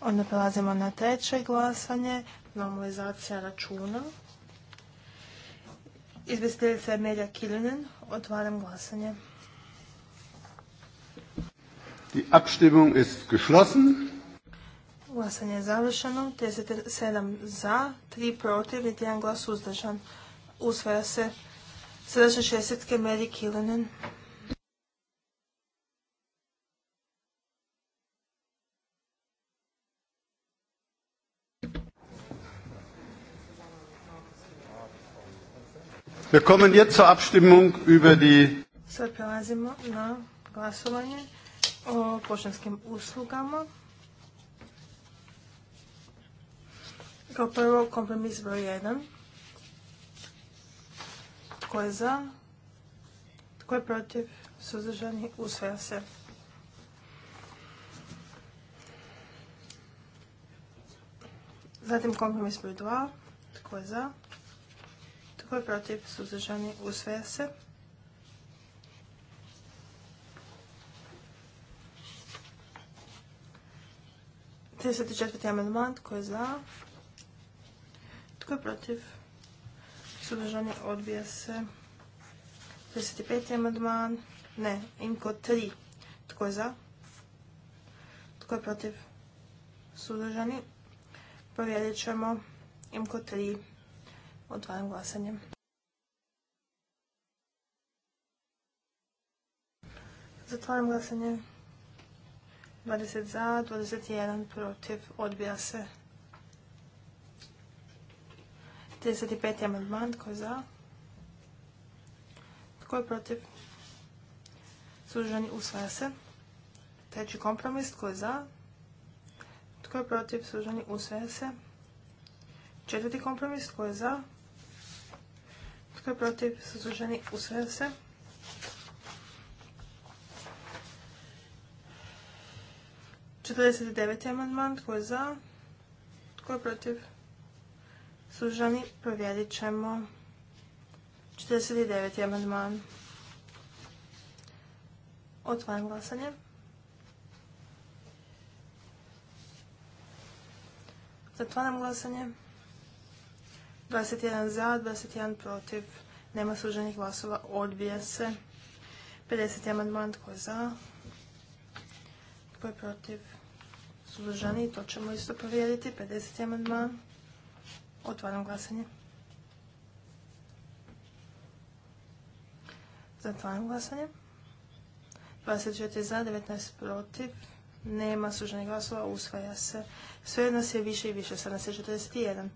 Onda prelazimo na treće glasanje, normalizacija računa. Izvjestiteljica je Melja Kilinen. Otvaram glasanje. Die Abstimmung ist geschlossen. Glasanje je završeno. 37 za, 3 protiv, i jedan glas uzdržan. Usvaja se srdačne šestetke Meri Kilinen. Wir kommen jetzt über die Sad prelazimo na glasovanje o poštanskim uslugama. Kao prvo kompromis broj 1. Tko je za? Tko je protiv? Suzdržani? Usvaja se. Zatim kompromis broj 2. Tko je za? Tko je protiv? Suzdržani? Usvaja se. Trideset četiri amandman. Tko je za? Tko je protiv? Suzdržani? Odbija se. peti amandman. Ne, imko tri. Tko je za? Tko je protiv? Suzdržani? Provjerit ćemo. Imko tri odvajam glasanje. Zatvaram glasanje. 20 za, 21 protiv. Odbija se. 35. amandman. Tko je za? Tko je protiv? Suzdržani usvaja se. Treći kompromis. Tko je za? Tko je protiv? suženi usvaja se. Četvrti kompromis. Tko je za? Tko je protiv? Suzdržani? Usvaja se. Četrdeset devet amandman. Tko je za? Tko je protiv? Suzdržani? Provjerit ćemo. Četrdeset devet amandman. Otvaram glasanje. Zatvaram glasanje. 21 za, 21 protiv, nema suženih glasova, odbija se. 50. amandman, tko je za, tko je protiv, suzdržani, to ćemo isto provjeriti. 50. amandman, otvaram glasanje. Zatvaram glasanje. 24 za, 19 protiv, nema suženih glasova, usvaja se. Sve nas je više i više, sad nas je 41.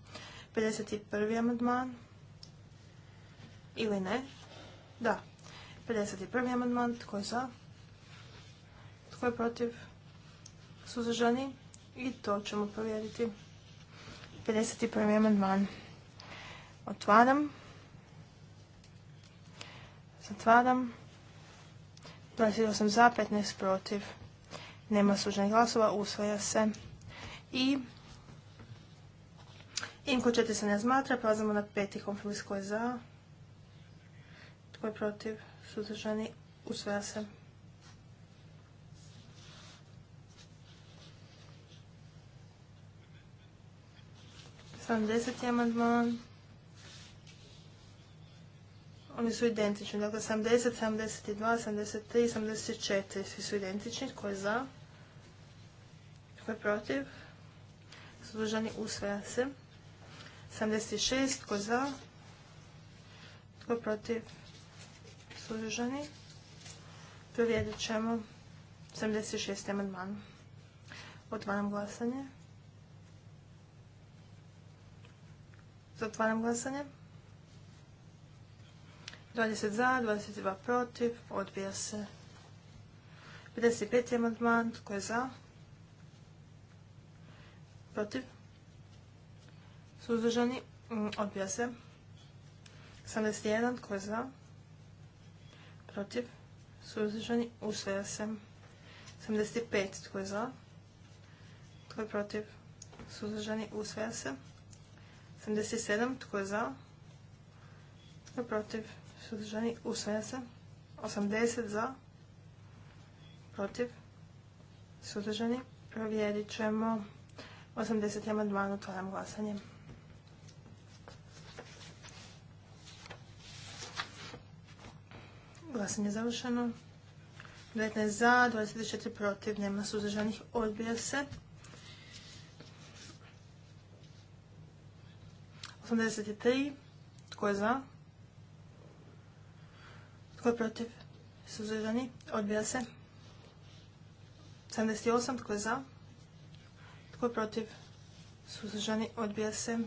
51. amandman. Ili ne? Da. 51. amandman. Tko je za? Tko je protiv? Suzdržani? I to ćemo provjeriti. 51. amandman. Otvaram. Zatvaram. 28 za, 15 protiv. Nema suženih glasova. Usvaja se. I Inko četiri se ne zmatra, prelazimo na peti kompromis koji je za, tko je protiv, suzdržani, usvaja se. deseti amandman. Oni su identični, dakle 70, 72, 73, 74, svi su identični, tko je za, tko je protiv, suzdržani, usvaja se. 76. Tko za? Tko protiv? Suzdržani? Provjedit ćemo 76. amandman. Otvaram glasanje. Zatvaram glasanje. 20 za, 22 protiv, odbija se. 55. amandman, tko je za? Protiv? suzdržani, mm, odbija se. 71, tko je za, protiv, suzdržani, usvaja se. 75, tko je za, tko je protiv, suzdržani, usvaja se. 77, tko je za, tko je protiv, suzdržani, usvaja se. 80 za, protiv, suzdržani, provjerit ćemo. 80 2, otvaram glasanje. Glasanje je završeno. 19 za, 24 protiv, nema suzdržanih, odbija se. 83, tko je za? Tko je protiv? Suzdržani, odbija se. 78, tko je za? Tko je protiv? Suzdržani, odbija se.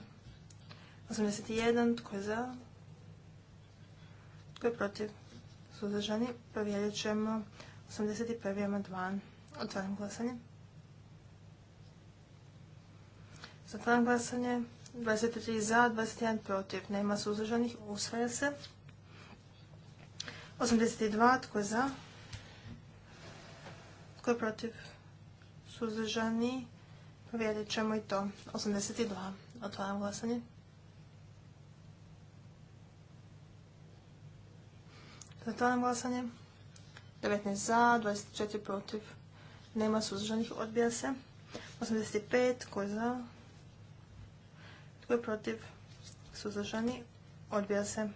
81, tko je za? Tko je protiv? suzdržani, provjerit ćemo 81. amandman. Otvaram glasanje. Zatvaram glasanje. 23 za, 21 protiv. Nema suzdržanih. Usvaja se. 82. Tko je za? Tko je protiv? Suzdržani. Provjerit ćemo i to. 82. Otvaram glasanje. Zatvaram glasanje. 19 za, 24 protiv. Nema suzdržanih, odbija se. 85, tko je za? Tko je protiv? Suzdržani, odbija se.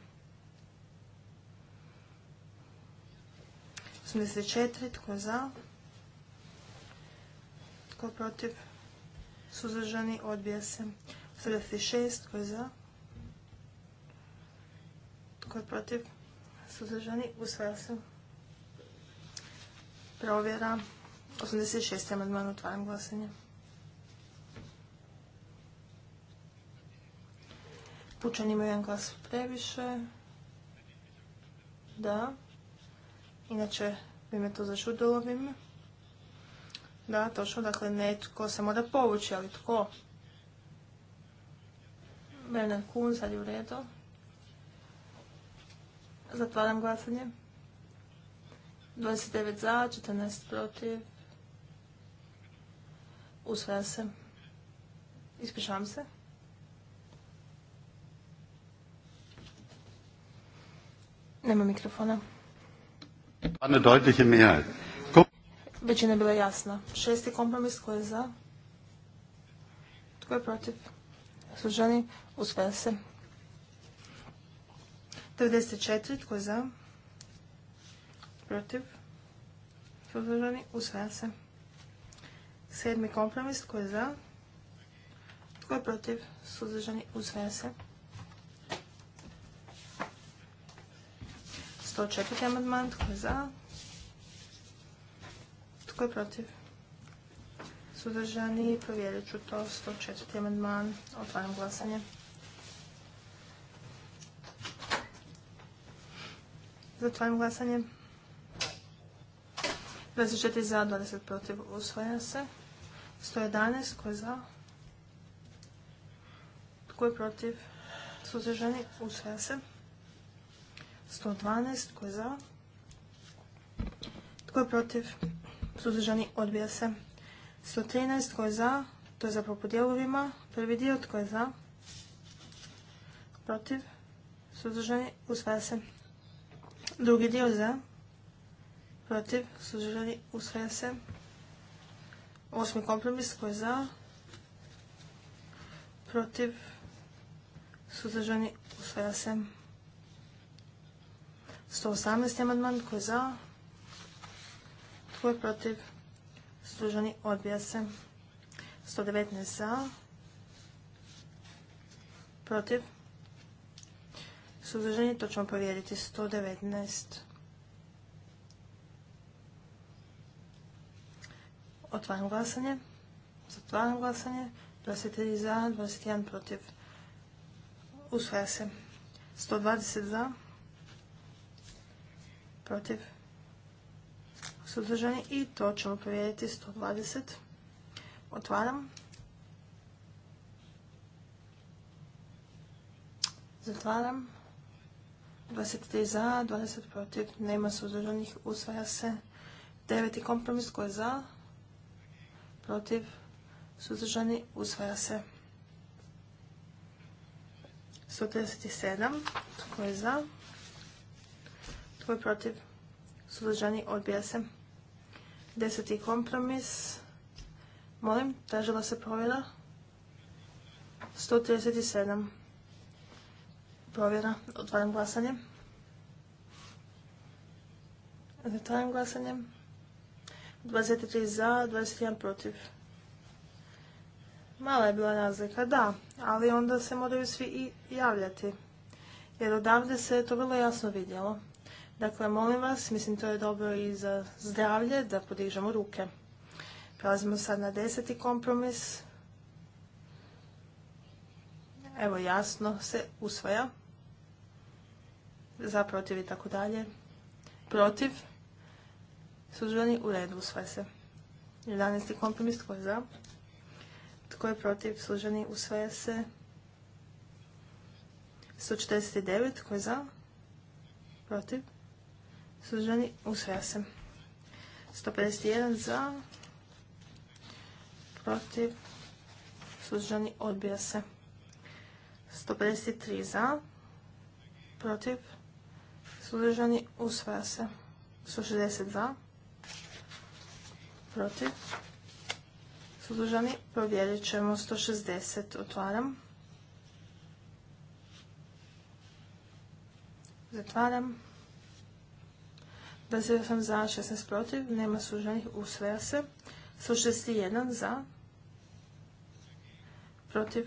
84, tko je za? Tko je protiv? Suzdržani, odbija se. 86, tko je za? Tko je protiv? suzdržani, U se. Provjera. 86. amandman, otvaram glasanje. Pučan ima jedan glas previše. Da. Inače bi me to zašudilo, bi me. Da, točno, dakle netko se mora povući, ali tko? Bernard Kuhn, sad je u redu. Zatvaram glasanje. 29 za, 14 protiv. Usvaja se. Ispričavam se. Nema mikrofona. Većina je bila jasna. Šesti kompromis, tko je za? Tko je protiv? Služeni, usvaja se. 94. Tko je za? Protiv? Suzdržani? Usvaja se. Sedmi kompromis. Tko je za? Tko je protiv? Suzdržani? Usvaja se. 104. amandman. Tko je za? Tko je protiv? Suzdržani? Provjerit ću to. 104. amandman. Otvaram glasanje. Zatvarim glasanje. 24 za, 20 protiv, usvaja se. 111, tko je za? Tko je protiv? Suzdržani, usvaja se. 112, tko je za? Tko je protiv? Suzdržani, odbija se. 113, tko je za? To je zapravo po dijelovima. Prvi dio, tko je za? Protiv? Suzdržani, usvaja se. Drugi dio za. Protiv. Suzdržani. Usvaja se. Osmi kompromis. Tko je za? Protiv. Suzdržani. Usvaja se. 118. amandman. Tko je za? Tko je protiv? Suzdržani. Odbija se. 119 za. Protiv sudržanje. to ćemo povjeriti 119. Otvaram glasanje, zatvaram glasanje, 23 za, 21 protiv, usvaja se 120 za, protiv, suzdržani i to ćemo provjeriti 120. Otvaram. Zatvaram. 23 za, 20 protiv, nema suzdržanih, usvaja se. Deveti kompromis koji je za, protiv, suzdržani, usvaja se. 137 tko je za, tko je protiv, suzdržani, odbija se. Deseti kompromis, molim, tražila se provjera. 137. Provjera. Otvaram glasanje. Otvaram glasanje. 23 za, 21 protiv. Mala je bila razlika, da, ali onda se moraju svi i javljati. Jer odavde se to vrlo jasno vidjelo. Dakle, molim vas, mislim to je dobro i za zdravlje, da podižemo ruke. Prelazimo sad na deseti kompromis. Evo jasno se usvaja za, protiv i tako dalje. Protiv, suzdržani, u redu, usvaja se. 11. kompromis, tko je za? Tko je protiv, u usvaja se. 149, tko je za? Protiv, suzdržani, usvaja se. 151 za, protiv, suzdržani, odbija se. 153 za, protiv, suzdržani, usvaja se. 162 protiv, suzdržani, provjerit ćemo 160, otvaram. Zatvaram. 28 za, 16 protiv, nema suženih, usvaja se. 161 za, protiv,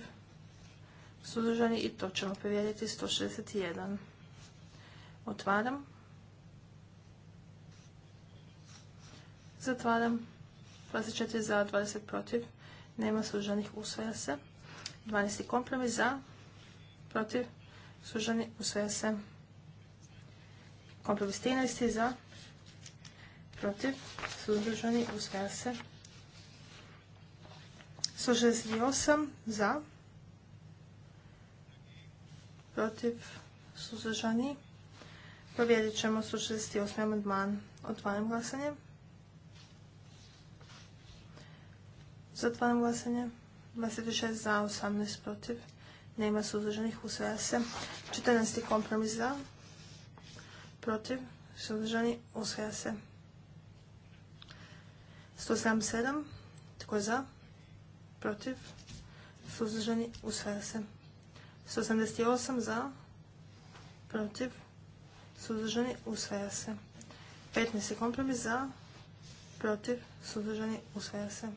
suzdržani i to ćemo povjeriti 161. Otvaram. Zatvaram. 24 za, 20 protiv. Nema sužanih, usvaja se. 12. kompromis za, protiv, sužani, usvaja se. Kompromis 13. za, protiv, suzdržani, usvaja se. 168 za, protiv, suzdržani, Povjerit ćemo 168. amandman. Otvaram glasanje. Zatvaram glasanje. 26 za, 18 protiv. Nema suzdržanih, usvaja se. 14. kompromis za, protiv, suzdržani, usvaja se. 177. Tko je za? Protiv? Suzdržani? Usvaja se. 188 za? Protiv? suzdržani, usvaja se. 15. kompromis za, protiv, suzdržani, usvaja se.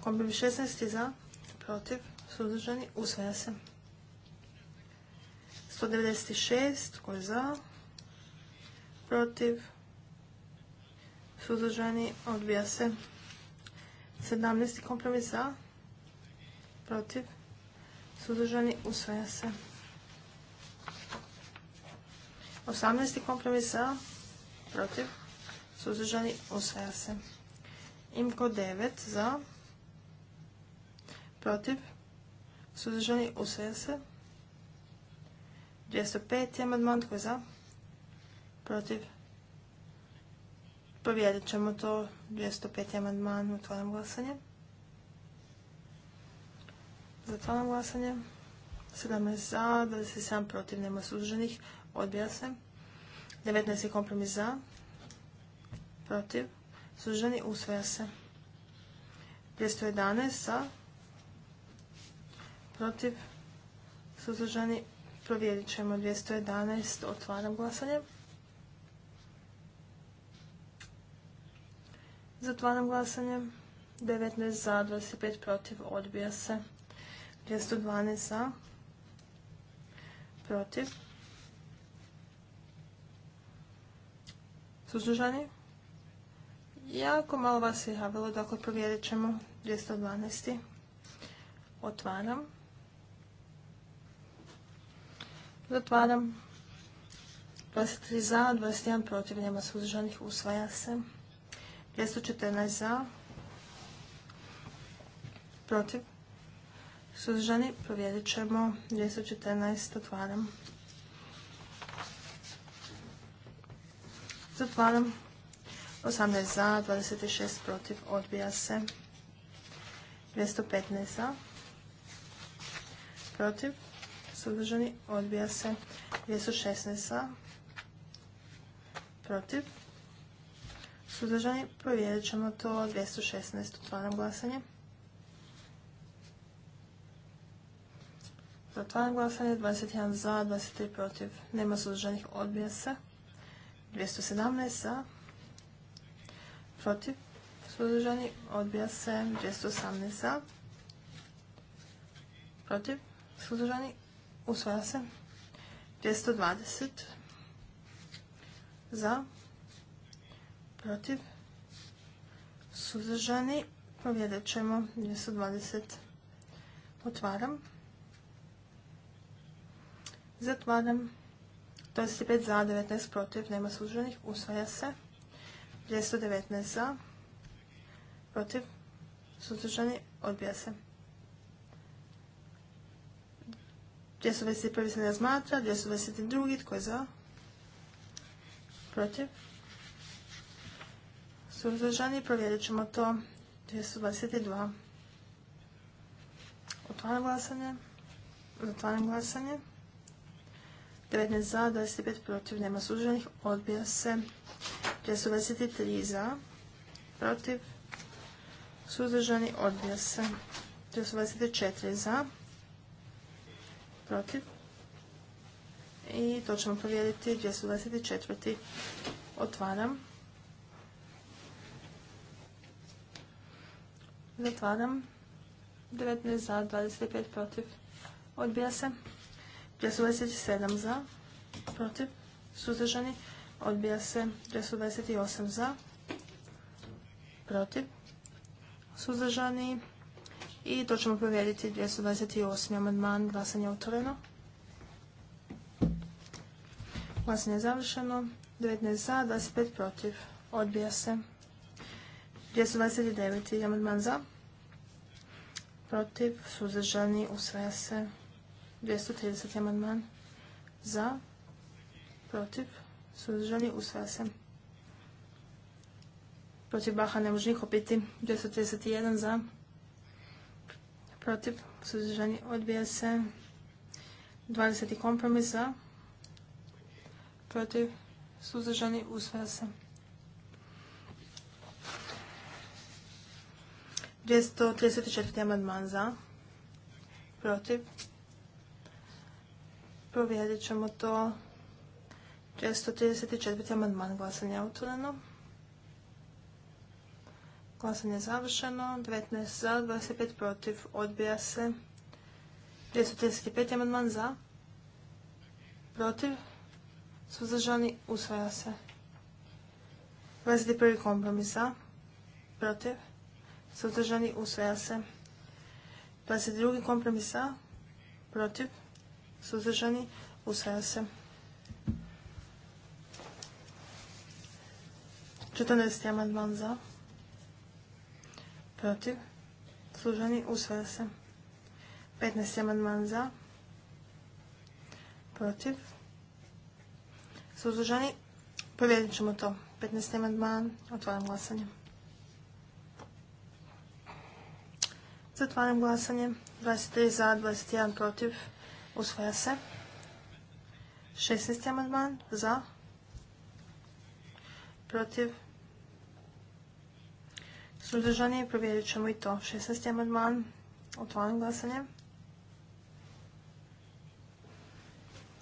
Kompromis 16. za, protiv, suzdržani, usvaja se. 196. koji je za, protiv, suzdržani, odbija se. 17. kompromis za, protiv, suzdržani, usvaja se. 18. kompromis za, protiv, suzdržani, usvaja se. Imko 9 za, protiv, suzdržani, usvaja se. 205. amandman, tko je za, protiv, provjerit ćemo to, 205. amandman, otvaram glasanje. Zatvaram glasanje. 17 za, 27 protiv, nema suzdržanih odbija se. 19. kompromis za, protiv, suženi, Usvoja se. 211 za, protiv, suzdržani, provjerit ćemo 211, otvaram glasanje. Zatvaram glasanje. 19 za, 25 protiv, odbija se. 212 za, protiv, Suzdržani? Jako malo vas je javilo, dakle provjerit ćemo 212. Otvaram. Zatvaram. 23 za, 21 protiv, nema suzdržanih, usvaja se. 214 za, protiv, suzdržani, provjerit ćemo. 214, otvaram. Zatvaram. 18 za, 26 protiv, odbija se. 215 za, protiv, sudržani, odbija se. 216 za, protiv, sudržani, provjerit ćemo to. 216, otvaram glasanje. Zatvaram glasanje, 21 za, 23 protiv, nema sudržanih, odbija se. 217 za, protiv, suzdržani, odbija se 218 za, protiv, suzdržani, usvaja se 220 za, protiv, suzdržani, provjerit ćemo 220 otvaram, zatvaram, 25 za, 19 protiv, nema suđenih, usvaja se. 219 za, protiv, suđeni, odbija se. 221. se ne razmatra, 222. tko je za, protiv, suzdržani, provjerit ćemo to. 222. Otvaram glasanje. Zatvaram glasanje. 19 za, 25 protiv, nema suženih, odbija se. 223 za, protiv, suzdržani, odbija se. 24 za, protiv. I to ćemo provjeriti, 224. Otvaram. Zatvaram. 19 za, 25 protiv. Odbija se. 227 za, protiv, suzdržani, odbija se 228 za, protiv, suzdržani i to ćemo provjeriti 228. amandman, glasanje je otvoreno. Glasanje je završeno, 19 za, 25 protiv, odbija se 229. amandman za, protiv, suzdržani, usvaja se 230. amandman za, protiv, suzdržani, usvaja se. Protiv Baha ne može niko 231 za, protiv, suzdržani, odbija se. 20. kompromis za, protiv, suzdržani, usvaja se. 234. amandman za, protiv, Provjerit ćemo to. 234. amandman glasanje je otvoreno. Glasanje je završeno. 19 za, 25 protiv. Odbija se. 235. amandman za. Protiv. Suzdržani. Usvaja se. 21. kompromis za. Protiv. Suzdržani. Usvaja se. 22. kompromis za. Protiv suzdržani, usvaja se. 14. amandman za, protiv, Služeni, usvaja se. 15. amandman za, protiv, suzdržani, provjerit ćemo to. 15. amandman, otvaram glasanje. Zatvaram glasanje. 23 za, 21 protiv. Usvaja se. 16. amandman za. Protiv. Suzdržani. Provjerit ćemo i to. 16. amandman. Otvaram glasanje.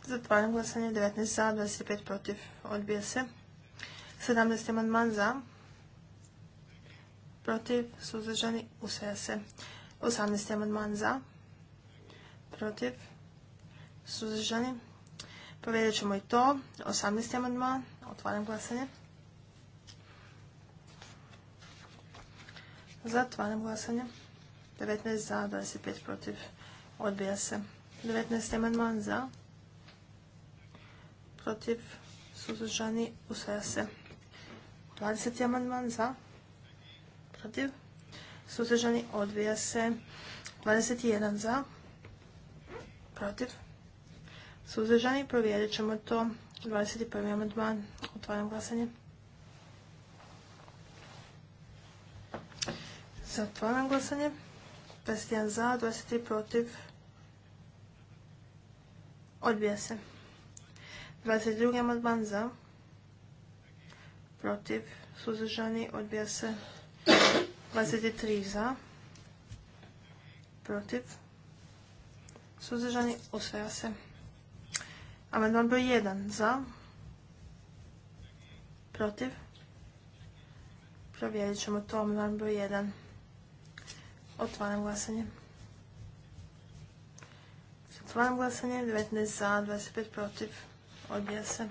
Zatvaram glasanje. 19 za, 25 protiv. Odbija se. 17. amandman za. Protiv. Suzdržani. Usvaja se. 18. amandman za. Protiv. Suzdržani? Provjerit ćemo i to. 18. amandman. Otvaram glasanje. Zatvaram glasanje. 19 za, 25 protiv. Odbija se. 19. amandman za. Protiv. Suzdržani. Usvaja se. 20. amandman za. Protiv. Suzdržani. Odbija se. 21 za. Protiv. Suzdržani provjerit ćemo to. 21. amandman. Otvaram glasanje. Zatvaram glasanje. 21 za, 23 protiv. Odbija se. 22. amandman za. Protiv. Suzdržani. Odbija se. 23 za. Protiv. Suzdržani. osvaja se. Amendman broj 1 za. Protiv. Provjerit ćemo to. Amendman broj 1. Otvaram glasanje. Otvaram glasanje. 19 za, 25 protiv. Odbija se.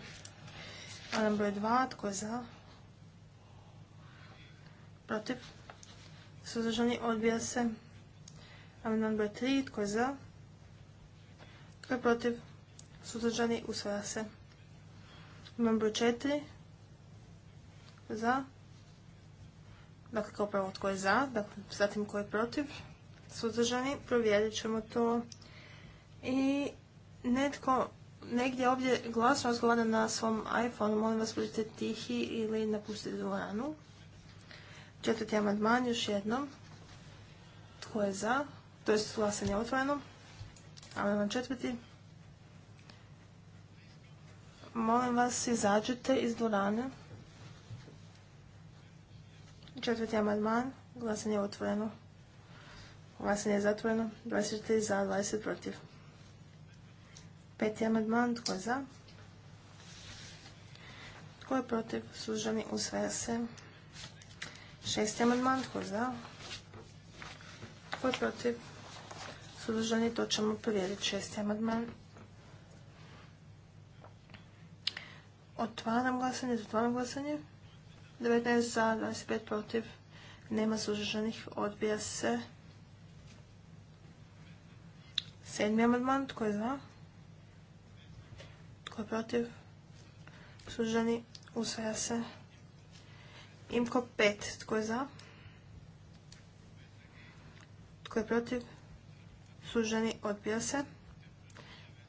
Amendman broj 2. Tko je za? Protiv. Suzdržani. Odbija se. Amendman broj 3. Tko je za? Tko je protiv? suzdržani, usvaja se. Amandman broj za, dakle kao prvo tko je za, dakle zatim tko je protiv, suzdržani, provjerit ćemo to. I netko negdje ovdje glasno razgovara na svom iPhone, molim vas budite tihi ili napustite dvoranu. Četvrti amandman još jednom. Tko je za? To je glasanje otvoreno. Amandman četvrti. Molim vas, izađite iz dvorane. Četvrti amandman. Glasanje je otvoreno. Glasanje je zatvoreno. 24 za, 20 protiv. Peti amandman. Tko je za? Tko je protiv? Sužani usvaja se. Šesti amandman. Tko je za? Tko je protiv? Suzdržani to ćemo provjeriti. Šesti amandman. Otvaram glasanje, zatvaram glasanje. 19 za, 25 protiv. Nema suzdržanih, odbija se. Sedmi amandman, tko je za? Tko je protiv? Suzdržani, usvaja se. Imko 5, tko je za? Tko je protiv? Suzdržani, odbija se.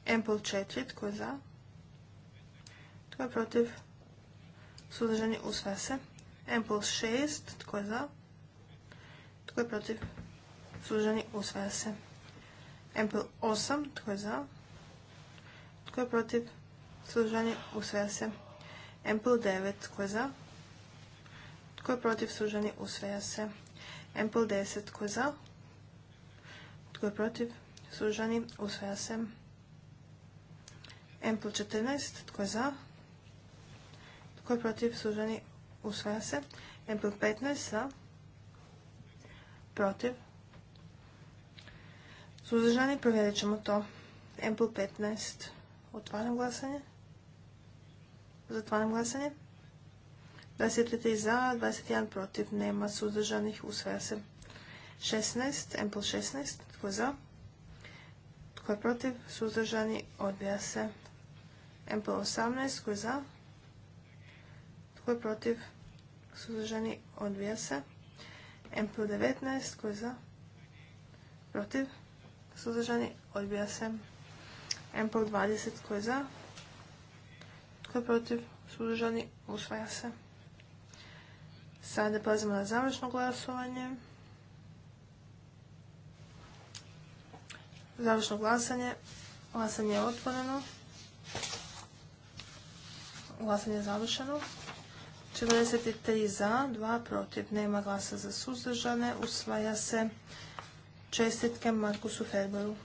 Empul 4, tko je za? Tko je protiv? Suzdržani usvaja se. 6. Tko je za? Tko je protiv? Suzdržani usvaja se. M 8. Tko je za? Tko je protiv? Suzdržani usvaja se. 9. Tko je za? Tko je protiv? Suzdržani usvaja se. 10. Tko je za? Tko je protiv? Suzdržani usvaja se. 14. Tko je za? Tko je protiv? Suzdržani? Usvaja se. MPL 15 sa Protiv. Suzdržani? Provjerit ćemo to. Empl 15. Otvaram glasanje. Zatvaram glasanje. 23 za, 21 protiv, nema suzdržanih, usvaja se. 16, MPL 16, tko je za? Tko je protiv? Suzdržani, odbija se. Empl 18, tko je za? Tko je protiv? Suzdržani odbija se. 19. Tko je za? Protiv? Suzdržani odbija se. MPO 20. Tko je za? Tko je protiv? Suzdržani usvaja se. Sada prelazimo na završno glasovanje. Završno glasanje. Glasanje je otvoreno. Glasanje je završeno. 43 za, 2 protiv, nema glasa za suzdržane, usvaja se čestitke Markusu Ferberu.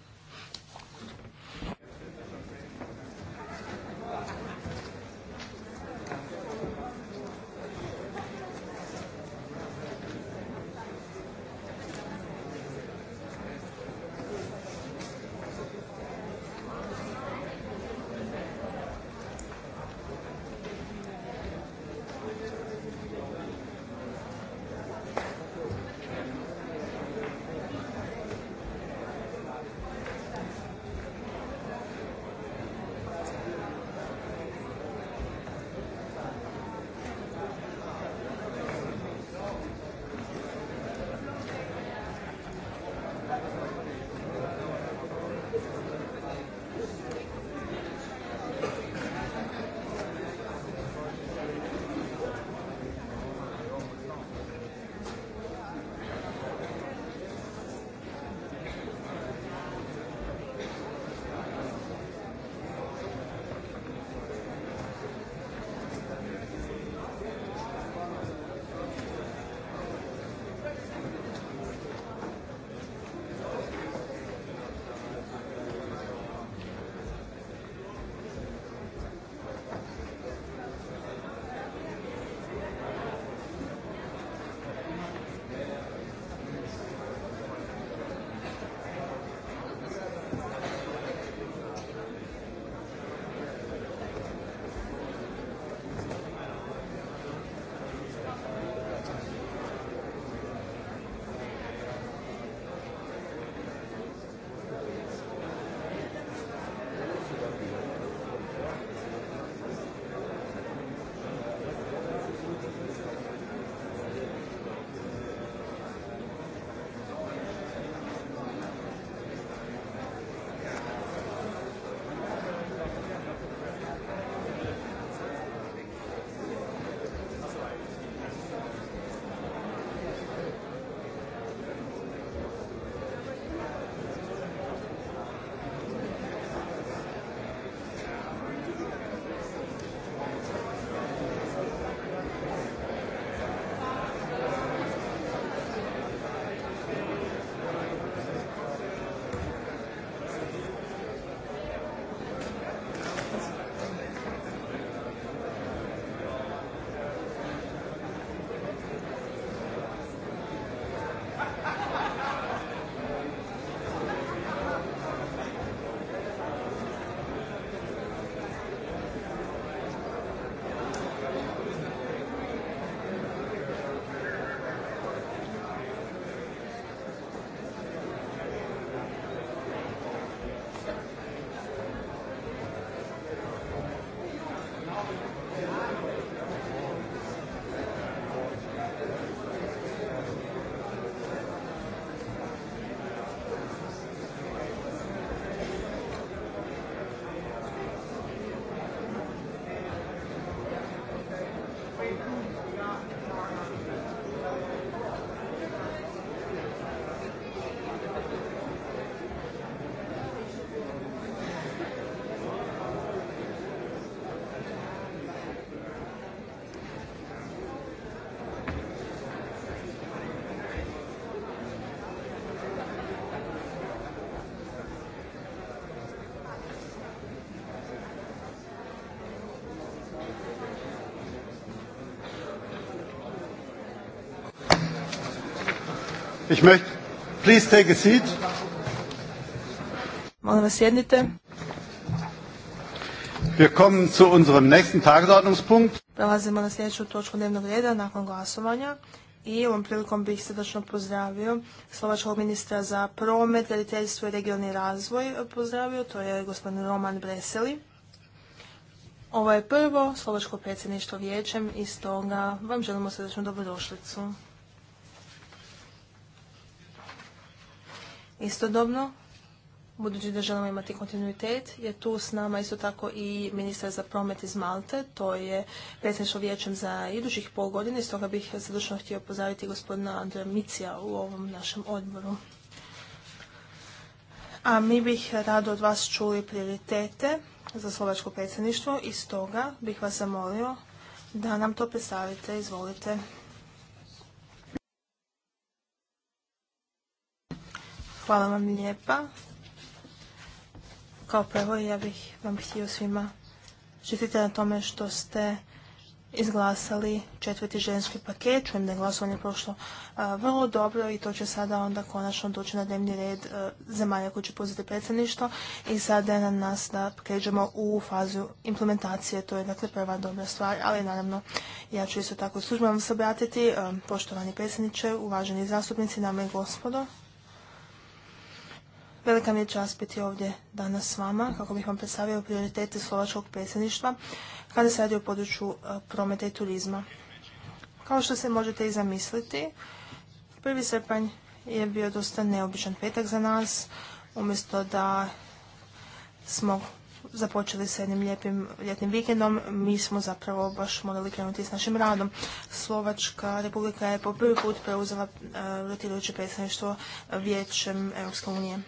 Ich möchte, please take Molim vas sjednite. Wir kommen zu unserem nächsten Tagesordnungspunkt. Prelazimo na sljedeću točku dnevnog reda nakon glasovanja i ovom prilikom bih srdačno pozdravio slovačkog ministra za promet, graditeljstvo i regionalni razvoj pozdravio, to je gospodin Roman Breseli. Ovo je prvo slovačko predsjedništvo vijećem i stoga vam želimo srdečnu dobrodošlicu. Istodobno, budući da želimo imati kontinuitet, je tu s nama isto tako i ministar za promet iz Malte, to je predsjedništvo vijećem za idućih pol godine, stoga bih sadršno htio pozdraviti gospodina Andreja Micija u ovom našem odboru. A mi bih rado od vas čuli prioritete za slovačko predsjedništvo i stoga bih vas zamolio da nam to predstavite. Izvolite. Hvala vam lijepa. Kao prvo ja bih vam htio svima čititi na tome što ste izglasali četvrti ženski paket. Čujem da je glasovanje prošlo vrlo dobro i to će sada onda konačno doći na dnevni red zemalja koji će pozvati predsjedništvo i sada je na nas da pređemo u fazu implementacije. To je dakle prva dobra stvar, ali naravno ja ću isto tako službeno vam se obratiti. Poštovani predsjedniče, uvaženi zastupnici, dame i gospodo. Velika mi je čast biti ovdje danas s vama kako bih vam predstavio prioritete slovačkog predsjedništva kada se radi o području e, prometa i turizma. Kao što se možete i zamisliti, prvi srpanj je bio dosta neobičan petak za nas. Umjesto da smo započeli s jednim lijepim ljetnim vikendom, mi smo zapravo baš morali krenuti s našim radom. Slovačka republika je po prvi put preuzela e, rotirajuće predstavništvo vijećem Europske unije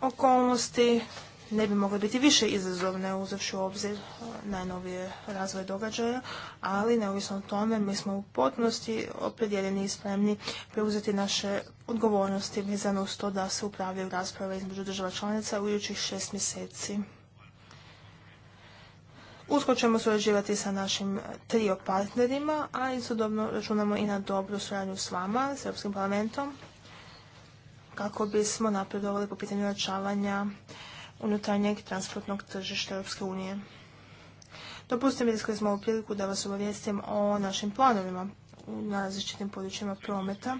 okolnosti ne bi mogle biti više izazovne uzevši u obzir uh, najnovije razvoje događaja, ali neovisno o tome mi smo u potpunosti opredjeljeni i spremni preuzeti naše odgovornosti vezano uz to da se upravljaju rasprave između država članica u idućih šest mjeseci. Usko ćemo surađivati sa našim trio partnerima, a istodobno računamo i na dobru suradnju s vama, s Europskim parlamentom, kako bismo napredovali po pitanju načavanja unutarnjeg transportnog tržišta Europske unije. Dopustite mi da smo ovu priliku da vas obavijestim o našim planovima na različitim područjima prometa.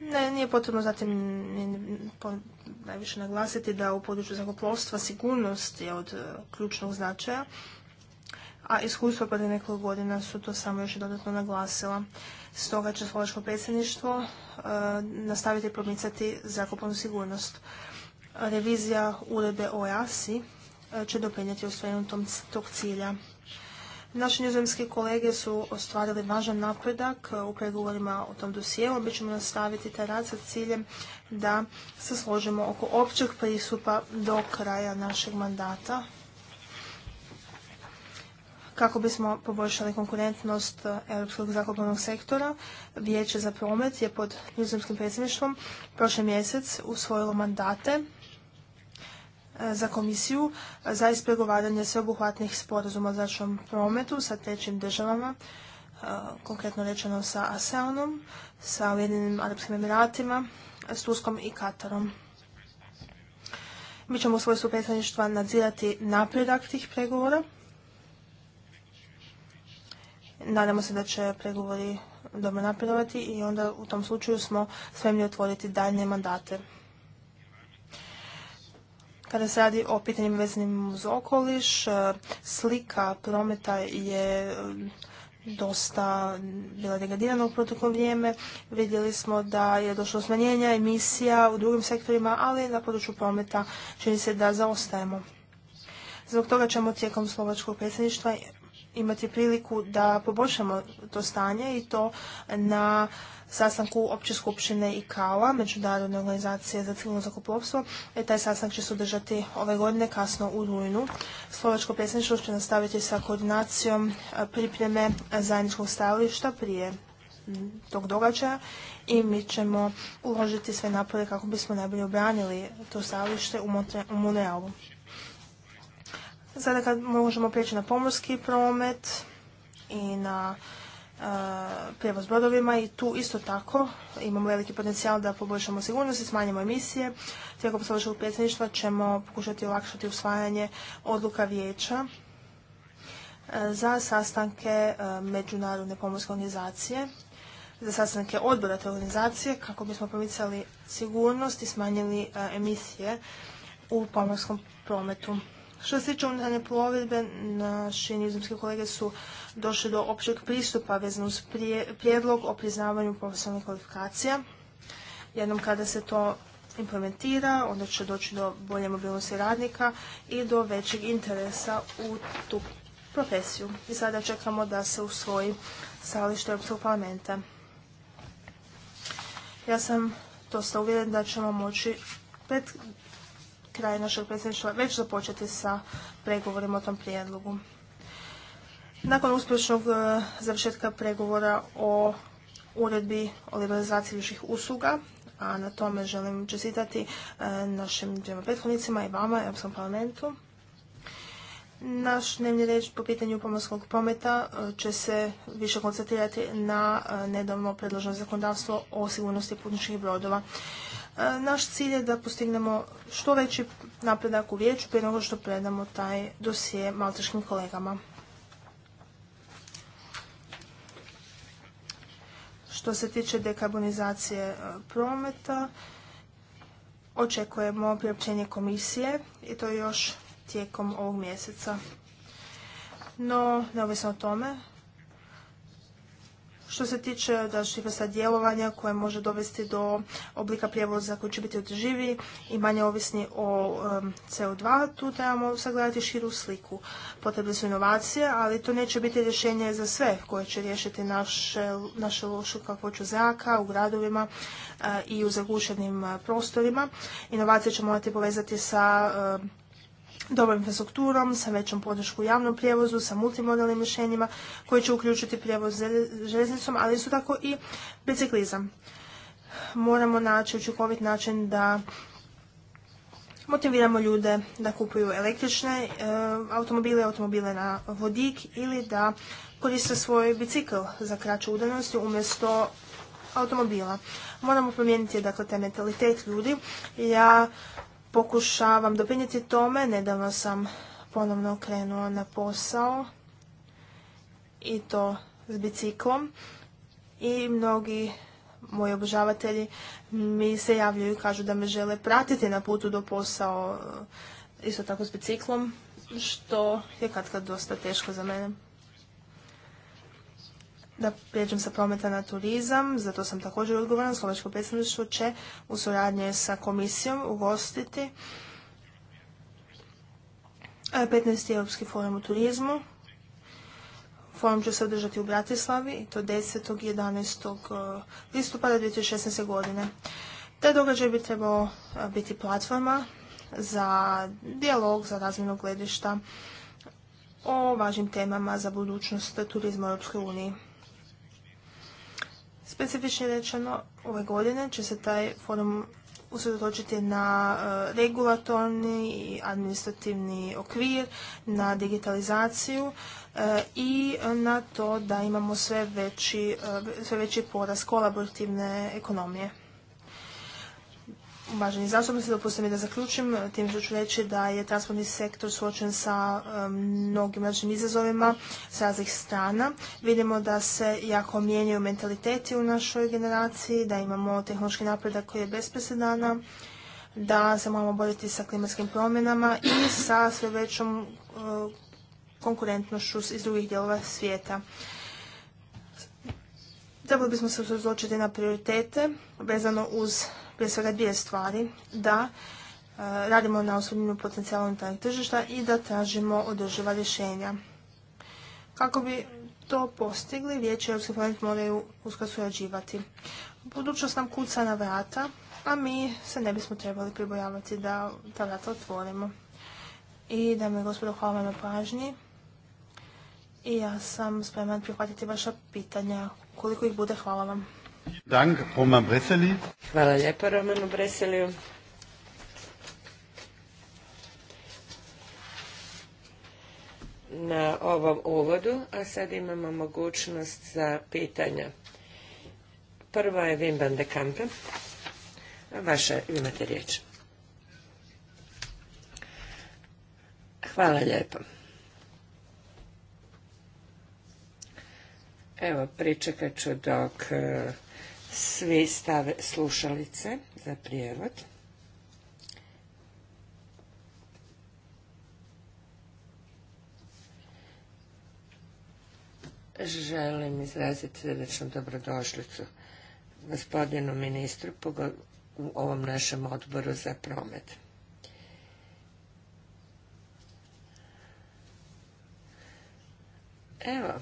Ne, nije potrebno zatim najviše naglasiti da u području zrakoplovstva sigurnost je od e, ključnog značaja, a iskustva pred nekoliko godina su to samo još dodatno naglasila. Stoga će slovačko predsjedništvo e, nastaviti promicati zakupovnu sigurnost. Revizija uredbe o EASI e, će doprinijeti ostvarenju tog cilja. Naši nizozemski kolege su ostvarili važan napredak e, u pregovorima o tom dosijelu. Mi ćemo nastaviti taj rad sa ciljem da se složimo oko općeg pristupa do kraja našeg mandata kako bismo poboljšali konkurentnost e, europskog zrakoplovnog sektora, Vijeće za promet je pod nizozemskim predsjedništvom prošli mjesec usvojilo mandate e, za komisiju e, za ispregovaranje sveobuhvatnih sporazuma o zračnom prometu sa trećim državama, konkretno rečeno sa ASEANom, sa Ujedinim Arabskim Emiratima, s Tuskom i Katarom. Mi ćemo u svojstvu predstavništva nadzirati napredak tih pregovora Nadamo se da će pregovori dobro napredovati i onda u tom slučaju smo spremni otvoriti daljne mandate. Kada se radi o pitanjima vezanim uz okoliš, e, slika prometa je e, dosta bila degradirana u proteklo vrijeme. Vidjeli smo da je došlo smanjenja emisija u drugim sektorima, ali na području prometa čini se da zaostajemo. Zbog toga ćemo tijekom slovačkog predsjedništva imati priliku da poboljšamo to stanje i to na sastanku opće skupštine i a Međunarodne organizacije za civilno zrakoplovstvo e, taj sastanak će se održati ove godine kasno u rujnu. Slovačko predsjedništvo će nastaviti sa koordinacijom e, pripreme zajedničkog stajališta prije tog događaja i mi ćemo uložiti sve napore kako bismo najbolje obranili to stajalište u Monrealu. Sada kad možemo prijeći na pomorski promet i na e, prijevoz brodovima i tu isto tako imamo veliki potencijal da poboljšamo sigurnost i smanjimo emisije. Tijekom složnog predsjedništva ćemo pokušati olakšati usvajanje odluka vijeća e, za sastanke e, Međunarodne pomorske organizacije, za sastanke odbora te organizacije kako bismo promicali sigurnost i smanjili emisije u pomorskom prometu. Što se tiče unutarnje plovidbe, naši nizomski kolege su došli do općeg pristupa vezano uz prijedlog o priznavanju profesionalnih kvalifikacija. Jednom kada se to implementira, onda će doći do bolje mobilnosti radnika i do većeg interesa u tu profesiju. I sada čekamo da se usvoji stajalište Europskog parlamenta. Ja sam dosta uvjeren da ćemo moći kraj našeg predsjedništva već započeti sa pregovorima o tom prijedlogu. Nakon uspješnog e, završetka pregovora o uredbi o liberalizaciji viših usluga, a na tome želim čestitati e, našim dvijema prethodnicima i vama, Europskom parlamentu, naš dnevni reč po pitanju pomorskog prometa e, će se više koncentrirati na nedavno predloženo zakonodavstvo o sigurnosti putničkih brodova. E, naš cilj je da postignemo što veći napredak u vijeću prije nego što predamo taj dosije malteškim kolegama. Što se tiče dekarbonizacije e, prometa, očekujemo priopćenje komisije i to još tijekom ovog mjeseca. No, neovisno o tome, što se tiče odlačnih vrsta djelovanja koje može dovesti do oblika prijevoza koji će biti održiviji i manje ovisni o CO2, tu trebamo sagledati širu sliku. Potrebne su inovacije, ali to neće biti rješenje za sve koje će riješiti naše, naše lošu kakvoću zraka u gradovima eh, i u zagušenim eh, prostorima. Inovacije će morati povezati sa dobrom infrastrukturom, sa većom podršku javnom prijevozu, sa multimodalnim rješenjima koji će uključiti prijevoz željeznicom, ali su tako i biciklizam. Moramo naći učinkovit način da motiviramo ljude da kupuju električne e, automobile, automobile na vodik ili da koriste svoj bicikl za kraću udaljenost umjesto automobila. Moramo promijeniti dakle, taj mentalitet ljudi. Ja pokušavam doprinijeti tome. Nedavno sam ponovno krenuo na posao i to s biciklom i mnogi moji obožavatelji mi se javljaju i kažu da me žele pratiti na putu do posao e, isto tako s biciklom, što je kad dosta teško za mene. Da prijeđem sa prometa na turizam, zato sam također odgovoran, slovačko predstavništvo će u suradnje sa komisijom ugostiti 15. E, europski forum u turizmu. Forum će se održati u Bratislavi i to 10. i 11. listopada 2016. godine. Taj događaj bi trebao e, biti platforma za dijalog, za razmjenu gledišta o važnim temama za budućnost turizma u Europskoj uniji. Specifično rečeno, ove godine će se taj forum usredotočiti na e, regulatorni i administrativni okvir, na digitalizaciju e, i na to da imamo sve veći, e, sve veći porast kolaborativne ekonomije. Uvaženi zastupnici, dopustite da zaključim tim što ću reći da je transportni sektor suočen sa mnogim različitim izazovima s raznih strana. Vidimo da se jako mijenjaju mentaliteti u našoj generaciji, da imamo tehnološki napredak koji je bez da se moramo boriti sa klimatskim promjenama i sa sve većom e, konkurentnošću iz drugih dijelova svijeta. Trebali bismo se uzločiti na prioritete vezano uz prije svega dvije stvari. Da e, radimo na osobnju potencijalu unutarnjeg tržišta i da tražimo održiva rješenja. Kako bi to postigli, vijeće i Europski parlament moraju usko surađivati. Budućnost nam kuca na vrata, a mi se ne bismo trebali pribojavati da ta vrata otvorimo. I da mi gospodo, hvala na pažnji. I ja sam spreman prihvatiti vaša pitanja. Koliko ih bude, hvala vam. Dank, Roman Breseli. Hvala lijepo Romanu Breseliju. na ovom uvodu, a sad imamo mogućnost za pitanja. Prvo je Wim van de Kampe. Vaša, imate riječ. Hvala lijepo. Evo, pričekat ću dok e, svi stave slušalice za prijevod. Želim izraziti srdečnu dobrodošlicu gospodinu ministru u ovom našem odboru za promet. Evo,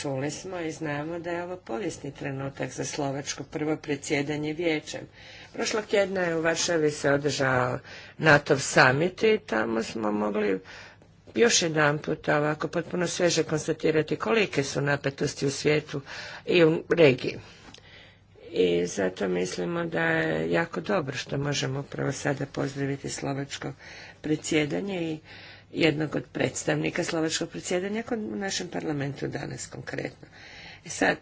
Čuli smo i znamo da je ovo povijesni trenutak za Slovačko prvo predsjedanje vijećem. Prošlog tjedna je u Varšavi se održao NATO summit i tamo smo mogli još jedan put ovako potpuno sveže konstatirati kolike su napetosti u svijetu i u regiji. I zato mislimo da je jako dobro što možemo upravo sada pozdraviti slovačko predsjedanje i jednog od predstavnika slovačkog predsjedanja u našem parlamentu danas konkretno. E sad,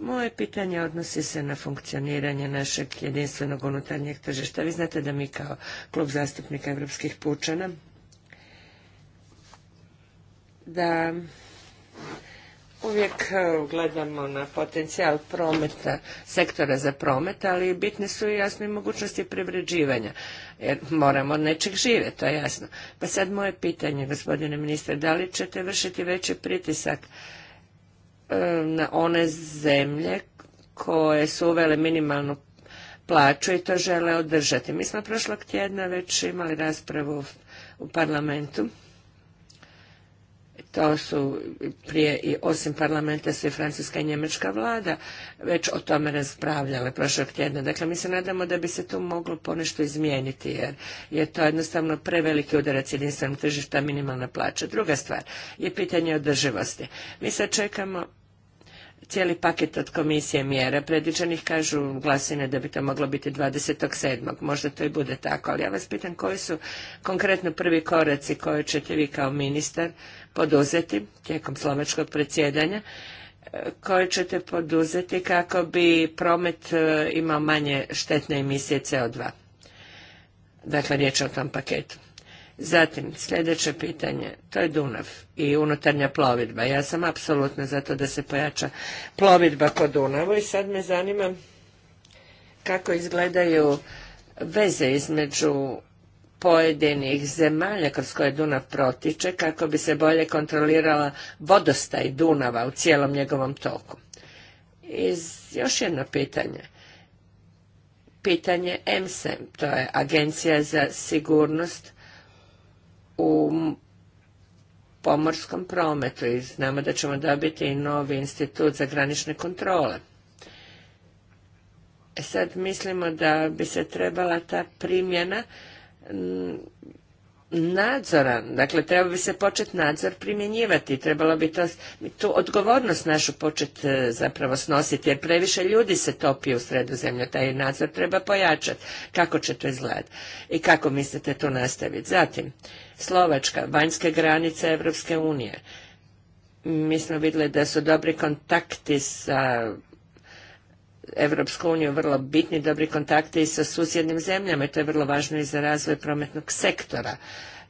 moje pitanje odnosi se na funkcioniranje našeg jedinstvenog unutarnjeg tržišta. Vi znate da mi kao klub zastupnika Europskih pučana da uvijek e, gledamo na potencijal prometa, sektora za promet, ali bitne su i jasne mogućnosti privređivanja, jer moramo od nečeg živjeti, to je jasno. Pa sad moje pitanje, gospodine ministre, da li ćete vršiti veći pritisak e, na one zemlje koje su uvele minimalnu plaću i to žele održati? Mi smo prošlog tjedna već imali raspravu u parlamentu to su prije i osim parlamenta su i francuska i njemačka vlada već o tome raspravljale prošlog tjedna. Dakle, mi se nadamo da bi se tu moglo ponešto izmijeniti jer je to jednostavno preveliki udarac jedinstvenog tržišta minimalna plaća. Druga stvar je pitanje održivosti. Mi sad čekamo cijeli paket od komisije mjera predviđenih, kažu glasine da bi to moglo biti 27. Možda to i bude tako, ali ja vas pitam koji su konkretno prvi koraci koje ćete vi kao ministar poduzeti tijekom slovačkog predsjedanja, koje ćete poduzeti kako bi promet e, imao manje štetne emisije CO2. Dakle, riječ je o tom paketu. Zatim, sljedeće pitanje, to je Dunav i unutarnja plovidba. Ja sam apsolutno za to da se pojača plovidba po Dunavu i sad me zanima kako izgledaju veze između pojedinih zemalja kroz koje Dunav protiče kako bi se bolje kontrolirala vodostaj Dunava u cijelom njegovom toku. I još jedno pitanje. Pitanje MSEM, e to je Agencija za sigurnost u pomorskom prometu i znamo da ćemo dobiti i novi institut za granične kontrole. E sad mislimo da bi se trebala ta primjena mm, nadzora, dakle treba bi se početi nadzor primjenjivati, trebalo bi to, tu odgovornost našu početi e, zapravo snositi, jer previše ljudi se topi u sredu sredozemlju, taj nadzor treba pojačati. Kako će to izgledati i kako mislite to nastaviti? Zatim, Slovačka, vanjske granice Evropske unije. Mi smo vidjeli da su dobri kontakti sa Evropsku uniju vrlo bitni, dobri kontakti i sa susjednim zemljama i to je vrlo važno i za razvoj prometnog sektora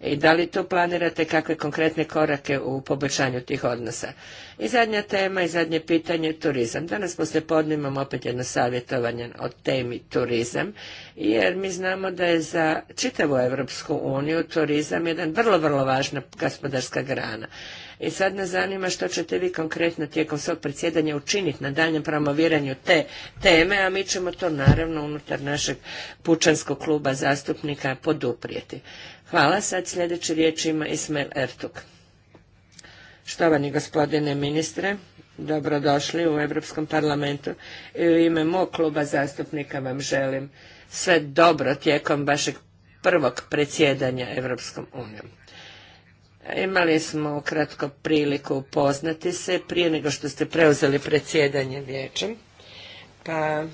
i da li tu planirate kakve konkretne korake u poboljšanju tih odnosa. I zadnja tema i zadnje pitanje turizam. Danas poslije podne opet jedno savjetovanje o temi turizam, jer mi znamo da je za čitavu Evropsku uniju turizam jedan vrlo, vrlo važna gospodarska grana. I sad nas zanima što ćete vi konkretno tijekom svog predsjedanja učiniti na daljem promoviranju te teme, a mi ćemo to naravno unutar našeg pučanskog kluba zastupnika poduprijeti. Hvala. Sad sljedeće riječ ima Ismail Ertug. Štovani gospodine ministre, dobrodošli u Europskom parlamentu i u ime mog kluba zastupnika vam želim sve dobro tijekom vašeg prvog predsjedanja Europskom unijom. Imali smo kratko priliku upoznati se prije nego što ste preuzeli predsjedanje vijećem, pa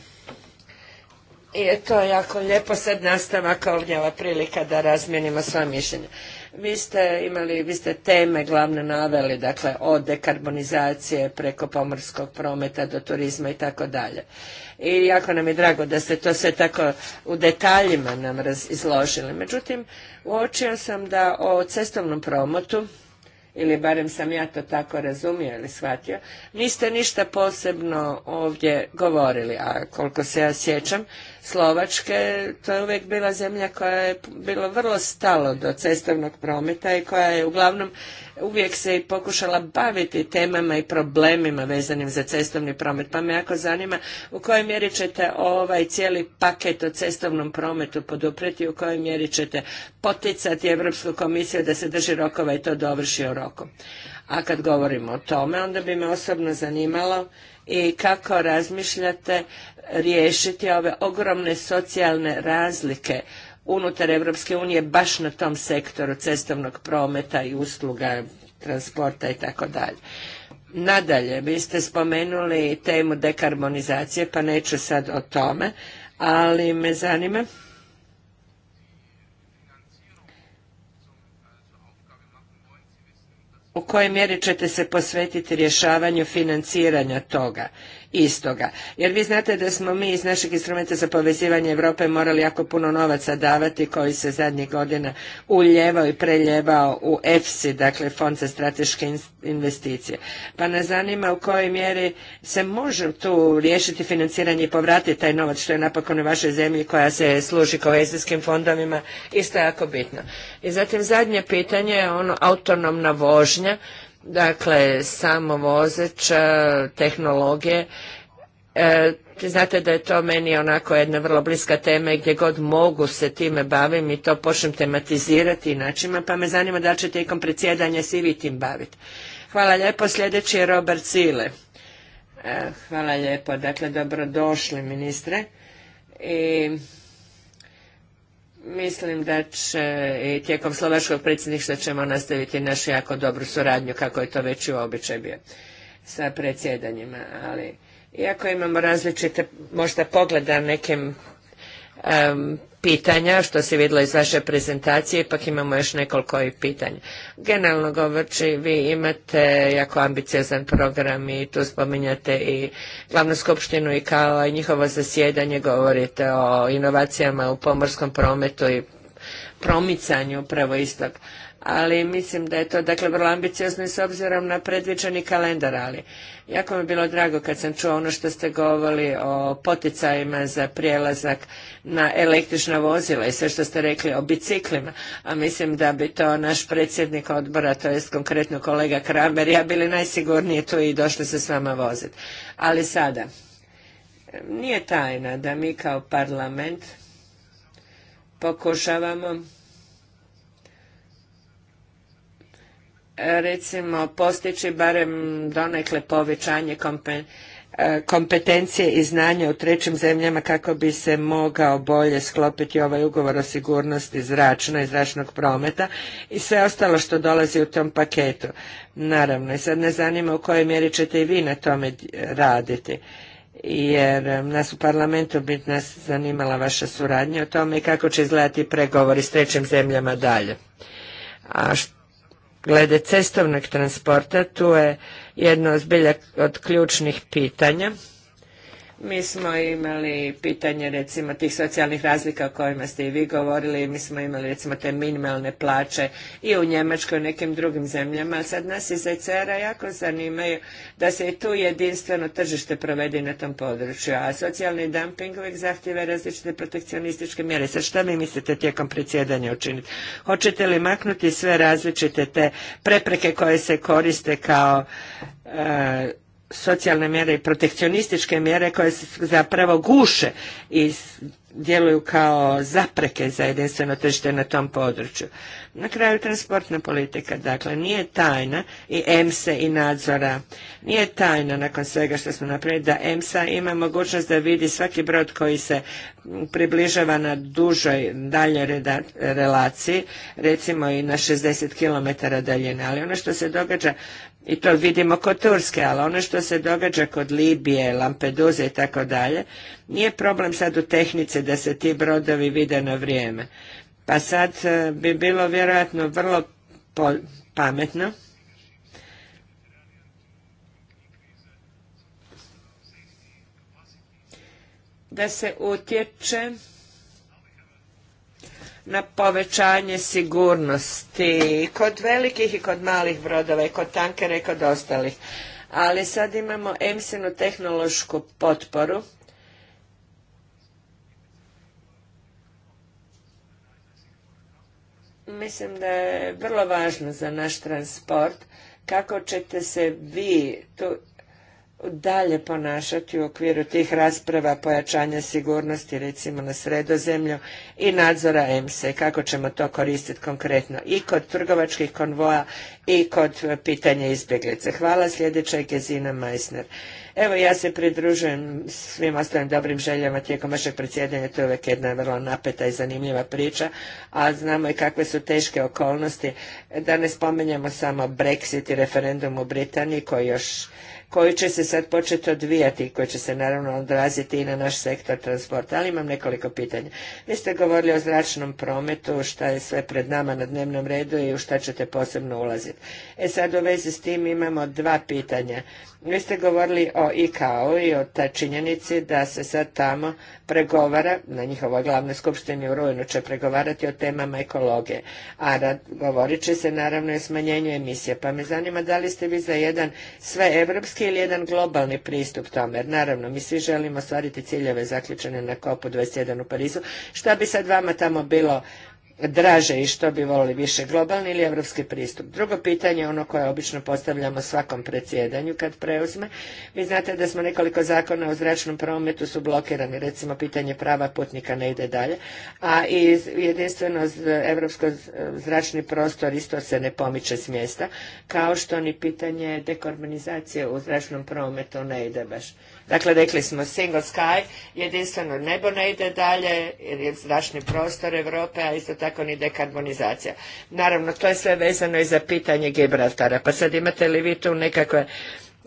i to jako lijepo sad nastavak ovdje ova prilika da razmijenimo sva mišljenja. Vi ste imali, vi ste teme glavne naveli, dakle od dekarbonizacije preko pomorskog prometa do turizma i tako dalje. I jako nam je drago da ste to sve tako u detaljima nam izložili. Međutim, uočio sam da o cestovnom promotu ili barem sam ja to tako razumio ili shvatio, niste ništa posebno ovdje govorili, a koliko se ja sjećam, Slovačke, to je uvijek bila zemlja koja je bilo vrlo stalo do cestovnog prometa i koja je uglavnom uvijek se i pokušala baviti temama i problemima vezanim za cestovni promet. Pa me jako zanima u kojoj mjeri ćete ovaj cijeli paket o cestovnom prometu poduprijeti, u kojoj mjeri ćete poticati Europsku komisiju da se drži rokova i to dovrši u roku. A kad govorimo o tome, onda bi me osobno zanimalo i kako razmišljate riješiti ove ogromne socijalne razlike unutar Europske unije baš na tom sektoru cestovnog prometa i usluga, transporta i tako dalje. Nadalje, vi ste spomenuli temu dekarbonizacije, pa neću sad o tome, ali me zanima u kojoj mjeri ćete se posvetiti rješavanju financiranja toga istoga. Jer vi znate da smo mi iz našeg instrumenta za povezivanje Europe morali jako puno novaca davati koji se zadnjih godina uljevao i preljevao u EFSI, dakle Fond za strateške investicije. Pa nas zanima u kojoj mjeri se može tu riješiti financiranje i povratiti taj novac što je napokon u vašoj zemlji koja se služi kohezijskim fondovima isto jako bitno. I zatim zadnje pitanje je ono autonomna vožnja dakle samovozeća tehnologije e, znate da je to meni onako jedna vrlo bliska tema i gdje god mogu se time bavim i to počnem tematizirati i pa me zanima da ćete tijekom predsjedanja se i vi tim baviti. Hvala lijepo, sljedeći je Robert Sile. E, hvala lijepo, dakle dobrodošli ministre. I Mislim da će i tijekom slovačkog predsjedništva ćemo nastaviti našu jako dobru suradnju kako je to već i običaj bio sa predsjedanjima, ali iako imamo različite možda pogleda nekim pitanja, što se vidjelo iz vaše prezentacije, ipak imamo još nekoliko i pitanja. Generalno govorči, vi imate jako ambiciozan program i tu spominjate i glavnu skupštinu i kao i njihovo zasjedanje, govorite o inovacijama u pomorskom prometu i promicanju upravo istog ali mislim da je to dakle vrlo ambiciozno i s obzirom na predviđeni kalendar, ali jako mi je bilo drago kad sam čuo ono što ste govorili o poticajima za prijelazak na električna vozila i sve što ste rekli o biciklima, a mislim da bi to naš predsjednik odbora, to jest konkretno kolega Kramer, ja bili najsigurnije tu i došli se s vama voziti. Ali sada, nije tajna da mi kao parlament pokušavamo recimo postići barem donekle povećanje e, kompetencije i znanja u trećim zemljama kako bi se mogao bolje sklopiti ovaj ugovor o sigurnosti zračna i zračnog prometa i sve ostalo što dolazi u tom paketu. Naravno, i sad ne zanima u kojoj mjeri ćete i vi na tome raditi jer nas u parlamentu bi nas zanimala vaša suradnja o tome i kako će izgledati pregovori s trećim zemljama dalje. A što glede cestovnog transporta, tu je jedno zbilja od ključnih pitanja mi smo imali pitanje recimo tih socijalnih razlika o kojima ste i vi govorili, mi smo imali recimo te minimalne plaće i u Njemačkoj i u nekim drugim zemljama, sad nas iz ECR-a jako zanimaju da se i tu jedinstveno tržište provedi na tom području, a socijalni dumping uvijek zahtjeva različite protekcionističke mjere. Sad šta mi mislite tijekom predsjedanja učiniti? Hoćete li maknuti sve različite te prepreke koje se koriste kao e, socijalne mjere i protekcionističke mjere koje se zapravo guše i djeluju kao zapreke za jedinstveno tržište na tom području. Na kraju transportna politika, dakle, nije tajna i EMSA i nadzora. Nije tajna nakon svega što smo napravili da EMSA ima mogućnost da vidi svaki brod koji se približava na dužoj dalje relaciji, recimo i na 60 km daljine. Ali ono što se događa i to vidimo kod Turske, ali ono što se događa kod Libije, Lampeduze i tako dalje, nije problem sad u tehnici da se ti brodovi vide na vrijeme. Pa sad e, bi bilo vjerojatno vrlo pametno da se utječe na povećanje sigurnosti kod velikih i kod malih brodova i kod tankera i kod ostalih. Ali sad imamo EMSINU tehnološku potporu mislim da je vrlo važno za naš transport kako ćete se vi tu dalje ponašati u okviru tih rasprava pojačanja sigurnosti recimo na sredozemlju i nadzora se kako ćemo to koristiti konkretno i kod trgovačkih konvoja i kod e, pitanja izbjeglice. Hvala, sljedeća je Gezina Meissner. Evo ja se pridružujem svim ostalim dobrim željama tijekom vašeg predsjedanja, to je uvijek jedna vrlo napeta i zanimljiva priča, a znamo i kakve su teške okolnosti, da ne spomenjamo samo Brexit i referendum u Britaniji koji još koji će se sad početi odvijati i koji će se naravno odraziti i na naš sektor transporta. Ali imam nekoliko pitanja. Vi ste govorili o zračnom prometu, šta je sve pred nama na dnevnom redu i u šta ćete posebno ulaziti. E sad u vezi s tim imamo dva pitanja. Vi ste govorili o ICAO i o ta činjenici da se sad tamo pregovara, na njihovoj glavnoj skupštini u Rujnu će pregovarati o temama ekologije, a govorit će se naravno i o smanjenju emisije. Pa me zanima da li ste vi za jedan sve ili jedan globalni pristup tome, jer naravno mi svi želimo ostvariti ciljeve zaključene na COP-u 21 u Parizu. Šta bi sad vama tamo bilo draže i što bi volili više globalni ili evropski pristup. Drugo pitanje, ono koje obično postavljamo svakom predsjedanju kad preuzme. Vi znate da smo nekoliko zakona o zračnom prometu su blokirani, recimo pitanje prava putnika ne ide dalje, a i jedinstveno evropsko zračni prostor isto se ne pomiče s mjesta, kao što ni pitanje dekarbonizacije u zračnom prometu ne ide baš. Dakle, rekli smo single sky, jedinstveno nebo ne ide dalje, jer je zračni prostor Europe, a isto tako ni dekarbonizacija. Naravno, to je sve vezano i za pitanje Gibraltara. Pa sad imate li vi tu nekakve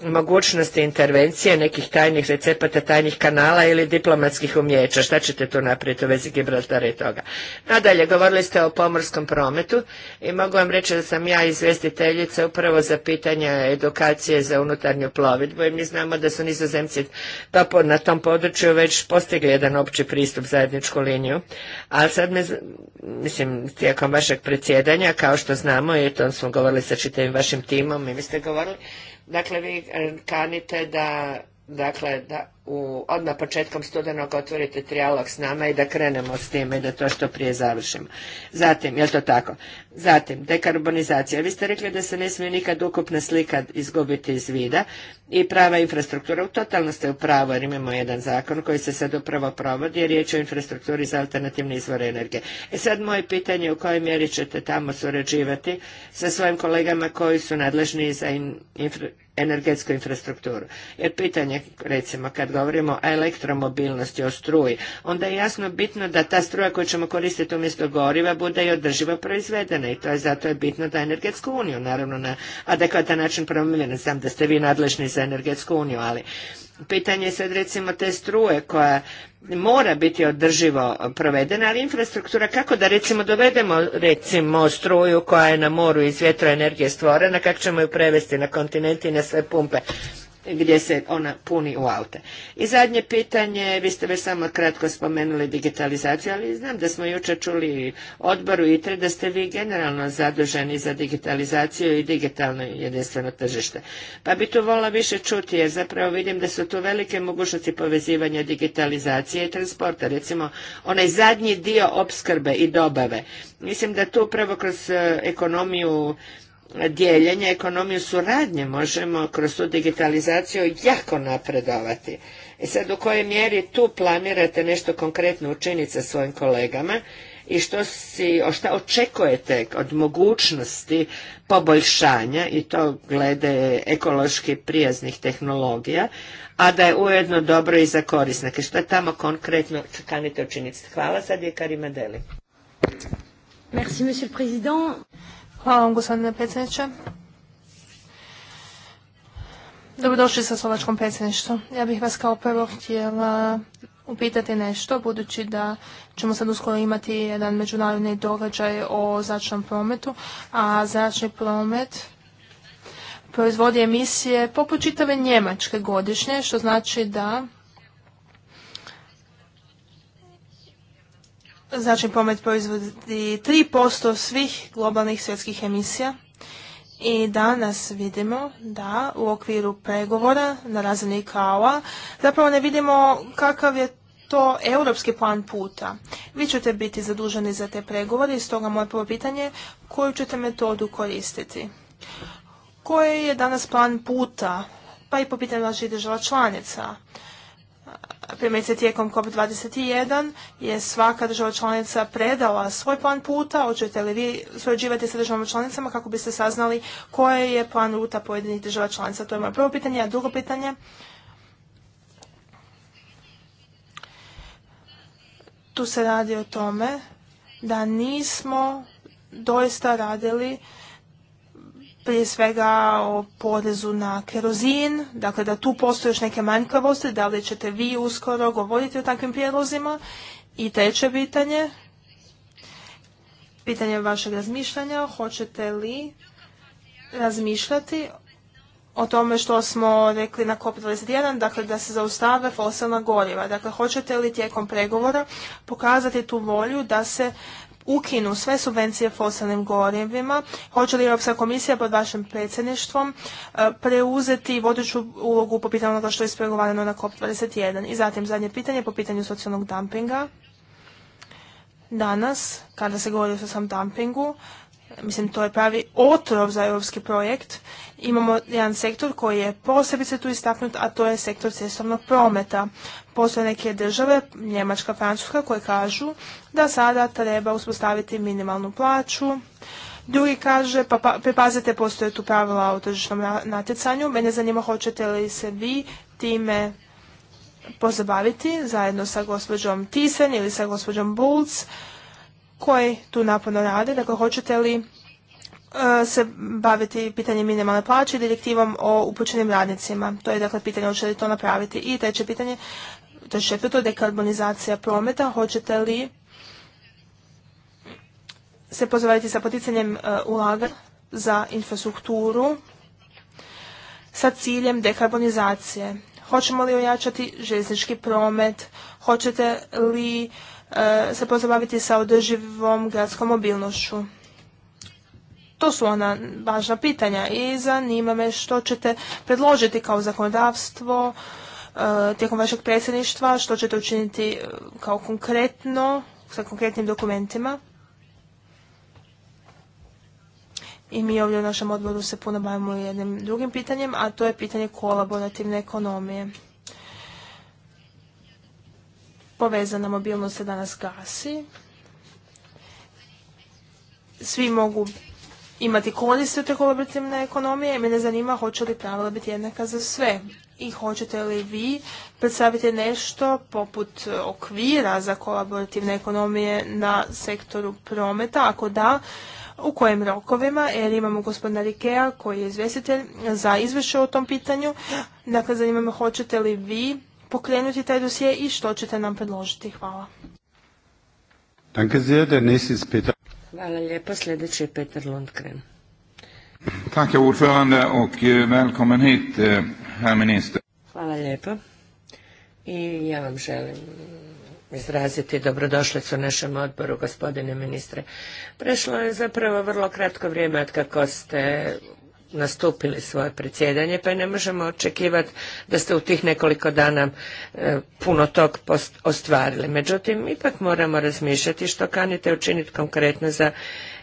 mogućnosti intervencije nekih tajnih recepata, tajnih kanala ili diplomatskih umjeća. Šta ćete tu naprijed u vezi Gibraltara i toga? Nadalje, govorili ste o pomorskom prometu i mogu vam reći da sam ja izvjestiteljica upravo za pitanja edukacije za unutarnju plovidbu i mi znamo da su nizozemci pa na tom području već postigli jedan opći pristup zajedničku liniju. Ali sad, me, mislim, tijekom vašeg predsjedanja, kao što znamo, i o tom smo govorili sa čitavim vašim timom i mi ste govorili, Dakle, vi eh, kanite da, dakle, da u, odmah početkom studenog otvorite trijalog s nama i da krenemo s time i da to što prije završimo. Zatim, je to tako? Zatim, dekarbonizacija. Vi ste rekli da se ne smije nikad ukupna slika izgubiti iz vida i prava infrastruktura. U totalno ste u pravu jer imamo jedan zakon koji se sad upravo provodi jer riječ o infrastrukturi za alternativne izvore energije. E sad moje pitanje u kojoj mjeri ćete tamo surađivati sa svojim kolegama koji su nadležni za energetsku infrastrukturu. Jer pitanje, recimo, kad govorimo o elektromobilnosti, o struji, onda je jasno bitno da ta struja koju ćemo koristiti umjesto goriva bude i održivo proizvedena i to je zato je bitno da energetsku uniju naravno na adekvatan način promiljena, znam da ste vi nadležni za energetsku uniju, ali pitanje je sad recimo te struje koja mora biti održivo provedena, ali infrastruktura kako da recimo dovedemo recimo struju koja je na moru iz vjetroenergije stvorena, kako ćemo ju prevesti na kontinent i na sve pumpe gdje se ona puni u alte. I zadnje pitanje, vi ste već samo kratko spomenuli digitalizaciju, ali znam da smo jučer čuli odboru ITRE da ste vi generalno zaduženi za digitalizaciju i digitalno jedinstveno tržište. Pa bi tu volila više čuti jer zapravo vidim da su tu velike mogućnosti povezivanja digitalizacije i transporta, recimo onaj zadnji dio opskrbe i dobave. Mislim da tu upravo kroz e, ekonomiju dijeljenja, ekonomiju suradnje možemo kroz tu digitalizaciju jako napredovati. I e sad u kojoj mjeri tu planirate nešto konkretno učiniti sa svojim kolegama i što si, o očekujete od mogućnosti poboljšanja i to glede ekološki prijaznih tehnologija, a da je ujedno dobro i za korisnike. Što tamo konkretno kanite učiniti? Hvala, sad je Karima Deli. Merci, monsieur le président. Hvala vam, gospodine predsjedniče. Dobrodošli sa Slovačkom predsjedništvu. Ja bih vas kao prvo htjela upitati nešto, budući da ćemo sad uskoro imati jedan međunarodni događaj o zračnom prometu, a zračni promet proizvodi emisije poput čitave Njemačke godišnje, što znači da Znači, promet proizvodi 3% svih globalnih svjetskih emisija i danas vidimo da u okviru pregovora na razini kao zapravo ne vidimo kakav je to europski plan puta. Vi ćete biti zaduženi za te pregovore i stoga moje prvo pitanje koju ćete metodu koristiti. Koji je danas plan puta, pa i po pitanju vaših država članica? primjerice tijekom COP21 je svaka država članica predala svoj plan puta, hoćete li vi surađivati sa državama članicama kako biste saznali koji je plan ruta pojedinih država članica? To je moje prvo pitanje, a drugo pitanje tu se radi o tome da nismo doista radili prije svega o porezu na kerozin, dakle da tu postoje još neke manjkavosti, da li ćete vi uskoro govoriti o takvim prijedlozima. I treće pitanje, pitanje vašeg razmišljanja, hoćete li razmišljati o tome što smo rekli na COP21, dakle da se zaustave fosilna goriva. Dakle, hoćete li tijekom pregovora pokazati tu volju da se ukinu sve subvencije fosilnim gorivima, hoće li Europska komisija pod vašim predsjedništvom e, preuzeti vodeću ulogu po pitanju onoga što je ispregovarano na COP21? I zatim zadnje pitanje po pitanju socijalnog dumpinga. Danas, kada se govori o socijalnom dumpingu, mislim to je pravi otrov za europski projekt imamo jedan sektor koji je posebice tu istaknut, a to je sektor cestovnog prometa. Postoje neke države, Njemačka, Francuska, koje kažu da sada treba uspostaviti minimalnu plaću, Drugi kaže, pa, pa pripazite, postoje tu pravila o tržišnom natjecanju. Mene zanima hoćete li se vi time pozabaviti zajedno sa gospođom Tisen ili sa gospođom Bulc koji tu naporno rade. Dakle, hoćete li E, se baviti pitanjem minimalne plaće i direktivom o upućenim radnicima. To je dakle pitanje hoće li to napraviti. I treće pitanje, to je četvrto, dekarbonizacija prometa. Hoćete li se pozabaviti sa poticanjem e, ulaga za infrastrukturu sa ciljem dekarbonizacije? Hoćemo li ojačati željeznički promet? Hoćete li e, se pozabaviti sa održivom gradskom mobilnošću? To su ona važna pitanja i zanima me što ćete predložiti kao zakonodavstvo e, tijekom vašeg predsjedništva, što ćete učiniti e, kao konkretno, sa konkretnim dokumentima. I mi ovdje u našem odboru se puno bavimo jednim drugim pitanjem, a to je pitanje kolaborativne ekonomije. Povezana mobilnost se danas gasi. Svi mogu imati od te kolaborativne ekonomije. Mene zanima hoće li pravila biti jednaka za sve i hoćete li vi predstaviti nešto poput okvira za kolaborativne ekonomije na sektoru prometa, ako da, u kojim rokovima, jer imamo gospodina Rikea koji je izvjestitelj za izvješće o tom pitanju. Dakle, zanima hoćete li vi pokrenuti taj dosije i što ćete nam predložiti. Hvala. Danke sehr, der Hvala lijepo. Sljedeći je Petar Lundgren. Tack ordförande och eh, välkommen hit, eh, herr minister. Hvala lijepo. I ja vam želim izraziti dobrodošlicu našem odboru, gospodine ministre. Prešlo je zapravo vrlo kratko vrijeme od kako ste nastupili svoje predsjedanje, pa ne možemo očekivati da ste u tih nekoliko dana e, puno tog ostvarili. Međutim, ipak moramo razmišljati što kanite učiniti konkretno za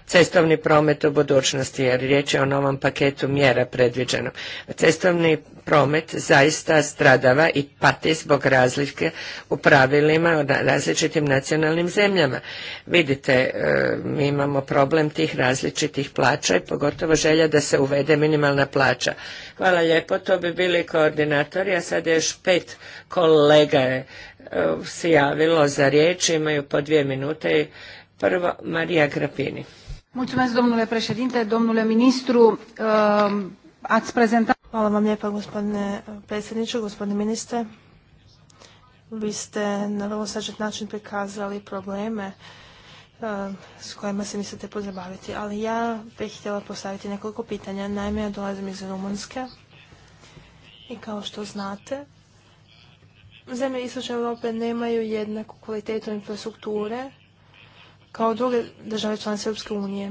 cestovni promet u budućnosti, jer riječ je o novom paketu mjera predviđeno. Cestovni promet zaista stradava i pati zbog razlike u pravilima u različitim nacionalnim zemljama. Vidite, e, mi imamo problem tih različitih plaća i pogotovo želja da se uvede minimalna plaća. Hvala lijepo, to bi bili koordinatori, a sada još pet kolega je se javilo za riječ, imaju po dvije minute. Prvo, Marija Grapini. Mulțumesc, domnule președinte, domnule ministru. Um, ați prezentat... Hvala vam lijepa, gospodine predsjedniče, gospodine ministre. Vi ste na vrlo sažet način prikazali probleme uh, s kojima se mislite pozabaviti, ali ja bih htjela postaviti nekoliko pitanja. Naime, ja dolazim iz Rumunjske i kao što znate, zemlje Istočne Europe nemaju jednaku kvalitetu infrastrukture kao druge države članice Europske unije. E,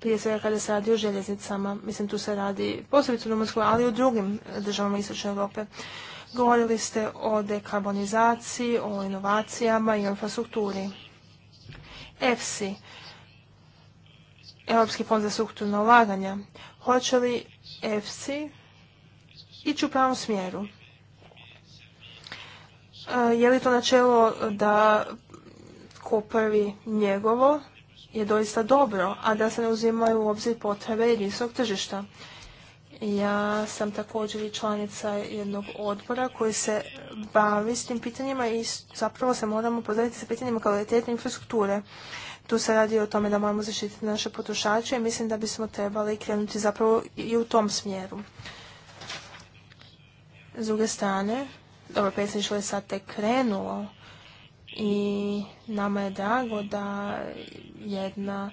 prije svega kada se radi o željeznicama, mislim tu se radi posebice u Rumunskoj, ali i u drugim državama Istočne Europe. Govorili ste o dekarbonizaciji, o inovacijama i infrastrukturi. EFSI, Europski fond za strukturno ulaganja, hoće li EFSI ići u pravom smjeru? E, je li to načelo da prvi njegovo je doista dobro, a da se ne uzimaju u obzir potrebe jedinstvenog tržišta. Ja sam također i članica jednog odbora koji se bavi s tim pitanjima i zapravo se moramo pozdraviti sa pitanjima kvalitetne infrastrukture. Tu se radi o tome da moramo zaštititi naše potrošače i mislim da bismo trebali krenuti zapravo i u tom smjeru. S druge strane, dobro, predsjedništvo je sad tek krenulo i nama je drago da jedna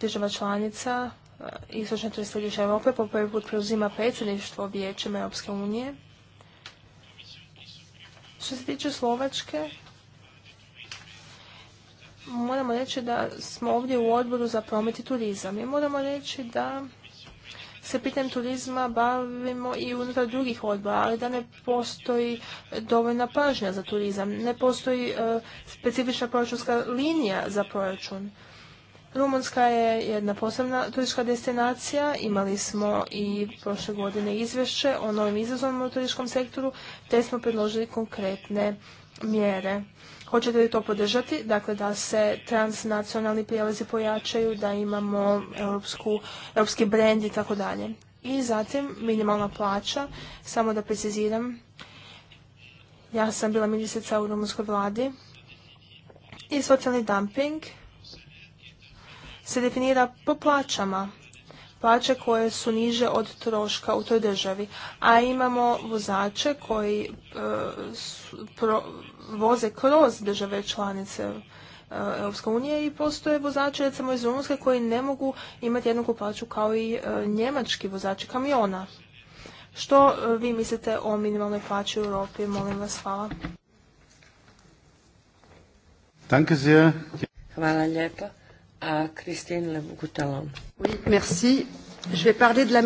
država članica e, Istočne trestoljeća Europe po prvi put preuzima predsjedništvo vijećem Europske unije. Što se tiče Slovačke, moramo reći da smo ovdje u odboru za promet i turizam i moramo reći da se pitanjem turizma bavimo i unutar drugih odbora, ali da ne postoji dovoljna pažnja za turizam, ne postoji e, specifična proračunska linija za proračun. Rumunska je jedna posebna turistička destinacija, imali smo i prošle godine izvješće o novim izazovima u turističkom sektoru, te smo predložili konkretne mjere. Hoćete li to podržati, dakle da se transnacionalni prijelazi pojačaju, da imamo europsku, europski brend i tako dalje. I zatim minimalna plaća, samo da preciziram, ja sam bila ministrica u rumunskoj vladi i socijalni dumping se definira po plaćama, plaće koje su niže od troška u toj državi. A imamo vozače koji e, voze kroz države članice e, Europske unije i postoje vozači recimo iz Rumunjske koji ne mogu imati jednaku plaću kao i e, njemački vozači kamiona. Što e, vi mislite o minimalnoj plaći u Europi? Molim vas, hvala. Hvala lijepa. A Christine Merci. Je vais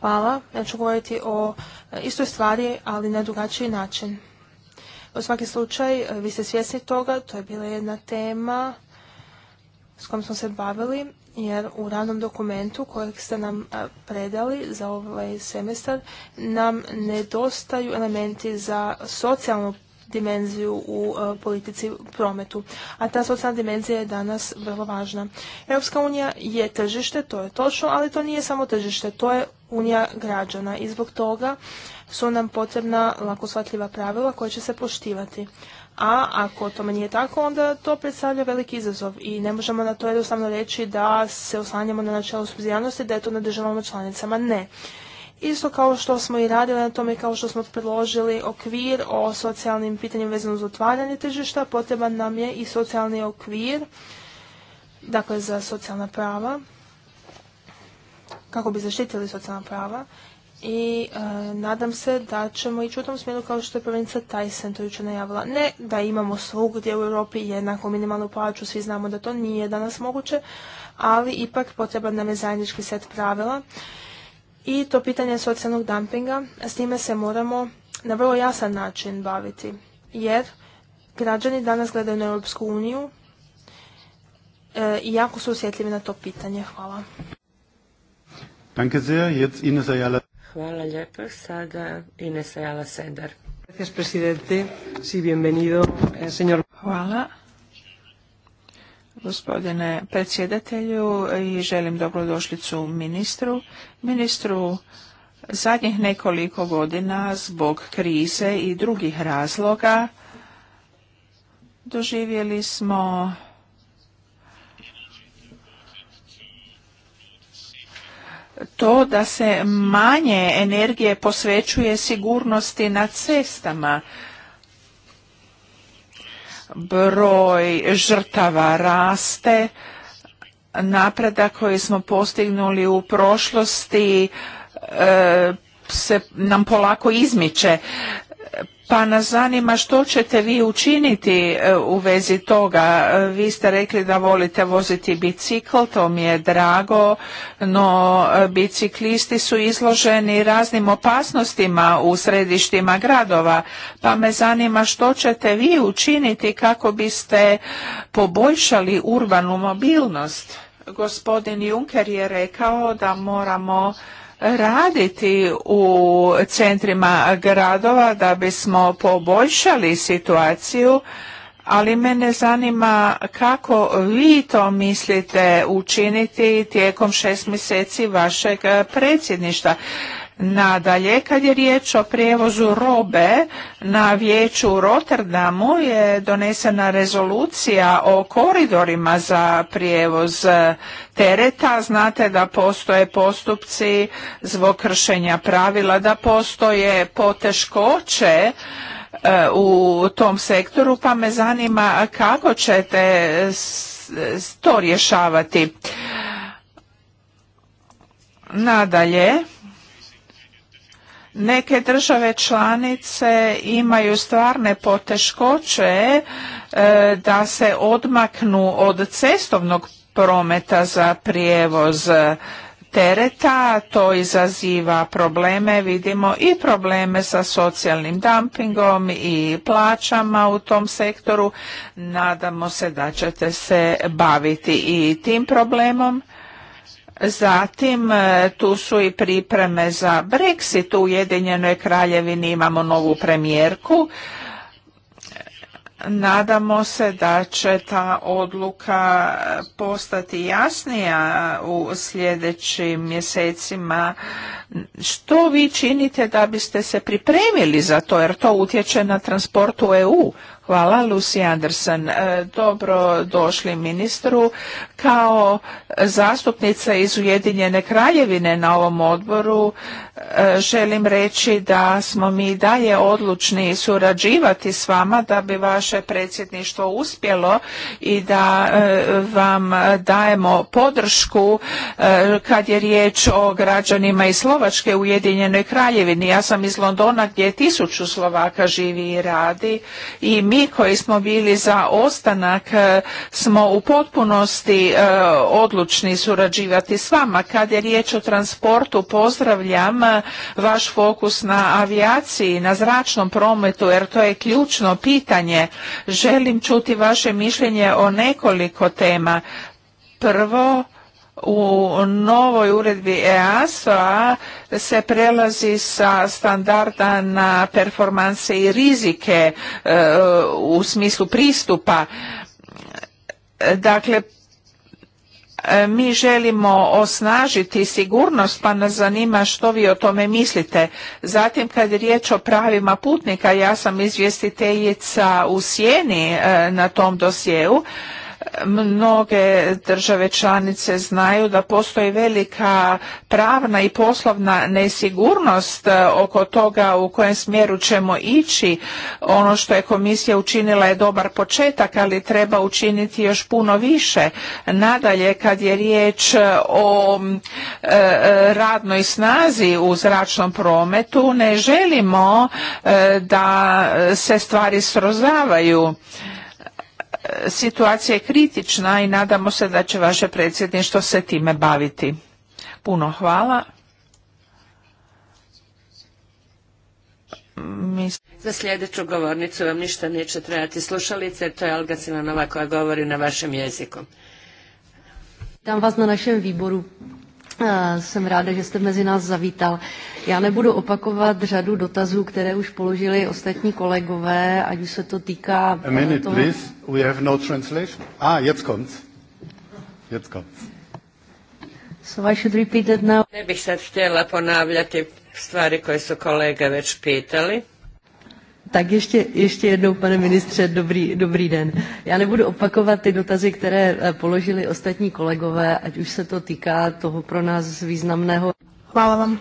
Hvala. Ja ću govoriti o istoj stvari, ali na drugačiji način. U svaki slučaj, e, vi ste svjesni toga, to je bila jedna tema s kojom smo se bavili, jer u radnom dokumentu kojeg ste nam e, predali za ovaj semestar nam nedostaju elementi za socijalno dimenziju u e, politici prometu. A ta socijalna dimenzija je danas vrlo važna. Europska unija je tržište, to je točno, ali to nije samo tržište, to je unija građana i zbog toga su nam potrebna lako shvatljiva pravila koja će se poštivati. A ako tome nije tako, onda to predstavlja veliki izazov i ne možemo na to jednostavno reći da se oslanjamo na načelo subzijalnosti, da je to na državama članicama. Ne. Isto kao što smo i radili na tome, kao što smo predložili okvir o socijalnim pitanjima vezano uz otvaranje tržišta, potreban nam je i socijalni okvir, dakle za socijalna prava, kako bi zaštitili socijalna prava. I e, nadam se da ćemo ići u tom smjeru kao što je provinca Tyson to jučer najavila. Ne da imamo svugdje u Europi jednako minimalnu plaću, svi znamo da to nije danas moguće, ali ipak potreban nam je zajednički set pravila i to pitanje socijalnog dumpinga, s time se moramo na vrlo jasan način baviti. Jer građani danas gledaju na Europsku uniju e, i jako su osjetljivi na to pitanje. Hvala. Hvala lijepo. Sada Ines Ayala Sender. Eh, Hvala gospodine predsjedatelju i želim dobrodošlicu ministru. Ministru zadnjih nekoliko godina zbog krize i drugih razloga doživjeli smo to da se manje energije posvećuje sigurnosti na cestama broj žrtava raste, napredak koji smo postignuli u prošlosti e, se nam polako izmiče pa nas zanima što ćete vi učiniti e, u vezi toga. E, vi ste rekli da volite voziti bicikl, to mi je drago, no e, biciklisti su izloženi raznim opasnostima u središtima gradova, pa me zanima što ćete vi učiniti kako biste poboljšali urbanu mobilnost. Gospodin Juncker je rekao da moramo raditi u centrima gradova da bismo poboljšali situaciju, ali mene zanima kako vi to mislite učiniti tijekom šest mjeseci vašeg predsjedništva. Nadalje, kad je riječ o prijevozu robe, na vijeću u Rotterdamu je donesena rezolucija o koridorima za prijevoz e, tereta. Znate da postoje postupci zbog kršenja pravila, da postoje poteškoće e, u tom sektoru, pa me zanima kako ćete to rješavati. Nadalje, Neke države članice imaju stvarne poteškoće e, da se odmaknu od cestovnog prometa za prijevoz tereta, to izaziva probleme, vidimo i probleme sa socijalnim dumpingom i plaćama u tom sektoru. Nadamo se da ćete se baviti i tim problemom. Zatim e, tu su i pripreme za Brexit. U Ujedinjenoj kraljevini imamo novu premijerku. Nadamo se da će ta odluka postati jasnija u sljedećim mjesecima. Što vi činite da biste se pripremili za to, jer to utječe na transport u EU? Hvala, Lucy Anderson. E, dobro došli ministru. Kao zastupnica iz Ujedinjene kraljevine na ovom odboru e, želim reći da smo mi dalje odlučni surađivati s vama da bi vaše predsjedništvo uspjelo i da e, vam dajemo podršku kad je riječ o građanima iz Slovačke Ujedinjenoj kraljevini. Ja sam iz Londona gdje tisuću Slovaka živi i radi i mi mi koji smo bili za ostanak e, smo u potpunosti e, odlučni surađivati s vama. Kad je riječ o transportu pozdravljam e, vaš fokus na avijaciji, na zračnom prometu jer to je ključno pitanje. Želim čuti vaše mišljenje o nekoliko tema. Prvo, u novoj uredbi EASA se prelazi sa standarda na performanse i rizike e, u smislu pristupa. Dakle, mi želimo osnažiti sigurnost, pa nas zanima što vi o tome mislite. Zatim kad je riječ o pravima putnika, ja sam izvjestiteljica u Sjeni e, na tom dosjeu. Mnoge države članice znaju da postoji velika pravna i poslovna nesigurnost e, oko toga u kojem smjeru ćemo ići. Ono što je komisija učinila je dobar početak, ali treba učiniti još puno više. Nadalje, kad je riječ e, o e, radnoj snazi u zračnom prometu, ne želimo da se stvari srozavaju situacija je kritična i nadamo se da će vaše predsjedništvo se time baviti. Puno hvala. Za sljedeću govornicu vam ništa neće trebati slušalice, to je Alga Silanova koja govori na vašem jeziku. Dam vas na našem výboru. Eh, jsem ráda, že jste mezi nás zavítal. Já nebudu opakovat řadu dotazů, které už položili ostatní kolegové, ať už se to týká... A eh, minute, toho... please. We have no translation. Ah, jetzt kommt's. Jetzt kommt's. So I should repeat it now. Ne bih sad htjela ponavljati stvari koje su kolege već pitali. Tak ještě, ještě jednou, pane ministře, dobrý, dobrý den. Já nebudu opakovat ty dotazy, které eh, položili ostatní kolegové, ať už se to týká toho pro nás významného. Hvala vam.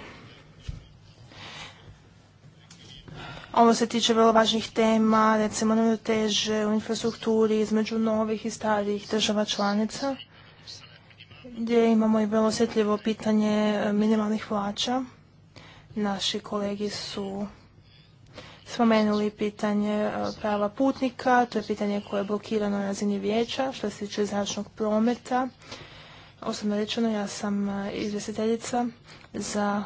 Ovo se tiče vrlo važnih tema, recimo ravnoteže u infrastrukturi između novih i starih država članica, gdje imamo i vrlo osjetljivo pitanje eh, minimalnih plaća. Naši kolegi su spomenuli pitanje e, prava putnika, to je pitanje koje je blokirano na razini vijeća što se tiče zračnog prometa. Osobno rečeno, ja sam e, izvjestiteljica za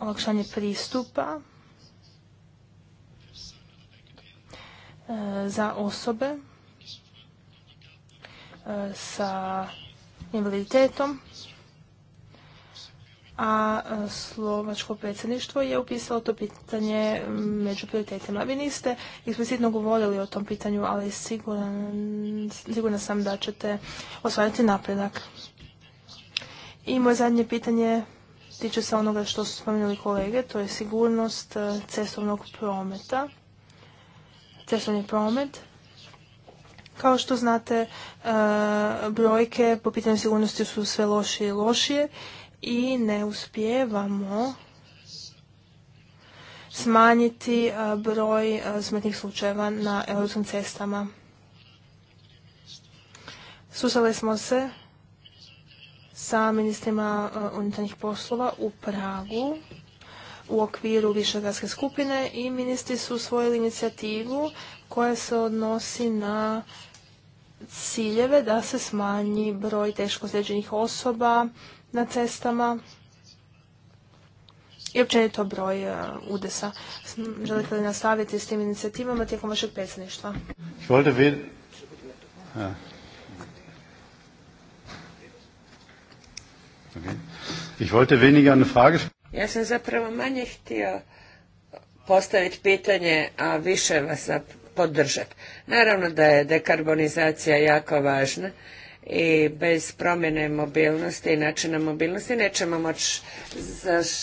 olakšanje pristupa e, za osobe sa invaliditetom a e, slovačko predsjedništvo je upisalo to pitanje među prioritetima. Vi niste eksplicitno govorili o tom pitanju, ali sigurno sigurna sam da ćete ostvariti napredak. I moje zadnje pitanje tiče se onoga što su spominjali kolege, to je sigurnost e, cestovnog prometa. Cestovni promet. Kao što znate, e, brojke po pitanju sigurnosti su sve lošije i lošije i ne uspijevamo smanjiti e, broj e, smrtnih slučajeva na europskim cestama. Susali smo se sa ministrima e, unutarnjih poslova u Pragu u okviru višegradske skupine i ministri su usvojili inicijativu koja se odnosi na ciljeve da se smanji broj teško sređenih osoba na cestama i općenito broj e, udesa. Želite li nastaviti s tim inicijativama tijekom vašeg predsjedništva? Ja sam zapravo manje htio postaviti pitanje, a više vas podržati. Naravno da je dekarbonizacija jako važna i bez promjene mobilnosti i načina mobilnosti nećemo moći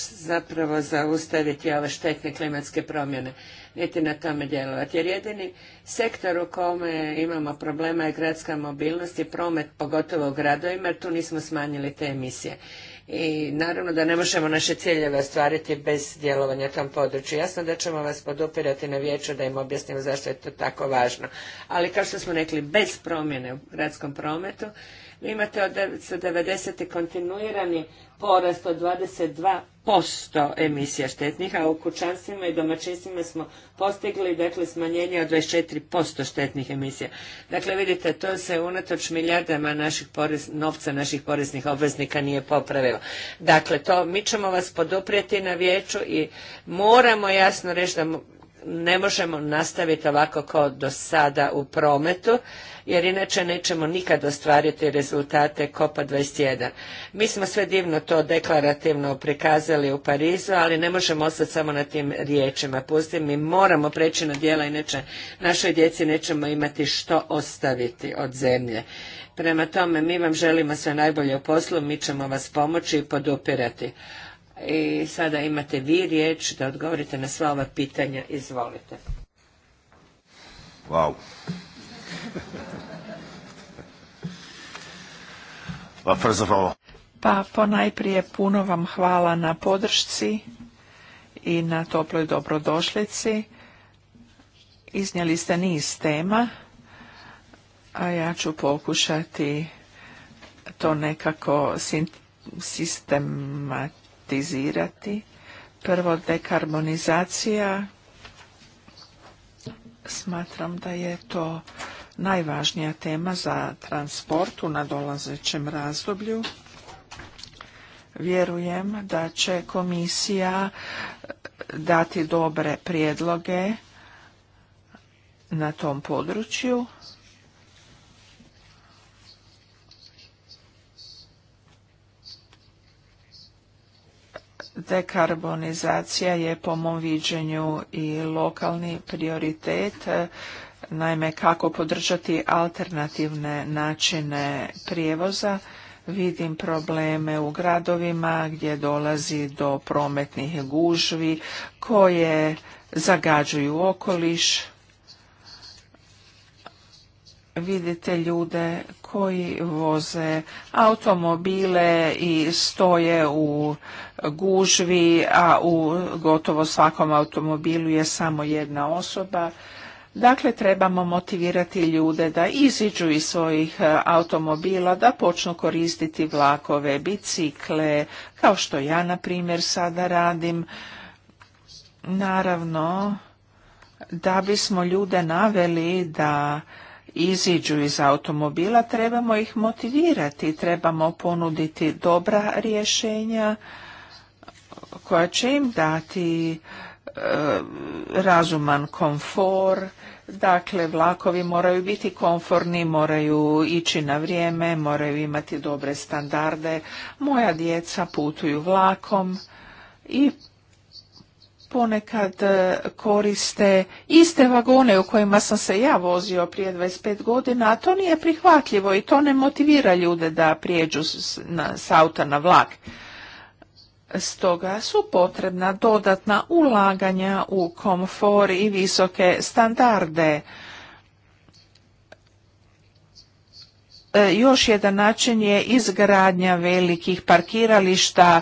zapravo zaustaviti ove štetne klimatske promjene, niti na tome djelovati. Jer jedini sektor u kome imamo problema je gradska mobilnost i promet, pogotovo u gradovima, jer tu nismo smanjili te emisije i naravno da ne možemo naše ciljeve ostvariti bez djelovanja tom području. Jasno da ćemo vas podupirati na vijeću da im objasnimo zašto je to tako važno. Ali kao što smo rekli, bez promjene u gradskom prometu vi imate od 1990. kontinuirani porast od 22% emisija štetnih, a u kućanstvima i domaćinstvima smo postigli dakle, smanjenje od 24% štetnih emisija. Dakle, vidite, to se unatoč milijardama naših novca naših poreznih obveznika nije popravilo. Dakle, to mi ćemo vas poduprijeti na vijeću i moramo jasno reći da ne možemo nastaviti ovako kao do sada u prometu, jer inače nećemo nikad ostvariti rezultate COPA 21. Mi smo sve divno to deklarativno prikazali u Parizu, ali ne možemo ostati samo na tim riječima. Pusti, mi moramo preći na djela, inače našoj djeci nećemo imati što ostaviti od zemlje. Prema tome, mi vam želimo sve najbolje u poslu, mi ćemo vas pomoći i podupirati. I sada imate vi riječ da odgovorite na sva ova pitanja. Izvolite. Wow. Pa, pa najprije puno vam hvala na podršci i na toploj dobrodošlici. Iznijeli ste niz tema, a ja ću pokušati to nekako sistematizirati Prvo, dekarbonizacija. Smatram da je to najvažnija tema za transport u nadolazećem razdoblju. Vjerujem da će komisija dati dobre prijedloge na tom području. dekarbonizacija je po mom viđenju i lokalni prioritet, naime kako podržati alternativne načine prijevoza. Vidim probleme u gradovima gdje dolazi do prometnih gužvi koje zagađuju okoliš, vidite ljude koji voze automobile i stoje u gužvi, a u gotovo svakom automobilu je samo jedna osoba. Dakle, trebamo motivirati ljude da iziđu iz svojih e, automobila, da počnu koristiti vlakove, bicikle, kao što ja, na primjer, sada radim. Naravno, da bismo ljude naveli da iziđu iz automobila, trebamo ih motivirati, trebamo ponuditi dobra rješenja koja će im dati e, razuman komfor, Dakle, vlakovi moraju biti komforni, moraju ići na vrijeme, moraju imati dobre standarde. Moja djeca putuju vlakom i ponekad e, koriste iste vagone u kojima sam se ja vozio prije 25 godina, a to nije prihvatljivo i to ne motivira ljude da prijeđu sa auta na vlak. Stoga su potrebna dodatna ulaganja u komfor i visoke standarde E, još jedan način je izgradnja velikih parkirališta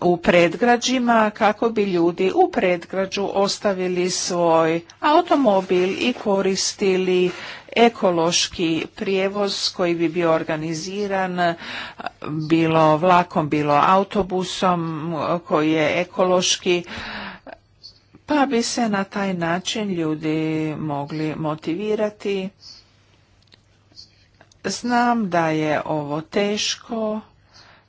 u predgrađima kako bi ljudi u predgrađu ostavili svoj automobil i koristili ekološki prijevoz koji bi bio organiziran e, bilo vlakom, bilo autobusom koji je ekološki e, pa bi se na taj način ljudi mogli motivirati Znam da je ovo teško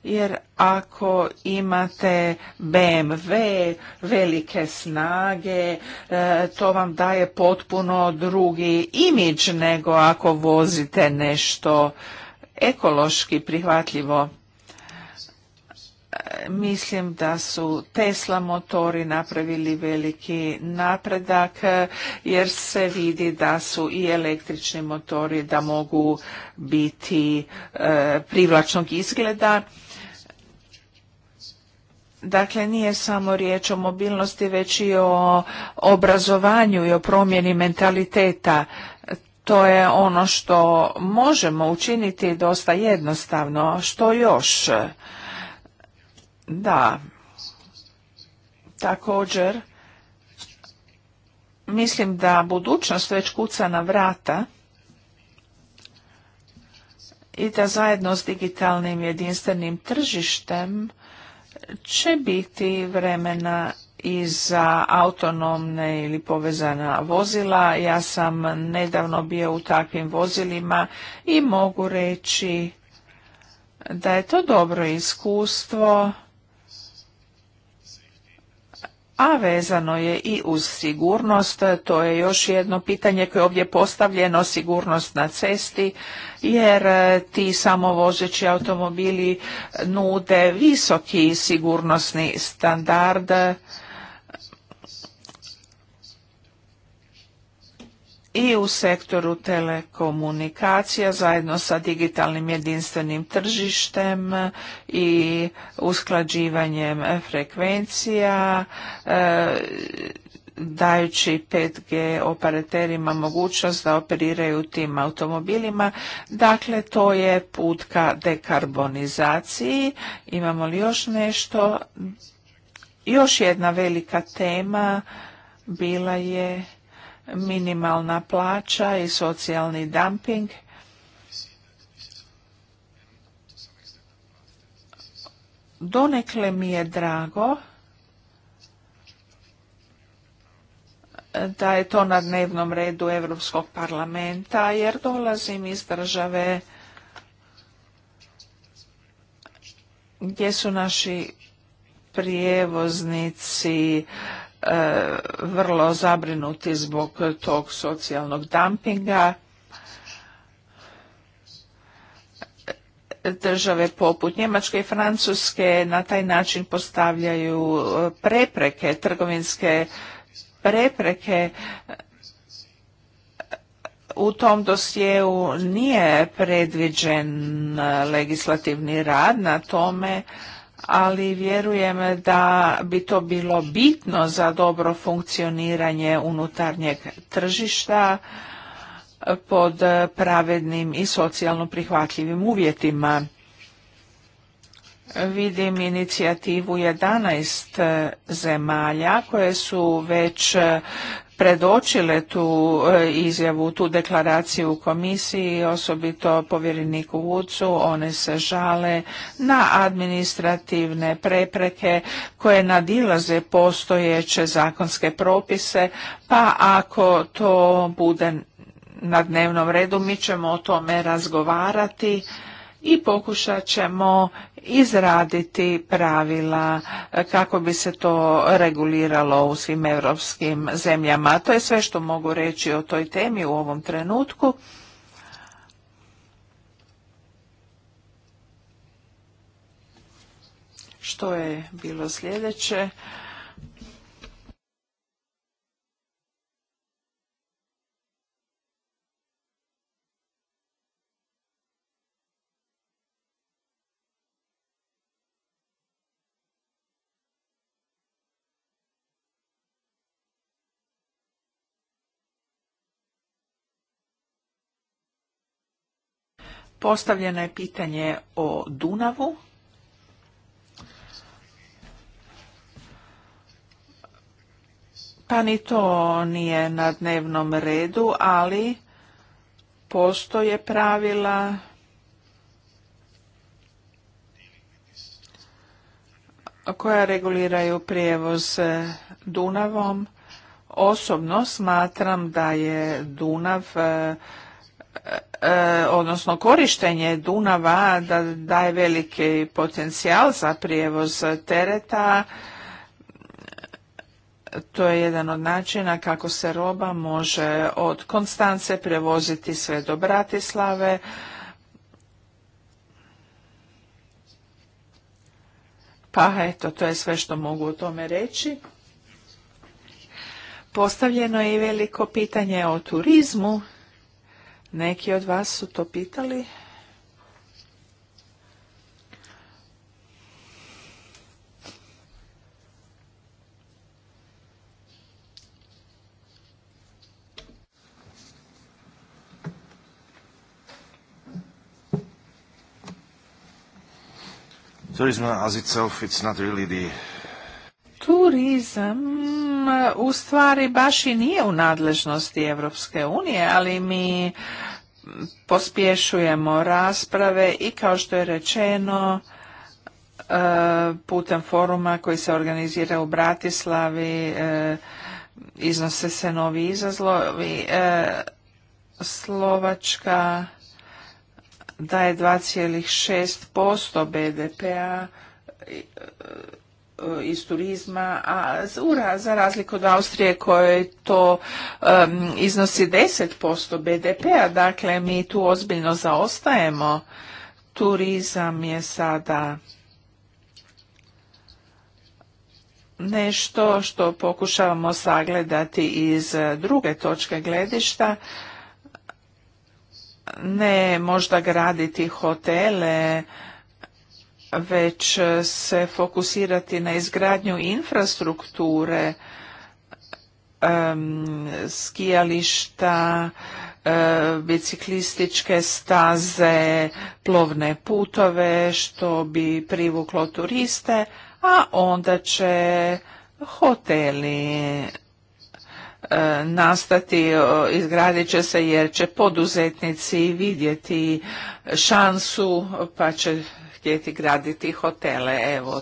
jer ako imate BMW velike snage e, to vam daje potpuno drugi imidž nego ako vozite nešto ekološki prihvatljivo Mislim da su Tesla motori napravili veliki napredak jer se vidi da su i električni motori da mogu biti e, privlačnog izgleda. Dakle, nije samo riječ o mobilnosti, već i o obrazovanju i o promjeni mentaliteta. To je ono što možemo učiniti dosta jednostavno. Što još? Da, također mislim da budućnost već kuca na vrata i da zajedno s digitalnim jedinstvenim tržištem će biti vremena i za autonomne ili povezana vozila. Ja sam nedavno bio u takvim vozilima i mogu reći da je to dobro iskustvo a vezano je i uz sigurnost. To je još jedno pitanje koje je ovdje postavljeno, sigurnost na cesti, jer ti samovozeći automobili nude visoki sigurnosni standard i u sektoru telekomunikacija zajedno sa digitalnim jedinstvenim tržištem i usklađivanjem frekvencija e, dajući 5G operaterima mogućnost da operiraju tim automobilima. Dakle, to je put ka dekarbonizaciji. Imamo li još nešto? Još jedna velika tema bila je minimalna plaća i socijalni dumping. Donekle mi je drago da je to na dnevnom redu Europskog parlamenta jer dolazim iz države gdje su naši prijevoznici E, vrlo zabrinuti zbog tog socijalnog dumpinga. Države poput Njemačke i Francuske na taj način postavljaju e, prepreke, trgovinske prepreke u tom dosjeu nije predviđen legislativni rad na tome ali vjerujem da bi to bilo bitno za dobro funkcioniranje unutarnjeg tržišta pod pravednim i socijalno prihvatljivim uvjetima. Vidim inicijativu 11 zemalja koje su već predočile tu e, izjavu, tu deklaraciju u komisiji, osobito povjereniku Vucu, one se žale na administrativne prepreke koje nadilaze postojeće zakonske propise, pa ako to bude na dnevnom redu mi ćemo o tome razgovarati i pokušat ćemo izraditi pravila kako bi se to reguliralo u svim europskim zemljama. To je sve što mogu reći o toj temi u ovom trenutku. Što je bilo sljedeće? Postavljeno je pitanje o Dunavu. Pa ni to nije na dnevnom redu, ali postoje pravila koja reguliraju prijevoz Dunavom. Osobno smatram da je Dunav E, odnosno korištenje Dunava da daje veliki potencijal za prijevoz tereta. To je jedan od načina kako se roba može od Konstance prevoziti sve do Bratislave. Pa eto, to je sve što mogu o tome reći. Postavljeno je i veliko pitanje o turizmu. Neki od vas su to pitali. Tourism as itself, it's not really the turizam mm, u stvari baš i nije u nadležnosti Europske unije, ali mi pospješujemo rasprave i kao što je rečeno e, putem foruma koji se organizira u Bratislavi e, iznose se novi izazlovi. E, Slovačka daje 2,6% BDP-a Eh, iz turizma, a za razliku od Austrije koje to iznosi 10% BDP-a, dakle mi tu ozbiljno zaostajemo. Turizam je sada nešto što pokušavamo sagledati iz druge točke gledišta, ne možda graditi hotele, već e, se fokusirati na izgradnju infrastrukture skijališta, e, biciklističke staze, plovne putove što bi privuklo turiste, a onda će hoteli e, nastati, izgradit će se jer će poduzetnici vidjeti šansu pa će htjeti graditi hotele. Evo,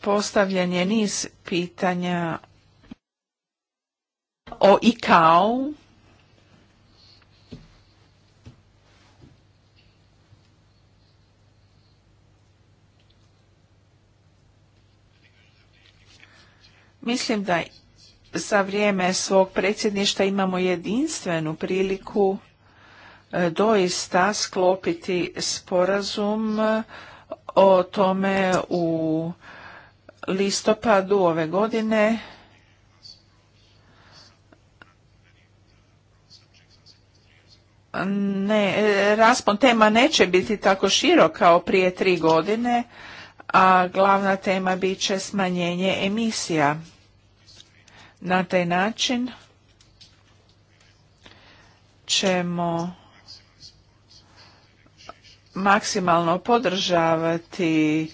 postavljen je niz pitanja o ICAO. Mislim da za vrijeme svog predsjedništva imamo jedinstvenu priliku e, doista sklopiti sporazum e, o tome u listopadu ove godine. Ne, e, raspon tema neće biti tako širok kao prije tri godine, a glavna tema bit će smanjenje emisija. Na taj način ćemo maksimalno podržavati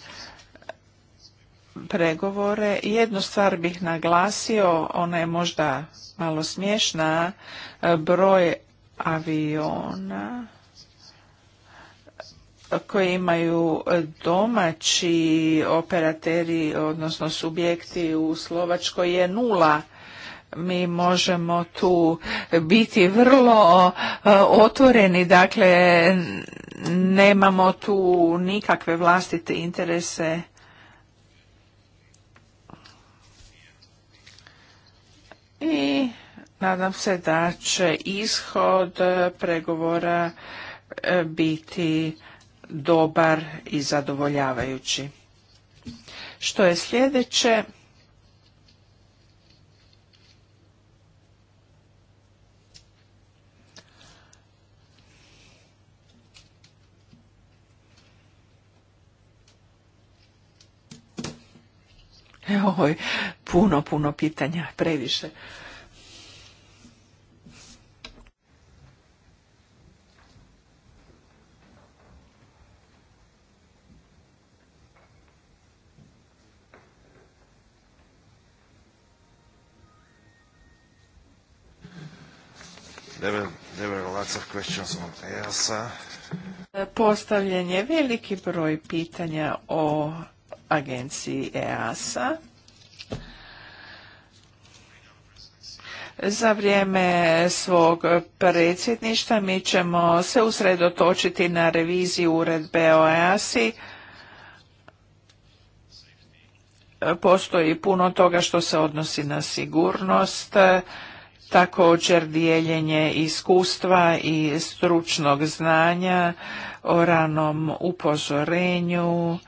pregovore. Jednu stvar bih naglasio, ona je možda malo smiješna, broj aviona koje imaju domaći operateri, odnosno subjekti u Slovačkoj je nula mi možemo tu biti vrlo e, otvoreni, dakle nemamo tu nikakve vlastite interese. I nadam se da će ishod pregovora e, biti dobar i zadovoljavajući. Što je sljedeće? Ovo je puno, puno pitanja, previše. Postavljen je veliki broj pitanja o agenciji EASA. Za vrijeme svog predsjedništva mi ćemo se usredotočiti na reviziju uredbe o EASI. Postoji puno toga što se odnosi na sigurnost, također dijeljenje iskustva i stručnog znanja o ranom upozorenju,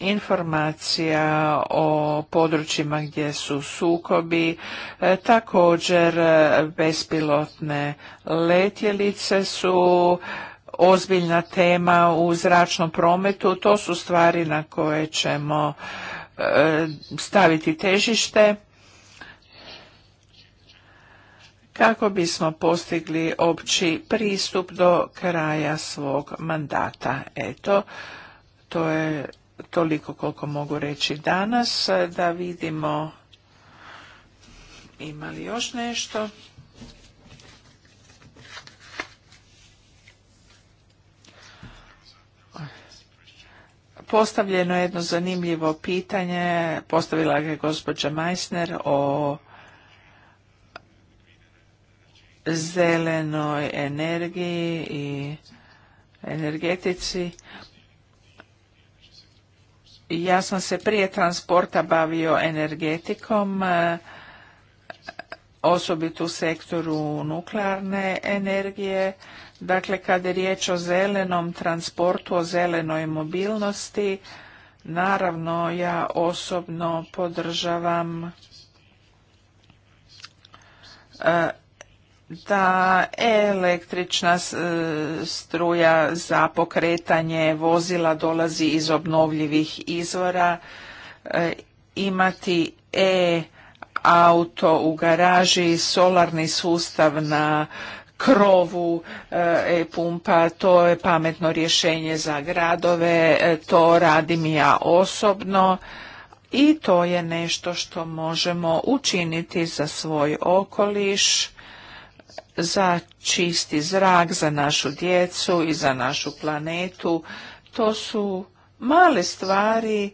informacija o područjima gdje su sukobi, e, također e, bespilotne letjelice su ozbiljna tema u zračnom prometu, to su stvari na koje ćemo e, staviti težište kako bismo postigli opći pristup do kraja svog mandata. Eto, to je toliko koliko mogu reći danas, da vidimo ima li još nešto. Postavljeno je jedno zanimljivo pitanje, postavila ga je gospođa Meissner o zelenoj energiji i energetici. Ja sam se prije transporta bavio energetikom, e, osobito u sektoru nuklearne energije. Dakle, kada je riječ o zelenom transportu, o zelenoj mobilnosti, naravno ja osobno podržavam e, da električna e, struja za pokretanje vozila dolazi iz obnovljivih izvora, e, imati e auto u garaži, solarni sustav na krovu e, pumpa, to je pametno rješenje za gradove, e, to radim ja osobno i to je nešto što možemo učiniti za svoj okoliš za čisti zrak, za našu djecu i za našu planetu. To su male stvari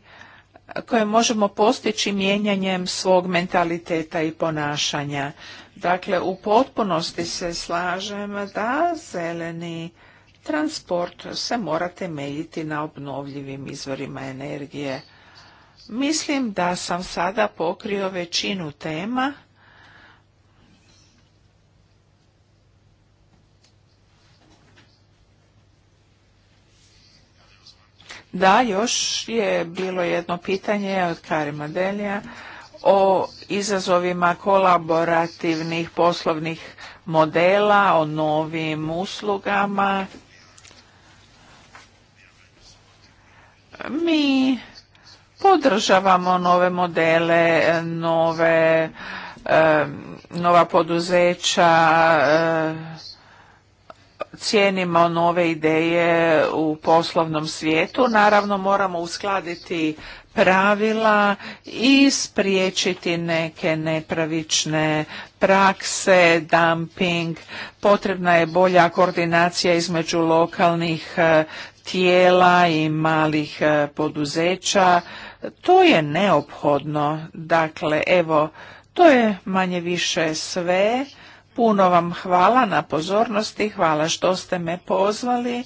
koje možemo postići mijenjanjem svog mentaliteta i ponašanja. Dakle, u potpunosti se slažem da zeleni transport se mora temeljiti na obnovljivim izvorima energije. Mislim da sam sada pokrio većinu tema. Da, još je bilo jedno pitanje od Karima Delija o izazovima kolaborativnih poslovnih modela, o novim uslugama. Mi podržavamo nove modele, nove, eh, nova poduzeća, eh, cijenimo nove ideje u poslovnom svijetu. Naravno moramo uskladiti pravila i spriječiti neke nepravične prakse, dumping. Potrebna je bolja koordinacija između lokalnih e, tijela i malih e, poduzeća. To je neophodno. Dakle, evo, to je manje više sve. Puno vam hvala na pozornosti, hvala što ste me pozvali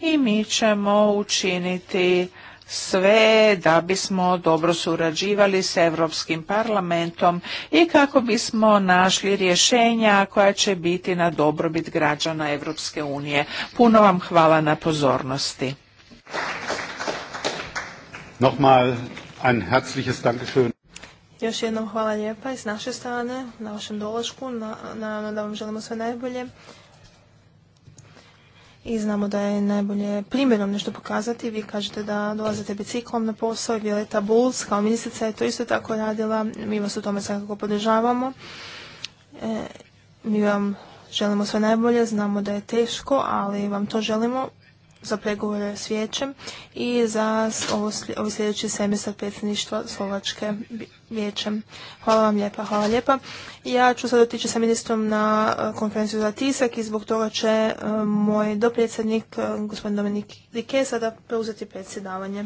i mi ćemo učiniti sve da bismo dobro surađivali s Europskim parlamentom i kako bismo našli rješenja koja će biti na dobrobit građana Europske unije. Puno vam hvala na pozornosti. Nochmal ein herzliches Dankeschön. Još jednom hvala lijepa i s naše strane na vašem dolašku. naravno da vam želimo sve najbolje. I znamo da je najbolje primjerom nešto pokazati. Vi kažete da dolazite biciklom na posao i Violeta Bulls kao ministrica je to isto tako radila. Mi vas u tome svakako podržavamo. E, mi vam želimo sve najbolje. Znamo da je teško, ali vam to želimo za pregovore s vijećem i za ovo ovaj sljedeći semestar predsjedništva Slovačke vijećem. Hvala vam lijepa, hvala lijepa. Ja ću sad otići sa ministrom na e, konferenciju za tisak i zbog toga će e, moj dopredsjednik, e, gospodin Dominik Rike, sada preuzeti predsjedavanje.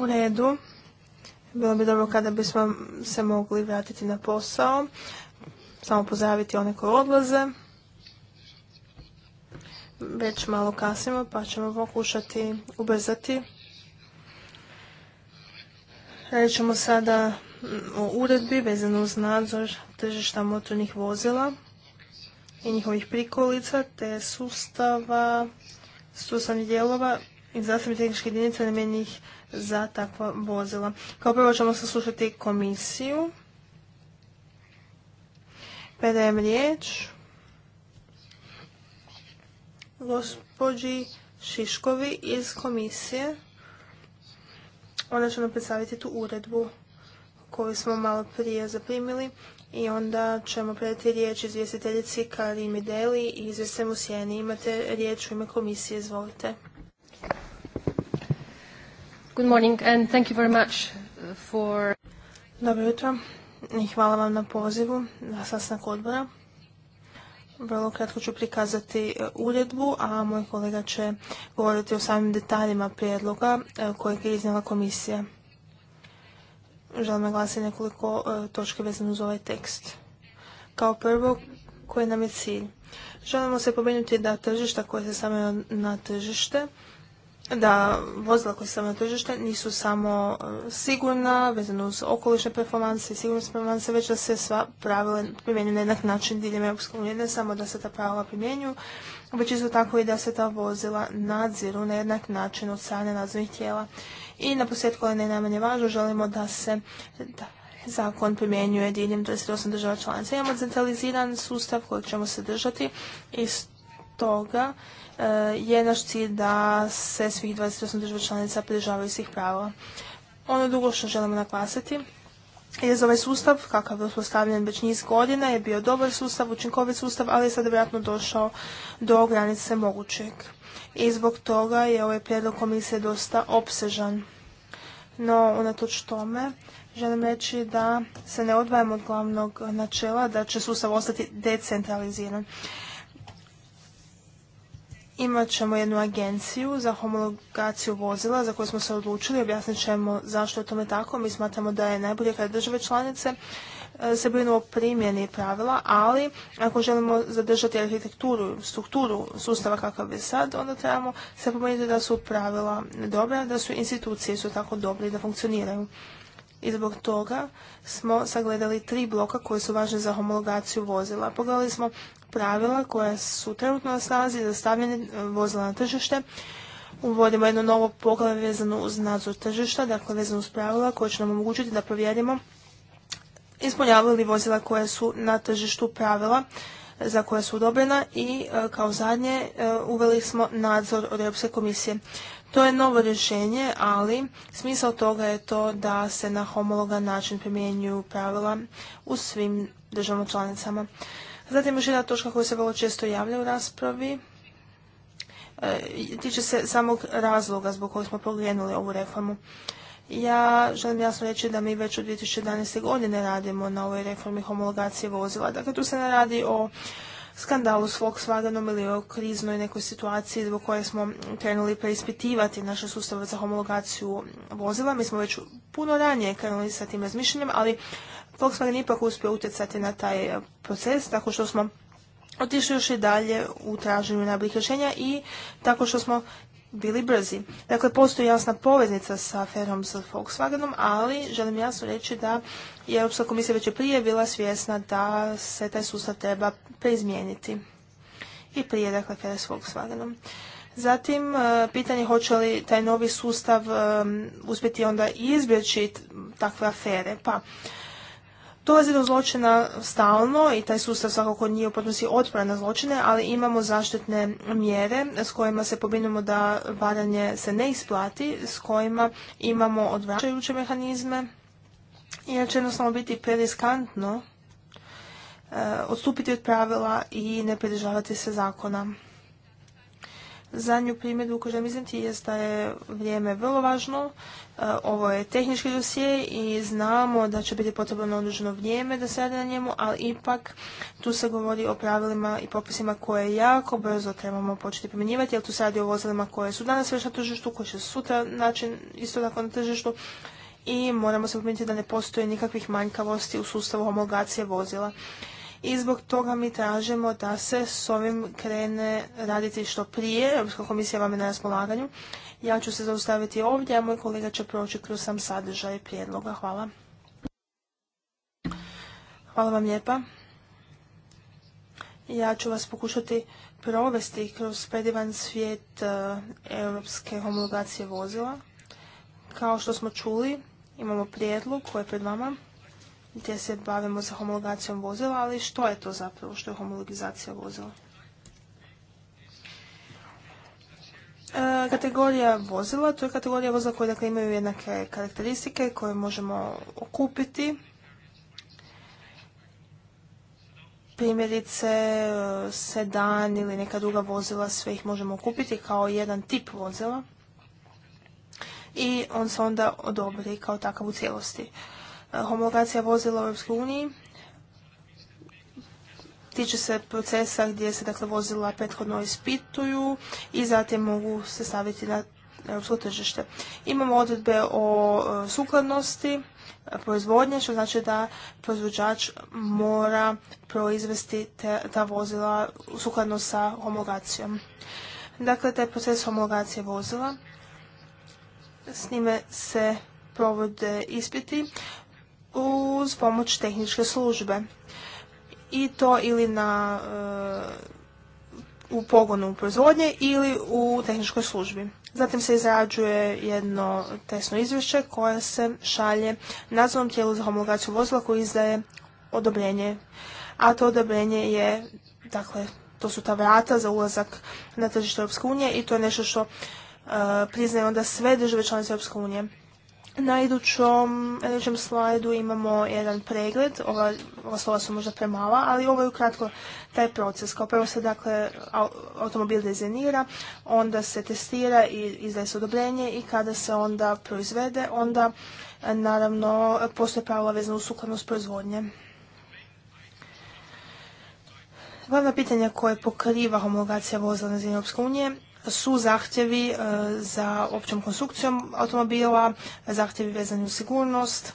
U redu. Bilo bi dobro kada bismo se mogli vratiti na posao. Samo pozdraviti one koji odlaze. Već malo kasimo pa ćemo pokušati ubrzati. Radit ćemo sada o uredbi vezano uz nadzor tržišta motornih vozila i njihovih prikolica te sustava, sustavnih dijelova i zdravstvenih tehničkih jedinica namenjenih za takva vozila. Kao prvo ćemo saslušati komisiju. Predajem riječ gospođi Šiškovi iz komisije. Ona će nam predstaviti tu uredbu koju smo malo prije zaprimili i onda ćemo predati riječ izvjestiteljici Karimi Deli i izvjestem u Sjeni. Imate riječ u ime komisije, izvolite. Good Dobro jutro i hvala vam na pozivu na sastanak odbora. Vrlo kratko ću prikazati e, uredbu, a moj kolega će govoriti o samim detaljima prijedloga e, kojeg je iznijela komisija želim naglasiti nekoliko e, točke vezano uz ovaj tekst. Kao prvo, koji nam je cilj? Želimo se pobrinuti da tržišta koje se stavljaju na tržište, da vozila koje se stavljaju na tržište nisu samo e, sigurna, vezano uz okolišne performanse i sigurnosne performanse, već da se sva pravila primjenjuju na jednak način diljem Europske ne samo da se ta pravila primjenjuju, već isto tako i da se ta vozila nadziru na jednak način od strane nadzornih tijela. I na posljedku, ali ne najmanje važno, želimo da se zakon primjenjuje diljem 28 država članica. Imamo centraliziran sustav koji ćemo se držati i stoga e, je naš cilj da se svih 28 država članica pridržavaju svih prava. Ono drugo što želimo naglasiti je za ovaj sustav, kakav je uspostavljen već niz godina, je bio dobar sustav, učinkovit sustav, ali je sad vjerojatno došao do granice mogućeg i zbog toga je ovaj prijedlog komisije dosta opsežan. No, unatoč tome, želim reći da se ne odvajamo od glavnog načela da će sustav ostati decentraliziran. Imat ćemo jednu agenciju za homologaciju vozila za koju smo se odlučili, objasnit ćemo zašto je tome tako. Mi smatramo da je najbolje kada države članice se brinu o primjeni pravila, ali ako želimo zadržati arhitekturu, strukturu sustava kakav je sad, onda trebamo se pomenuti da su pravila dobra, da su institucije su tako dobre i da funkcioniraju. I zbog toga smo sagledali tri bloka koje su važne za homologaciju vozila. Pogledali smo pravila koja su trenutno na snazi za stavljanje vozila na tržište, uvodimo jedno novo poglavlje vezano uz nadzor tržišta, dakle vezano uz pravila koje će nam omogućiti da provjerimo ispunjavali vozila koje su na tržištu pravila e, za koja su odobrena i e, kao zadnje e, uveli smo nadzor od Europske komisije. To je novo rješenje, ali smisao toga je to da se na homologan način primjenjuju pravila u svim državnom članicama. Zatim još jedna točka koja se vrlo često javlja u raspravi tiče se samog razloga zbog kojeg smo pokrenuli ovu reformu. Ja želim jasno reći da mi već od 2011. godine radimo na ovoj reformi homologacije vozila. Dakle, tu se ne radi o skandalu s Volkswagenom ili o kriznoj nekoj situaciji zbog koje smo krenuli preispitivati naše sustave za homologaciju vozila. Mi smo već puno ranije krenuli sa tim razmišljanjem, ali Volkswagen ipak uspio utjecati na taj proces tako što smo otišli još i dalje u traženju najboljih rješenja i tako što smo bili brzi. Dakle, postoji jasna poveznica sa aferom sa Volkswagenom, ali želim jasno reći da je Europska komisija već je prije bila svjesna da se taj sustav treba preizmijeniti. I prije, dakle, afere s Volkswagenom. Zatim, e, pitanje hoće li taj novi sustav e, uspjeti onda izbjeći takve afere. Pa, Dolazi do zločina stalno i taj sustav svakako nije podnosi otpora na zločine, ali imamo zaštitne mjere s kojima se pobinimo da varanje se ne isplati, s kojima imamo odvraćajuće mehanizme, jer će jednostavno biti preriskantno eh, odstupiti od pravila i ne pridržavati se zakona. Zadnju primjedbu koju želim iznijeti je da je vrijeme vrlo važno. E, ovo je tehnički dosije i znamo da će biti potrebno određeno vrijeme da se radi na njemu, ali ipak tu se govori o pravilima i propisima koje jako brzo trebamo početi primjenjivati, jer tu se radi o vozilima koje su danas već na tržištu, koje će sutra naći isto tako na tržištu i moramo se pomijeniti da ne postoje nikakvih manjkavosti u sustavu homologacije vozila i zbog toga mi tražimo da se s ovim krene raditi što prije. Europska komisija vam je na raspolaganju. Ja ću se zaustaviti ovdje, a moj kolega će proći kroz sam sadržaj prijedloga. Hvala. Hvala vam lijepa. Ja ću vas pokušati provesti kroz predivan svijet e, europske homologacije vozila. Kao što smo čuli, imamo prijedlog koji je pred vama gdje se bavimo sa homologacijom vozila, ali što je to zapravo, što je homologizacija vozila? E, kategorija vozila, to je kategorija vozila koje dakle, imaju jednake karakteristike koje možemo okupiti. Primjerice, sedan ili neka druga vozila, sve ih možemo okupiti kao jedan tip vozila i on se onda odobri kao takav u cijelosti homologacija vozila u Europskoj uniji tiče se procesa gdje se dakle vozila prethodno ispituju i zatim mogu se staviti na europsko tržište. Imamo odredbe o e, sukladnosti proizvodnje, što znači da proizvođač mora proizvesti ta vozila sukladno sa homologacijom. Dakle, taj proces homologacije vozila, s njime se provode ispiti uz pomoć tehničke službe. I to ili na, e, u pogonu proizvodnje ili u tehničkoj službi. Zatim se izrađuje jedno tesno izvješće koje se šalje nadzornom tijelu za homologaciju vozila koji izdaje odobrenje. A to odobrenje je, dakle, to su ta vrata za ulazak na tržište Europske unije i to je nešto što e, priznaje onda sve države članice Europske unije. Na idućom, idućem slajdu imamo jedan pregled, ova, slova su možda premala, ali ovo je ukratko taj proces. Kao prvo se dakle automobil dizajnira, onda se testira i izdaje se odobrenje i kada se onda proizvede, onda naravno postoje pravila vezana uz sukladnost proizvodnje. Glavna pitanja koje pokriva homologacija vozila na zemlji Europske unije su zahtjevi e, za općom konstrukcijom automobila, zahtjevi vezani u sigurnost,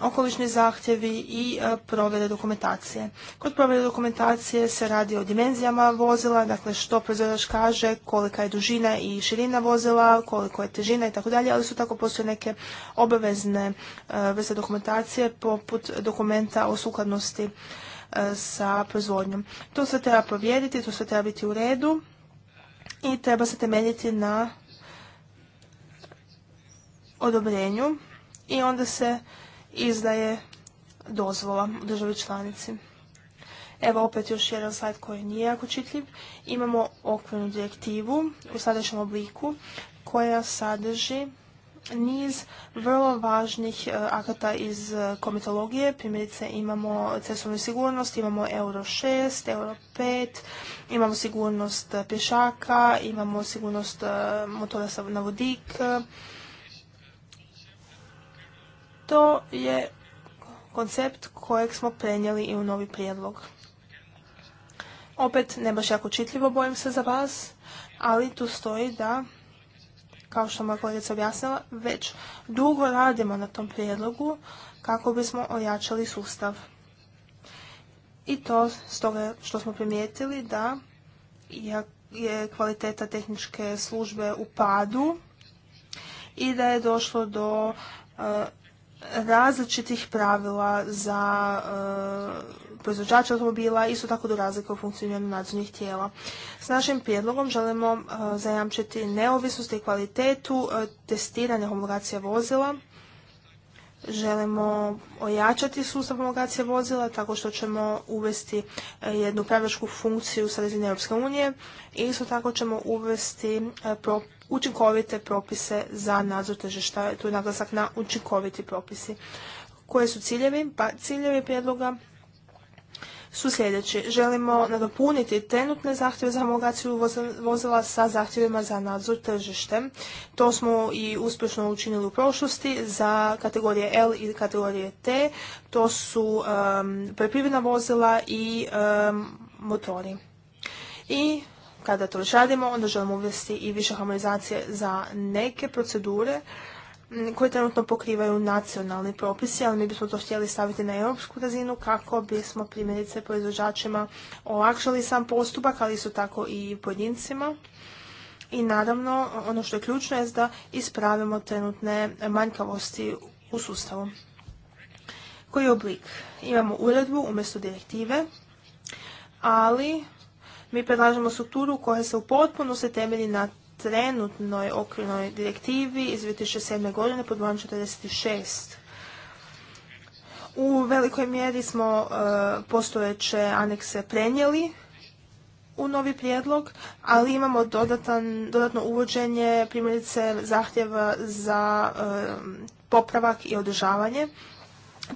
okolišni zahtjevi i e, provjere dokumentacije. Kod provjere dokumentacije se radi o dimenzijama vozila, dakle što proizvođač kaže, kolika je dužina i širina vozila, koliko je težina i tako dalje, ali su tako postoje neke obavezne e, vrste dokumentacije poput dokumenta o sukladnosti sa proizvodnjom. To sve treba provjeriti, to sve treba biti u redu i treba se temeljiti na odobrenju i onda se izdaje dozvola u državi članici. Evo opet još jedan slajd koji nije jako čitljiv. Imamo okvirnu direktivu u sadašnjem obliku koja sadrži niz vrlo važnih e, akata iz e, komitologije. Primjerice imamo cestovnu sigurnost, imamo Euro 6, Euro 5, imamo sigurnost e, pješaka, imamo sigurnost motora na vodik. To je koncept kojeg smo prenijeli i u novi prijedlog. Opet, ne baš jako čitljivo bojim se za vas, ali tu stoji da kao što moja kolegica objasnila, već dugo radimo na tom prijedlogu kako bismo ojačali sustav. I to stoga što smo primijetili da je kvaliteta tehničke službe u padu i da je došlo do e, različitih pravila za e, proizvođača automobila, isto tako do razlika u funkcioniranju nadzornih tijela. S našim prijedlogom želimo e, zajamčiti neovisnost i kvalitetu e, testiranja homologacija vozila. Želimo ojačati sustav homologacije vozila tako što ćemo uvesti e, jednu upravljačku funkciju sa razine Europske unije i isto tako ćemo uvesti učinkovite propise za nadzor težišta, Tu je naglasak na učinkoviti propisi. Koje su ciljevi? Pa ciljevi prijedloga su sljedeći. Želimo nadopuniti trenutne zahtjeve za homologaciju vozila sa zahtjevima za nadzor tržištem. To smo i uspješno učinili u prošlosti za kategorije L i kategorije T. To su um, vozila i motori. I kada to radimo, onda želimo uvesti i više harmonizacije za neke procedure koje trenutno pokrivaju nacionalni propisi, ali mi bismo to htjeli staviti na europsku razinu kako bismo primjerice proizvođačima olakšali sam postupak, ali isto tako i pojedincima. I naravno, ono što je ključno je da ispravimo trenutne manjkavosti u sustavu. Koji je oblik? Imamo uredbu umjesto direktive, ali mi predlažemo strukturu koja se u potpunosti se temelji na trenutnoj okvirnoj direktivi iz 2007. godine pod brojem 46. U velikoj mjeri smo e, postojeće anekse prenijeli u novi prijedlog, ali imamo dodatno uvođenje primjerice zahtjeva za e, popravak i održavanje.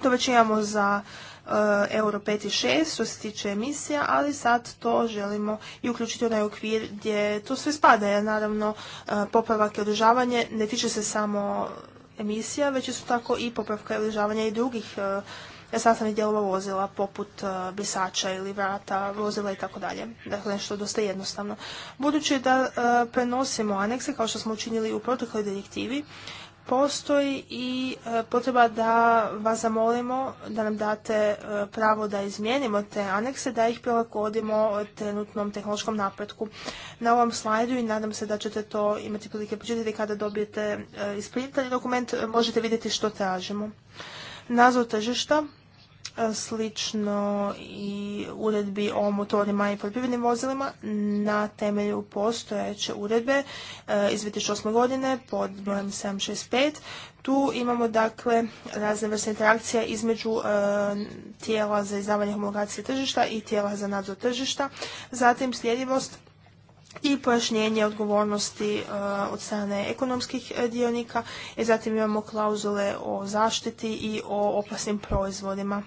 To već imamo za Eh, Euro 5 i 6 što se tiče emisija, ali sad to želimo i uključiti u onaj okvir gdje to sve spada. naravno eh, popravak i održavanje ne tiče se samo emisija, već su tako i popravka i održavanja i drugih eh, sastavnih dijelova vozila poput brisača ili vrata vozila i tako dalje. Dakle, nešto dosta jednostavno. Budući da prenosimo anekse kao što smo učinili u protekloj direktivi, postoji i e, potreba da vas zamolimo da nam date e, pravo da izmijenimo te anekse, da ih prilagodimo trenutnom tehnološkom napretku. Na ovom slajdu i nadam se da ćete to imati prilike počitati kada dobijete e, isprintani dokument, možete vidjeti što tražimo. Nazor tržišta slično i uredbi o motorima i poljoprivrednim vozilima na temelju postojeće uredbe e, iz 2008. godine pod brojem 765. Tu imamo dakle razne vrste interakcija između e, tijela za izdavanje homologacije tržišta i tijela za nadzor tržišta. Zatim sljedivost i pojašnjenje odgovornosti e, od strane ekonomskih e, dionika. I e, zatim imamo klauzule o zaštiti i o opasnim proizvodima.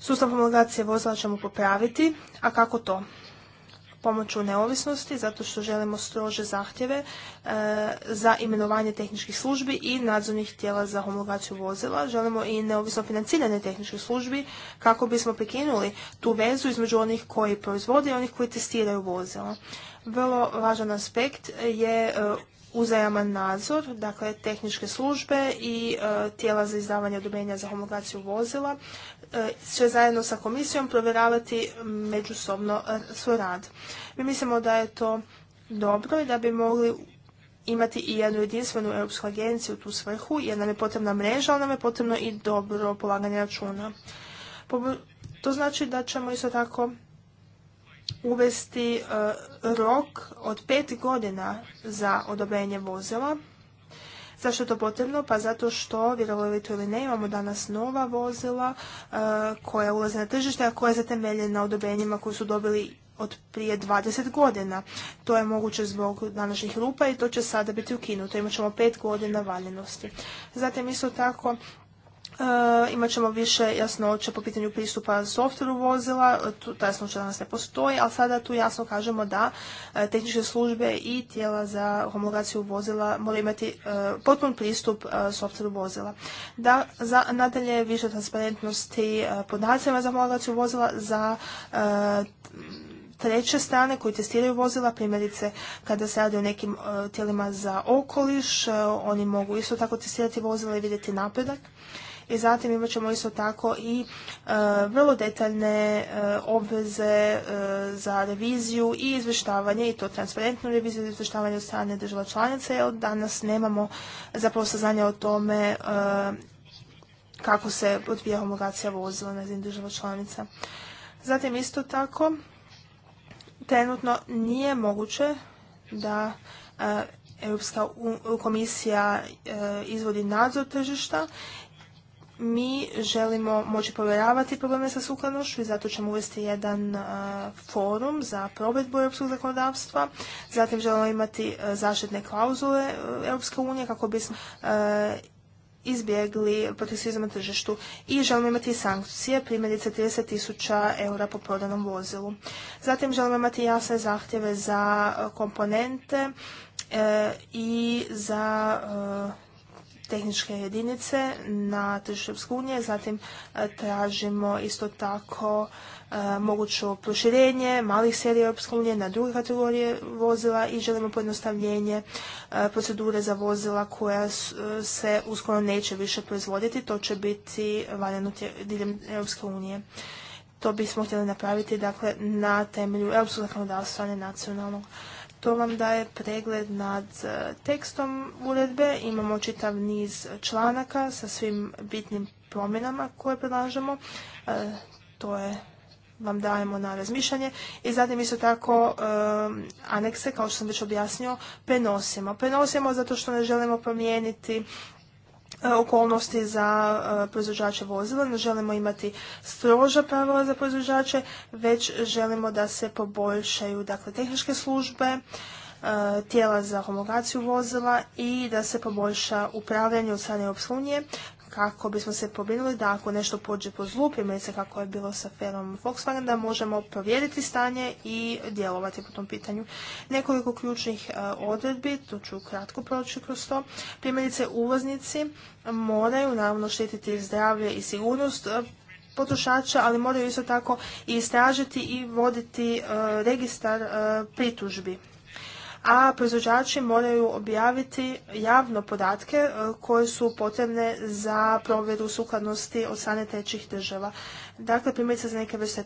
Sustav homologacije vozila ćemo popraviti, a kako to? pomoću neovisnosti, zato što želimo strože zahtjeve e, za imenovanje tehničkih službi i nadzornih tijela za homologaciju vozila. Želimo i neovisno financiranje tehničkih službi kako bismo prekinuli tu vezu između onih koji proizvode i onih koji testiraju vozila. Vrlo važan aspekt je e, uzajaman nadzor, dakle tehničke službe i e, tijela za izdavanje odobrenja za homologaciju vozila E, sve zajedno sa komisijom provjeravati međusobno e, svoj rad. Mi mislimo da je to dobro i da bi mogli imati i jednu jedinstvenu europsku agenciju u tu svrhu, jer nam je potrebna mreža, ali nam je potrebno i dobro polaganje računa. To znači da ćemo isto tako uvesti e, rok od pet godina za odobrenje vozila Zašto je to potrebno? Pa zato što, vjerovali to ili ne, imamo danas nova vozila e, koja ulaze na tržište, a koja je zatemeljena odobrenjima koje su dobili od prije 20 godina. To je moguće zbog današnjih rupa i to će sada biti ukinuto. Imaćemo ćemo 5 godina valjenosti. Zatim isto tako E, imat ćemo više jasnoće po pitanju pristupa softveru vozila, tu, ta jasnoća danas ne postoji, ali sada tu jasno kažemo da e, tehničke službe i tijela za homologaciju vozila moraju imati e, potpun pristup softveru vozila. Da, za, nadalje više transparentnosti podacima za homologaciju vozila, za treće strane koji testiraju vozila, primjerice kada se radi o nekim tijelima za okoliš, oni mogu isto tako testirati vozila i vidjeti napredak. I zatim imat ćemo isto tako i e, vrlo detaljne e, obveze e, za reviziju i izvještavanje i to transparentnu reviziju i izvještavanje od strane država članica Od danas nemamo zapravo saznanja o tome kako se odvija homologacija vozila na razini država članica. Zatim isto tako trenutno nije moguće da Europska komisija izvodi nadzor tržišta mi želimo moći povjeravati probleme sa sukladnošću i zato ćemo uvesti jedan forum za provedbu europskog zakonodavstva. Zatim želimo imati e, zaštitne klauzule e, Europske unije kako bismo e, izbjegli protekcionizam na tržištu i želimo imati sankcije, primjerice 30 tisuća eura po prodanom vozilu. Zatim želimo imati jasne zahtjeve za komponente i za tehničke jedinice na tržištu Europske unije, zatim e, tražimo isto tako e, moguće proširenje malih serija Europske unije na druge kategorije vozila i želimo pojednostavljenje e, procedure za vozila koja se uskoro neće više proizvoditi, to će biti valjano diljem Europske unije. To bismo htjeli napraviti dakle, na temelju europskog zakonodavstva, a nacionalnog. To vam daje pregled nad e, tekstom uredbe. Imamo čitav niz članaka sa svim bitnim promjenama koje predlažemo. E, to je vam dajemo na razmišljanje. I zatim isto tako e, anekse, kao što sam već objasnio, prenosimo. Prenosimo zato što ne želimo promijeniti E, okolnosti za e, proizvođače vozila. Ne želimo imati stroža pravila za proizvođače, već želimo da se poboljšaju dakle, tehničke službe, e, tijela za homologaciju vozila i da se poboljša upravljanje od strane opslunije kako bismo se pobrinuli da ako nešto pođe po zlu, primjerice kako je bilo sa aferom Volkswagen, da možemo provjeriti stanje i djelovati po tom pitanju. Nekoliko ključnih e, odredbi, to ću kratko proći kroz to. Primjerice uvoznici moraju naravno štititi zdravlje i sigurnost e, potrošača, ali moraju isto tako i istražiti i voditi e, registar pritužbi a proizvođači moraju objaviti javno podatke e, koje su potrebne za provjeru sukladnosti od strane trećih država. Dakle, primjerice za neke vrste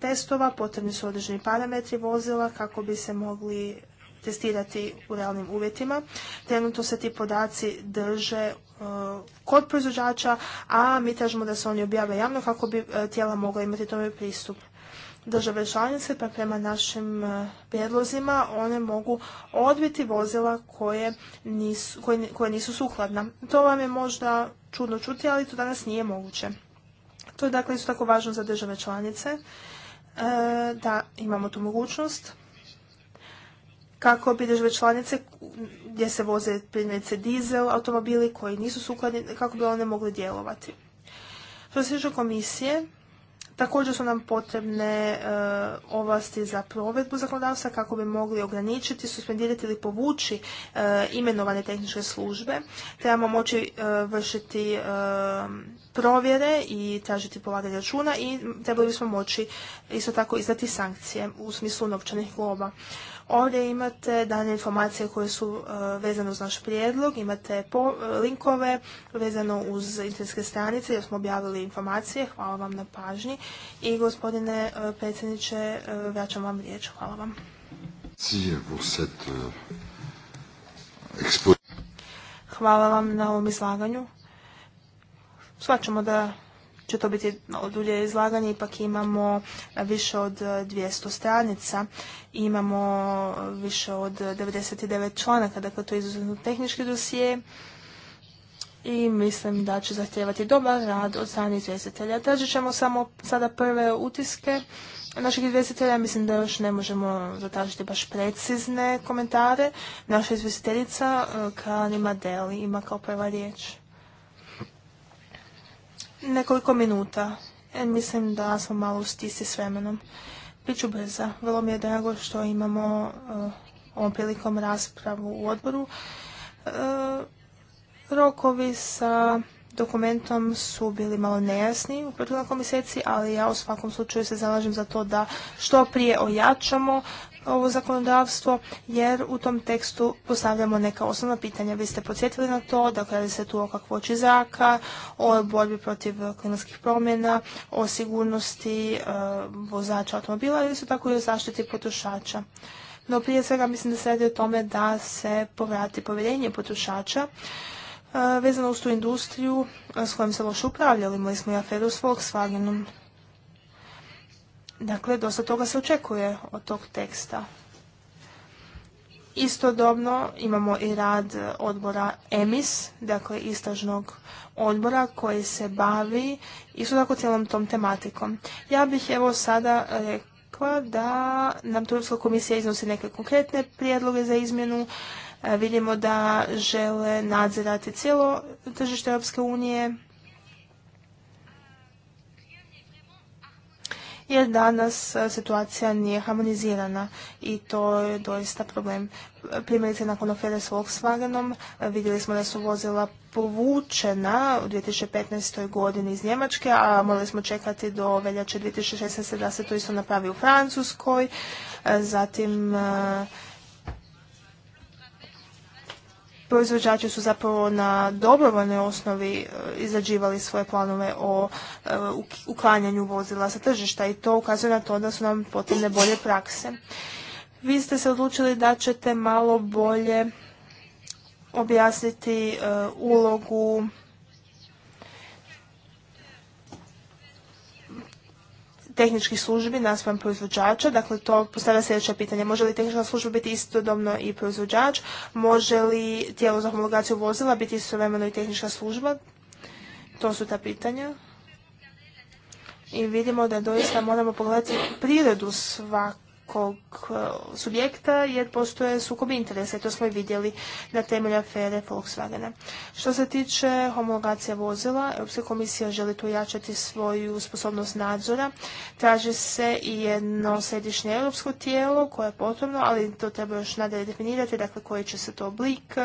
testova potrebni su određeni parametri vozila kako bi se mogli testirati u realnim uvjetima. Trenutno se ti podaci drže e, kod proizvođača, a mi tražimo da se oni objave javno kako bi e, tijela mogla imati tome pristup države članice, pa prema našim e, prijedlozima one mogu odbiti vozila koje nisu, sukladna. To vam je možda čudno čuti, ali to danas nije moguće. To je dakle isto tako važno za države članice e, da imamo tu mogućnost kako bi države članice gdje se voze primjerice dizel, automobili koji nisu sukladni, kako bi one mogle djelovati. Što komisije, Također su nam potrebne eh, ovlasti za provedbu zakonodavstva kako bi mogli ograničiti, suspendirati ili povući eh, imenovane tehničke službe. Trebamo moći eh, vršiti provjere i tražiti polaganje računa i trebali bismo moći isto tako izdati sankcije u smislu novčanih globa. Ovdje imate dalje informacije koje su e, vezane uz naš prijedlog, imate e, linkove vezano uz internetske stranice jer smo objavili informacije. Hvala vam na pažnji i gospodine e, predsjedniče, vraćam vam riječ. Hvala vam. Hvala vam na ovom izlaganju. ćemo da će to biti dulje izlaganje, ipak imamo više od 200 stranica, imamo više od 99 članaka, dakle to je izuzetno tehnički dosije i mislim da će zahtijevati dobar rad od strane izvjestitelja. Tražit ćemo samo sada prve utiske naših izvjestitelja. Mislim da još ne možemo zatražiti baš precizne komentare. Naša izvjestiteljica eh, Karima Deli ima kao prva riječ nekoliko minuta. E, mislim da smo malo stisi s vremenom. Biću brza. Vrlo mi je drago što imamo e, ovom prilikom raspravu u odboru. E, rokovi sa dokumentom su bili malo nejasni u prvom mjeseci, ali ja u svakom slučaju se zalažem za to da što prije ojačamo ovo zakonodavstvo jer u tom tekstu postavljamo neka osnovna pitanja. Vi ste podsjetili na to, dakle radi se tu o kakvoći zraka, o borbi protiv klimatskih promjena, o sigurnosti e, vozača automobila, ili su tako i o zaštiti potrošača. No prije svega mislim da se radi o tome da se povrati povjerenje potrošača e, vezano uz tu industriju e, s kojom se loše upravljali. Imali smo i aferu s Volkswagenom. Dakle, dosta toga se očekuje od tog teksta. Istodobno imamo i rad odbora EMIS, dakle istražnog odbora koji se bavi isto tako cijelom tom tematikom. Ja bih evo sada rekla da nam Turska komisija iznosi neke konkretne prijedloge za izmjenu. E, vidimo da žele nadzirati cijelo tržište Europske unije jer danas e, situacija nije harmonizirana i to je doista problem. Primjerice, nakon ofere s Volkswagenom e, vidjeli smo da su vozila povučena u 2015. godini iz Njemačke, a morali smo čekati do veljače 2016. da se to isto napravi u Francuskoj, e, zatim proizvođači su zapravo na dobrovoljnoj osnovi e, izrađivali svoje planove o e, uklanjanju vozila sa tržišta i to ukazuje na to da su nam potrebne bolje prakse. Vi ste se odlučili da ćete malo bolje objasniti e, ulogu tehničkih službi naspram proizvođača. Dakle, to postavlja sljedeće pitanje. Može li tehnička služba biti istodobno i proizvođač? Može li tijelo za homologaciju vozila biti istovremeno i tehnička služba? To su ta pitanja. I vidimo da doista moramo pogledati prirodu svak nekog eh, subjekta jer postoje sukob interesa i to smo i vidjeli na temelju afere Volkswagena. Što se tiče homologacija vozila, Europska komisija želi tu jačati svoju sposobnost nadzora. Traži se i jedno središnje europsko tijelo koje je potrebno, ali to treba još nadalje definirati, dakle koji će se to oblik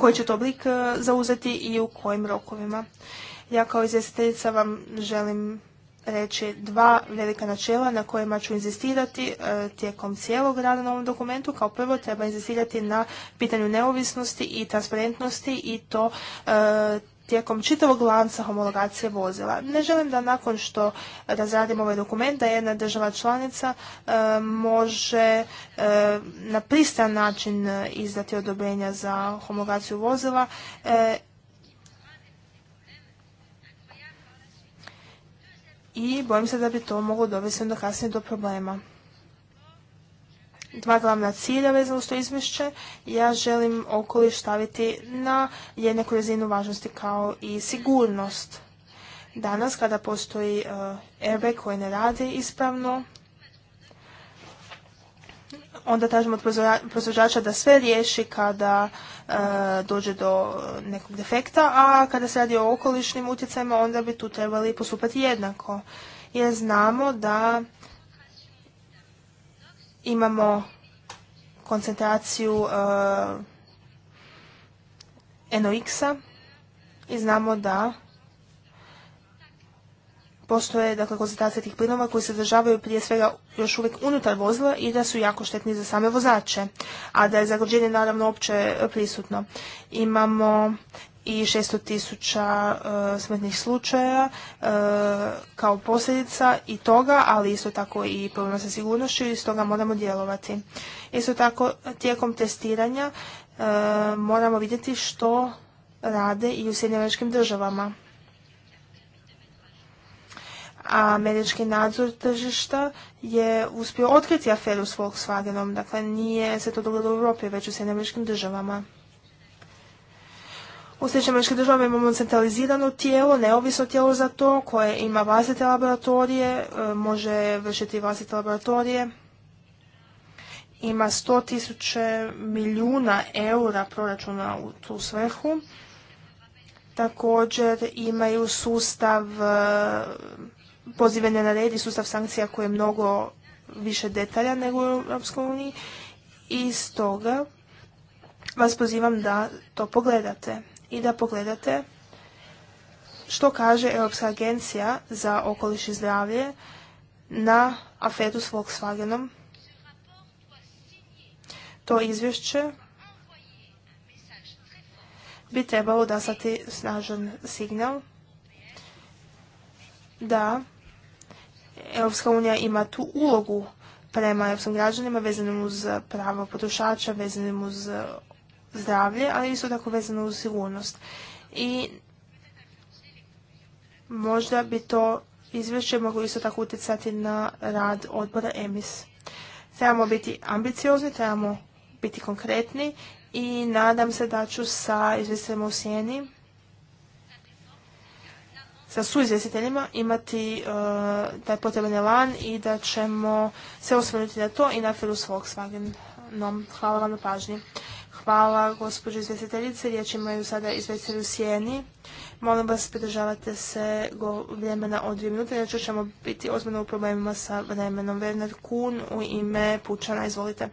koji će to oblik eh, zauzeti i u kojim rokovima. Ja kao izvjestiteljica vam želim reći dva velika načela na kojima ću inzistirati e, tijekom cijelog rada na ovom dokumentu. Kao prvo treba inzistirati na pitanju neovisnosti i transparentnosti i to e, tijekom čitavog lanca homologacije vozila. Ne želim da nakon što razradim ovaj dokument da jedna država članica e, može na pristan način izdati odobrenja za homologaciju vozila i bojim se da bi to moglo dovesti onda kasnije do problema. Dva glavna cilja vezano uz to izvješće. Ja želim okoliš staviti na jednaku razinu važnosti kao i sigurnost. Danas kada postoji eh, airbag koji ne radi ispravno, onda tražimo od proizvođača da sve riješi kada e, dođe do nekog defekta, a kada se radi o okolišnim utjecajima onda bi tu trebali postupati jednako. Jer znamo da imamo koncentraciju e, NOx-a i znamo da postoje dakle, koncentracije tih plinova koji se zadržavaju prije svega još uvijek unutar vozila i da su jako štetni za same vozače, a da je zagrođenje, naravno opće prisutno. Imamo i 600 tisuća e, smrtnih slučaja e, kao posljedica i toga, ali isto tako i problema sa sigurnošću i toga moramo djelovati. Isto tako tijekom testiranja e, moramo vidjeti što rade i u Sjedinjavačkim državama. A američki nadzor tržišta je uspio otkriti aferu s Volkswagenom. Dakle, nije se to dogodilo u Europi, već u Sjedinim američkim državama. U sljedećem američkim državama imamo centralizirano tijelo, neovisno tijelo za to, koje ima vlastite laboratorije, e, može vršiti vlastite laboratorije. Ima 100.000 milijuna eura proračuna u tu svrhu. Također imaju sustav e, pozivanja na red sustav sankcija koji je mnogo više detalja nego u Europskoj uniji i stoga vas pozivam da to pogledate i da pogledate što kaže Europska agencija za okoliš i zdravlje na afetu s Volkswagenom. To izvješće bi trebalo dasati snažan signal da Europska unija ima tu ulogu prema europskim građanima vezanim uz pravo potrošača, vezanim uz zdravlje, ali isto tako vezano uz sigurnost. I možda bi to izvješće moglo isto tako utjecati na rad odbora EMIS. Trebamo biti ambiciozni, trebamo biti konkretni i nadam se da ću sa izvjestvima u Sjeni sa suizvjestiteljima imati uh, taj potreban lan i da ćemo se osvrnuti na to i na aferu s Volkswagenom. Hvala vam na pažnji. Hvala gospođo izvjestiteljice. Riječ imaju sada izvjestitelj u sjeni. Molim vas, pridržavate se go vremena od dvije minute, jer ćemo biti ozbiljno u problemima sa vremenom. Werner Kuhn u ime Pučana, izvolite.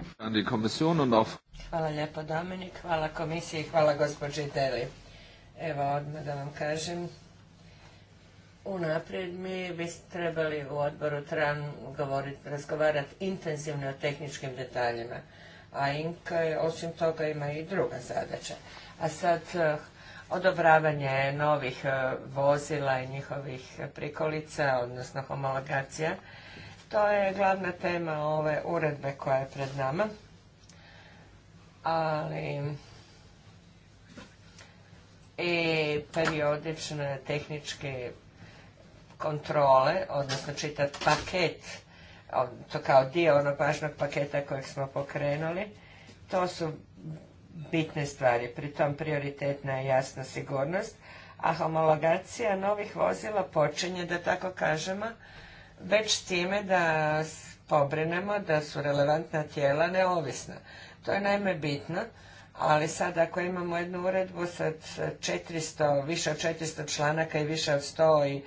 Hvala lijepo Dominik, hvala komisiji, hvala gospođi Deli. Evo odmah da vam kažem unaprijed mi bi trebali u odboru TRAN razgovarati intenzivno o tehničkim detaljima. A INK osim toga ima i druga zadaća. A sad eh, odobravanje novih eh, vozila i njihovih prikolica, odnosno homologacija, to je glavna tema ove uredbe koja je pred nama. Ali i periodične tehničke kontrole, odnosno čitati paket, to kao dio onog važnog paketa kojeg smo pokrenuli, to su bitne stvari. Pri tom prioritetna je jasna sigurnost, a homologacija novih vozila počinje, da tako kažemo, već s time da pobrinemo da su relevantna tijela neovisna. To je naime bitno, ali sad ako imamo jednu uredbu sa 400, više od 400 članaka i više od 100 i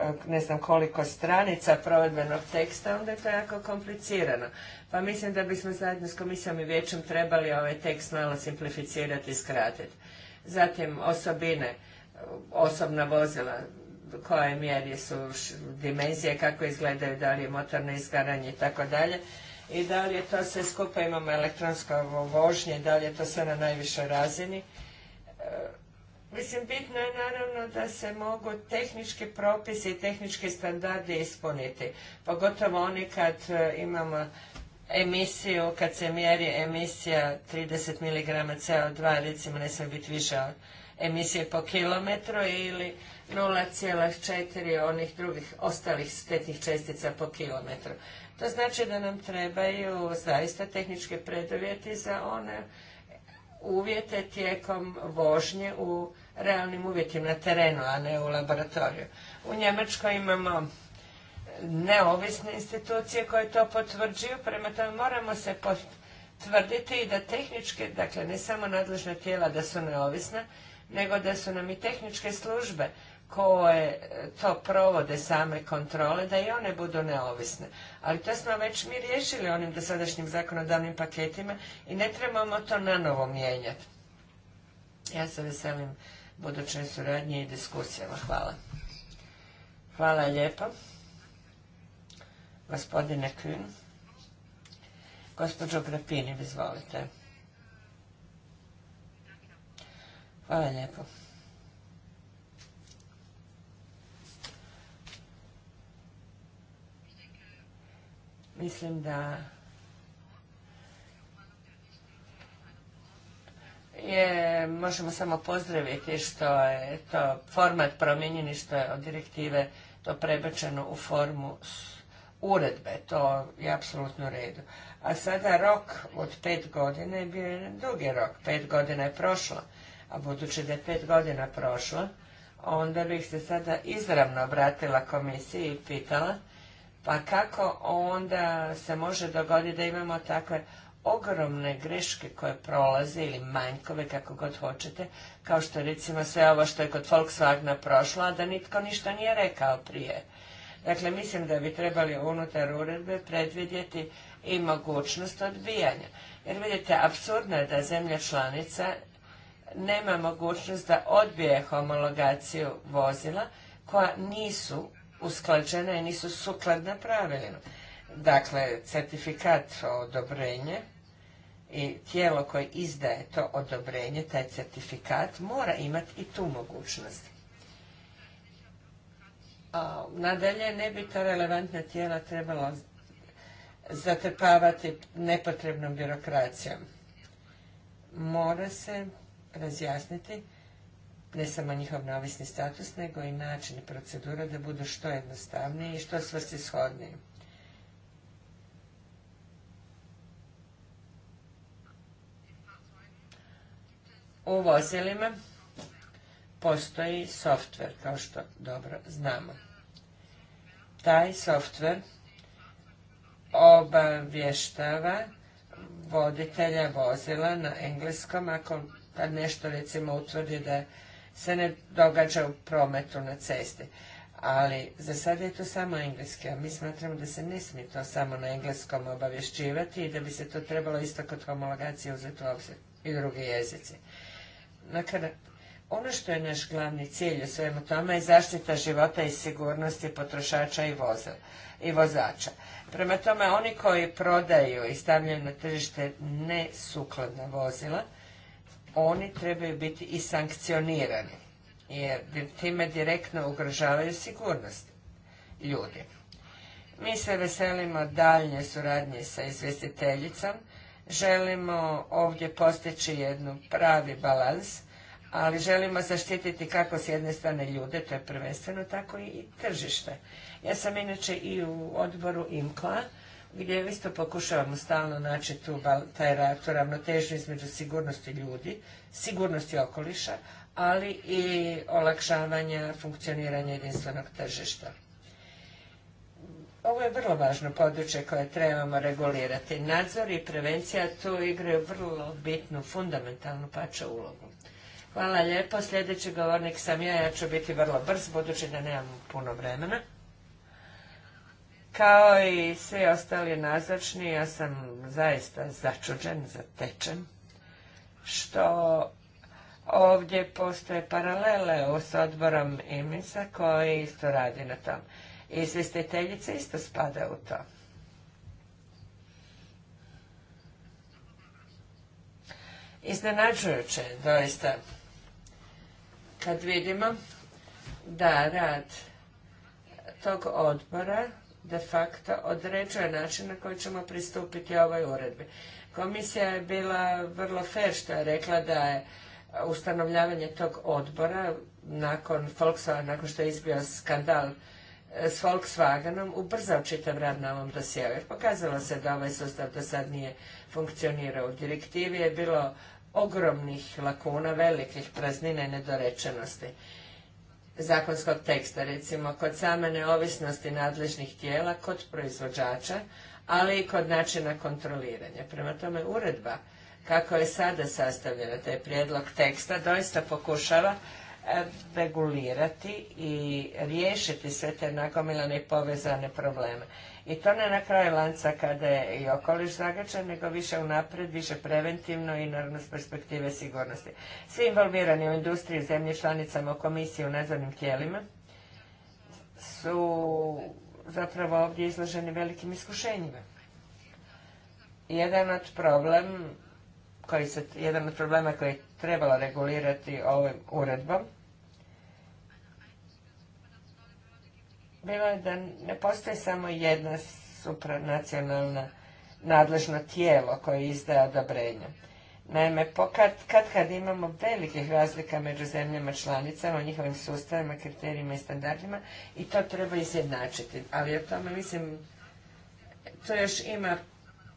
Eh, ne znam koliko stranica provedbenog teksta, onda je to jako komplicirano. Pa mislim da bismo zajedno s komisijom i vijećem trebali ovaj tekst malo simplificirati i skratiti. Zatim osobine, osobna vozila, koje mjeri su dimenzije, kako izgledaju, da li je motorno izgaranje i tako dalje. I da li je to sve skupa, imamo elektronsko vožnje, da li je to sve na najvišoj razini. Mislim, bitno je naravno da se mogu tehnički propisi i tehnički standarde ispuniti, pogotovo oni kad e, imamo emisiju, kad se mjeri emisija 30 mg CO2, recimo ne smije biti više emisije po kilometru ili 0,4 onih drugih ostalih stetnih čestica po kilometru. To znači da nam trebaju zaista tehničke predovjeti za one uvjete tijekom vožnje u realnim uvjetima na terenu, a ne u laboratoriju. U Njemačkoj imamo neovisne institucije koje to potvrđuju, prema tome moramo se potvrditi i da tehničke, dakle ne samo nadležna tijela da su neovisna, nego da su nam i tehničke službe koje e, to provode same kontrole, da i one budu neovisne. Ali to smo već mi riješili onim dosadašnjim zakonodavnim paketima i ne trebamo to na novo mijenjati. Ja se veselim budućoj suradnji i diskusijama. Hvala. Hvala lijepo. Gospodine Kuhn. Gospođo Grapini, izvolite. Hvala lijepo. Mislim da je, možemo samo pozdraviti što je to format promijenjen i što je od direktive to prebačeno u formu uredbe. To je apsolutno u redu. A sada rok od pet godina je bio dugi rok. Pet godina je prošlo. A budući da je pet godina prošlo, onda bih se sada izravno obratila komisiji i pitala pa kako onda se može dogoditi da imamo takve ogromne greške koje prolaze ili manjkove, kako god hoćete, kao što recimo sve ovo što je kod Volkswagena prošlo, a da nitko ništa nije rekao prije. Dakle, mislim da bi trebali unutar uredbe predvidjeti i mogućnost odbijanja. Jer vidite, apsurdno je da zemlja članica nema mogućnost da odbije homologaciju vozila koja nisu usklađene i nisu sukladne pravilima. Dakle, certifikat odobrenje i tijelo koje izdaje to odobrenje, taj certifikat, mora imati i tu mogućnost. A nadalje, ne bi ta relevantna tijela trebala zatrpavati nepotrebnom birokracijom. Mora se razjasniti ne samo njihov neovisni status, nego i način i procedura da budu što jednostavniji i što svrsishodniji. U vozilima postoji softver, kao što dobro znamo. Taj softver obavještava voditelja vozila na engleskom, ako pa nešto recimo utvrdi da se ne događa u prometu na cesti. Ali za sada je to samo engleski, a mi smatramo da se ne smije to samo na engleskom obavješćivati i da bi se to trebalo isto kod homologacije uzeti u obzir i drugi jezici. Dakle, ono što je naš glavni cilj u svemu tome je zaštita života i sigurnosti potrošača i, i vozača. Prema tome, oni koji prodaju i stavljaju na tržište nesukladna vozila, oni trebaju biti i sankcionirani, jer time direktno ugrožavaju sigurnost ljudi. Mi se veselimo daljnje suradnje sa izvjestiteljicom, želimo ovdje postići jednu pravi balans, ali želimo zaštititi kako s jedne strane ljude, to je prvenstveno, tako i tržište. Ja sam inače i u odboru IMKLA gdje isto pokušavamo stalno naći tu, taj, tu ravnotežu između sigurnosti ljudi, sigurnosti okoliša, ali i olakšavanja funkcioniranja jedinstvenog tržišta. Ovo je vrlo važno područje koje trebamo regulirati. Nadzor i prevencija tu igraju vrlo bitnu, fundamentalnu pače ulogu. Hvala lijepo. Sljedeći govornik sam ja. Ja ću biti vrlo brz, budući da nemam puno vremena. Kao i svi ostali nazočni, ja sam zaista začuđen, zatečen, što ovdje postoje paralele s odborom IMISA koji isto radi na tom. Izvjestiteljica isto spada u to. Iznenađujuće, doista, kad vidimo da rad tog odbora de facto određuje način na koji ćemo pristupiti ovoj uredbi. Komisija je bila vrlo fair što je rekla da je ustanovljavanje tog odbora nakon Volkswagen, nakon što je izbio skandal e, s Volkswagenom ubrzao čitav rad na ovom dosijelu. Jer pokazalo se da ovaj sustav do sad nije funkcionirao. U direktivi je bilo ogromnih lakuna, velikih praznina i nedorečenosti zakonskog teksta, recimo kod same neovisnosti nadležnih tijela, kod proizvođača, ali i kod načina kontroliranja. Prema tome, uredba kako je sada sastavljena taj prijedlog teksta doista pokušava e, regulirati i riješiti sve te nagomilane i povezane probleme. I to ne na kraju lanca kada je i okoliš zagađen, nego više unaprijed, više preventivno i naravno s perspektive sigurnosti. Svi involvirani u industriji, zemlje članicama, u komisiji, u nadzornim tijelima su zapravo ovdje izloženi velikim iskušenjima. Jedan od problem koji se, jedan od problema koji je trebalo regulirati ovim uredbom bilo je da ne postoji samo jedna supranacionalna nadležno tijelo koje izdaje odobrenje. Naime, kad kad imamo velikih razlika među zemljama članicama, njihovim sustavima, kriterijima i standardima i to treba izjednačiti. Ali o tome, mislim, to još ima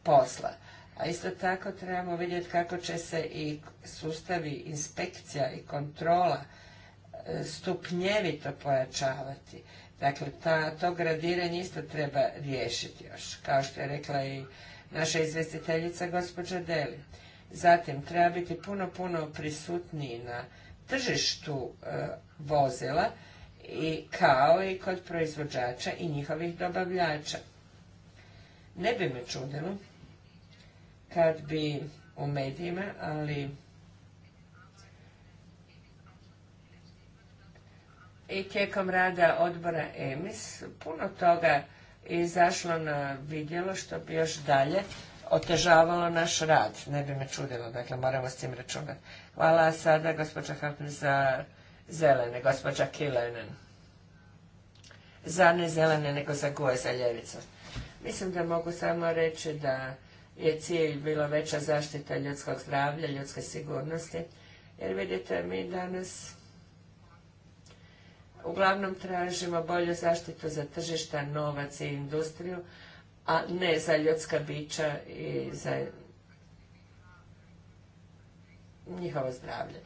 posla. A isto tako trebamo vidjeti kako će se i sustavi inspekcija i kontrola e, stupnjevito pojačavati Dakle, ta, to gradiranje isto treba riješiti još, kao što je rekla i naša izvestiteljica gospođa Deli. Zatim, treba biti puno, puno prisutniji na tržištu e, vozila i kao i kod proizvođača i njihovih dobavljača. Ne bi me čudilo kad bi u medijima, ali i tijekom rada odbora EMIS puno toga izašlo na vidjelo što bi još dalje otežavalo naš rad. Ne bi me čudilo, dakle moramo s tim računati. Hvala sada gospođa Hartman, za zelene, gospođa Kilenen. Za ne zelene, nego za goje, za ljevicu. Mislim da mogu samo reći da je cilj bilo veća zaštita ljudskog zdravlja, ljudske sigurnosti, jer vidite mi danas Uglavnom tražimo bolju zaštitu za tržišta, novac i industriju, a ne za ljudska bića i za njihovo zdravlje.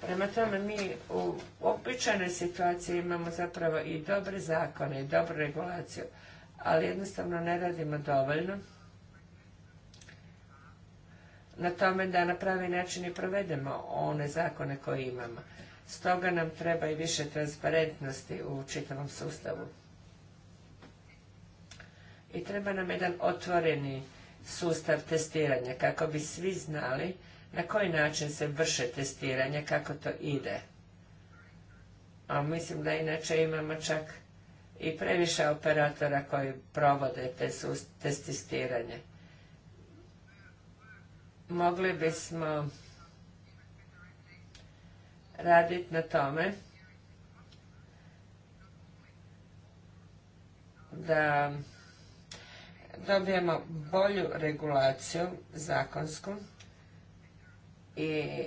Prema tome, mi u običajnoj situaciji imamo zapravo i dobre zakone i dobru regulaciju, ali jednostavno ne radimo dovoljno na tome da na pravi način i provedemo one zakone koje imamo. Stoga nam treba i više transparentnosti u čitavom sustavu. I treba nam jedan otvoreni sustav testiranja kako bi svi znali na koji način se vrše testiranje, kako to ide. A mislim da inače imamo čak i previše operatora koji provode te testiranje. Mogli bismo raditi na tome da dobijemo bolju regulaciju zakonsku i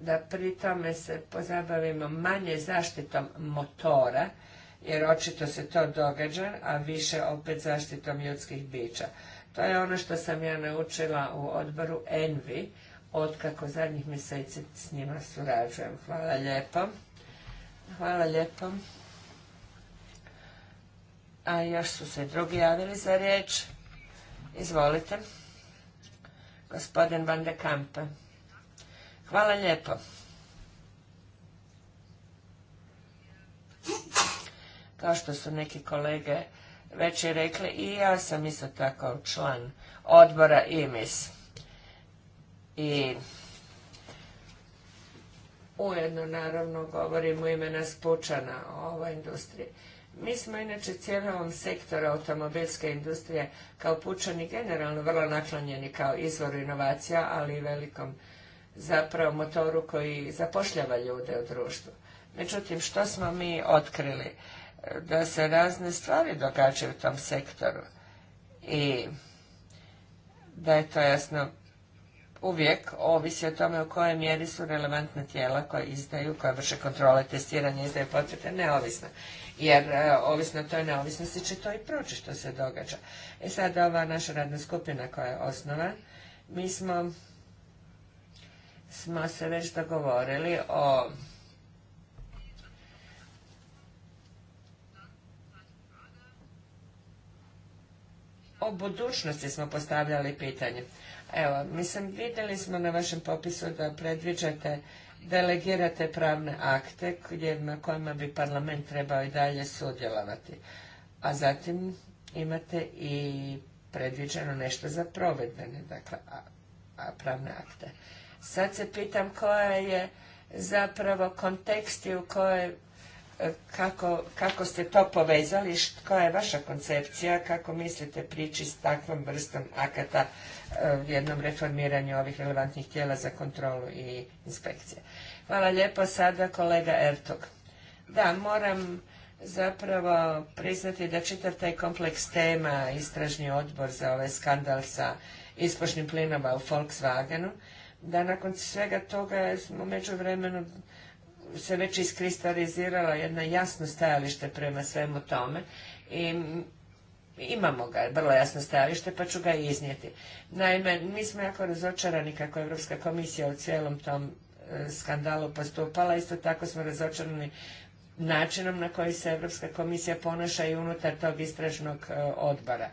da pri tome se pozabavimo manje zaštitom motora, jer očito se to događa, a više opet zaštitom ljudskih bića. To je ono što sam ja naučila u odboru ENVI, otkako zadnjih mjeseci s njima surađujem. Hvala lijepo. Hvala lijepo. A još su se drugi javili za riječ. Izvolite. Gospodin Van de Kampe. Hvala lijepo. Kao što su neki kolege već i rekli, i ja sam isto tako član odbora IMIS i ujedno naravno govorim u ime nas o ovoj industriji. Mi smo inače cijelom sektoru automobilske industrije kao pučani generalno vrlo naklonjeni kao izvor inovacija, ali i velikom zapravo motoru koji zapošljava ljude u društvu. Međutim, što smo mi otkrili? Da se razne stvari događaju u tom sektoru i da je to jasno uvijek ovisi o tome u kojoj mjeri su relevantna tijela koja izdaju, koja vrše kontrole, testiranje, izdaje potvrde, neovisna. Jer e, ovisno o toj neovisnosti će to i proći što se događa. E sad ova naša radna skupina koja je osnova, mi smo, smo se već dogovorili o o budućnosti smo postavljali pitanje. Evo, mislim, vidjeli smo na vašem popisu da predviđate, delegirate pravne akte na kojima bi parlament trebao i dalje sudjelovati. A zatim imate i predviđeno nešto za provedbene, dakle, pravne akte. Sad se pitam koja je zapravo kontekst i u kojoj e, kako, kako ste to povezali, koja je vaša koncepcija, kako mislite prići s takvom vrstom akata Eh, jednom reformiranju ovih relevantnih tijela za kontrolu i inspekcije. Hvala lijepo. Sada kolega Ertug. Da, moram zapravo priznati da čitav taj kompleks tema istražni odbor za ovaj skandal sa ispušnim plinova u Volkswagenu, da nakon svega toga smo među vremenu se već iskristalizirala jedno jasno stajalište prema svemu tome i imamo ga, vrlo jasno stajalište, pa ću ga i iznijeti. Naime, mi smo jako razočarani kako je Europska komisija u cijelom tom e, skandalu postupala, isto tako smo razočarani načinom na koji se Europska komisija ponaša i unutar tog istražnog e, odbora.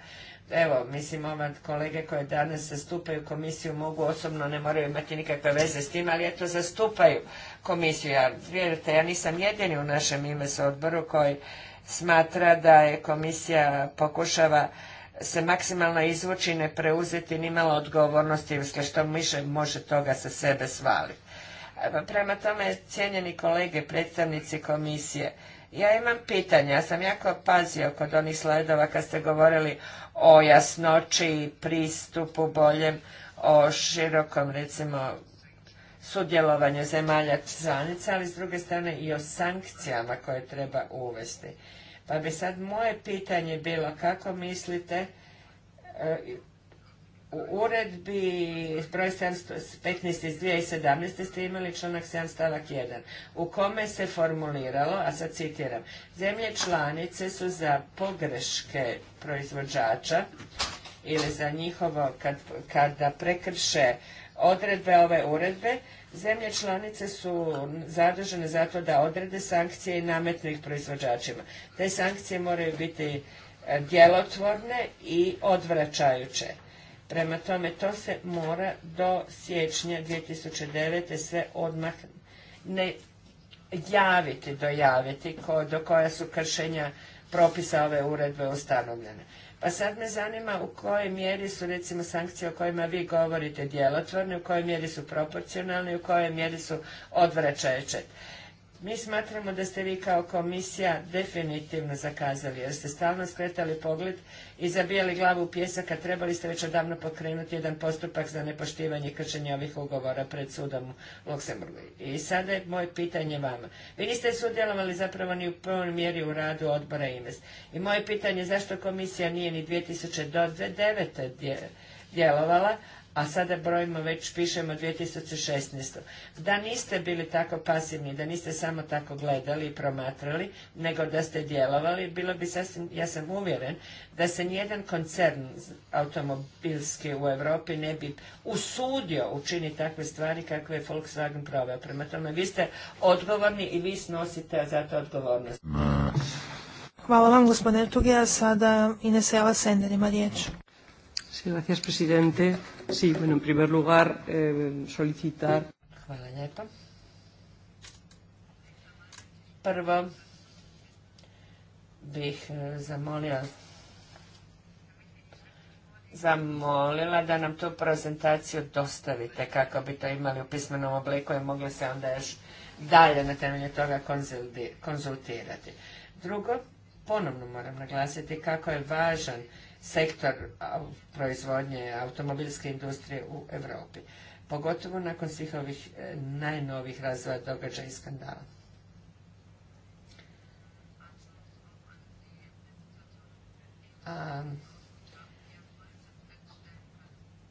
Evo, mislim, ova kolege koje danas zastupaju komisiju mogu osobno, ne moraju imati nikakve veze s tim, ali eto, zastupaju komisiju. Ja, vjerujte, ja nisam jedini u našem ime odboru koji smatra da je komisija pokušava se maksimalno izvući i ne preuzeti nimalo odgovornosti odgovornosti sve što više može toga sa sebe svaliti. Prema tome, cijenjeni kolege, predstavnici komisije, ja imam pitanja. Ja sam jako pazio kod onih slajdova kad ste govorili o jasnoći, pristupu boljem, o širokom recimo sudjelovanju zemalja članica, ali s druge strane i o sankcijama koje treba uvesti. Pa bi sad moje pitanje bilo kako mislite e, u uredbi broj 15 iz 2017. ste imali članak 7 stavak 1 u kome se formuliralo, a sad citiram, zemlje članice su za pogreške proizvođača ili za njihovo, kada prekrše odredbe ove uredbe, zemlje članice su zadužene za to da odrede sankcije i nametnu ih proizvođačima. Te sankcije moraju biti e, djelotvorne i odvraćajuće. Prema tome, to se mora do siječnja 2009. sve odmah ne javiti, dojaviti do koja su kršenja propisa ove uredbe ustanovljene. Pa sad me zanima u kojoj mjeri su recimo sankcije o kojima vi govorite djelotvorne, u kojoj mjeri su proporcionalne i u kojoj mjeri su odvraćajuće. Mi smatramo da ste vi kao komisija definitivno zakazali, jer ste stalno skretali pogled i zabijali glavu u pijesak trebali ste već odavno pokrenuti jedan postupak za nepoštivanje i kršenje ovih ugovora pred sudom u I sada je moje pitanje vama. Vi niste sudjelovali zapravo ni u prvoj mjeri u radu odbora INES. I moje pitanje je zašto komisija nije ni 2009. djelovala, a sada brojimo već, pišemo 2016. Da niste bili tako pasivni, da niste samo tako gledali i promatrali, nego da ste djelovali, bilo bi sasvim, ja sam uvjeren, da se nijedan koncern automobilski u Europi ne bi usudio učiniti takve stvari kakve je Volkswagen proveo. Prema tome, vi ste odgovorni i vi snosite za to odgovornost. Hvala vam, gospodine Tugija. Sada Inesela Sender ima riječ gracias, presidente. Sí, bueno, en primer lugar, eh, solicitar... Hvala lijepa. Prvo bih eh, zamolila zamolila da nam tu prezentaciju dostavite kako bi to imali u pismenom obliku i mogli se onda još dalje na temelju toga konzultirati. Drugo, ponovno moram naglasiti kako je važan sektor proizvodnje automobilske industrije u Europi, pogotovo nakon svih ovih e, najnovih razvoja događaja i skandala.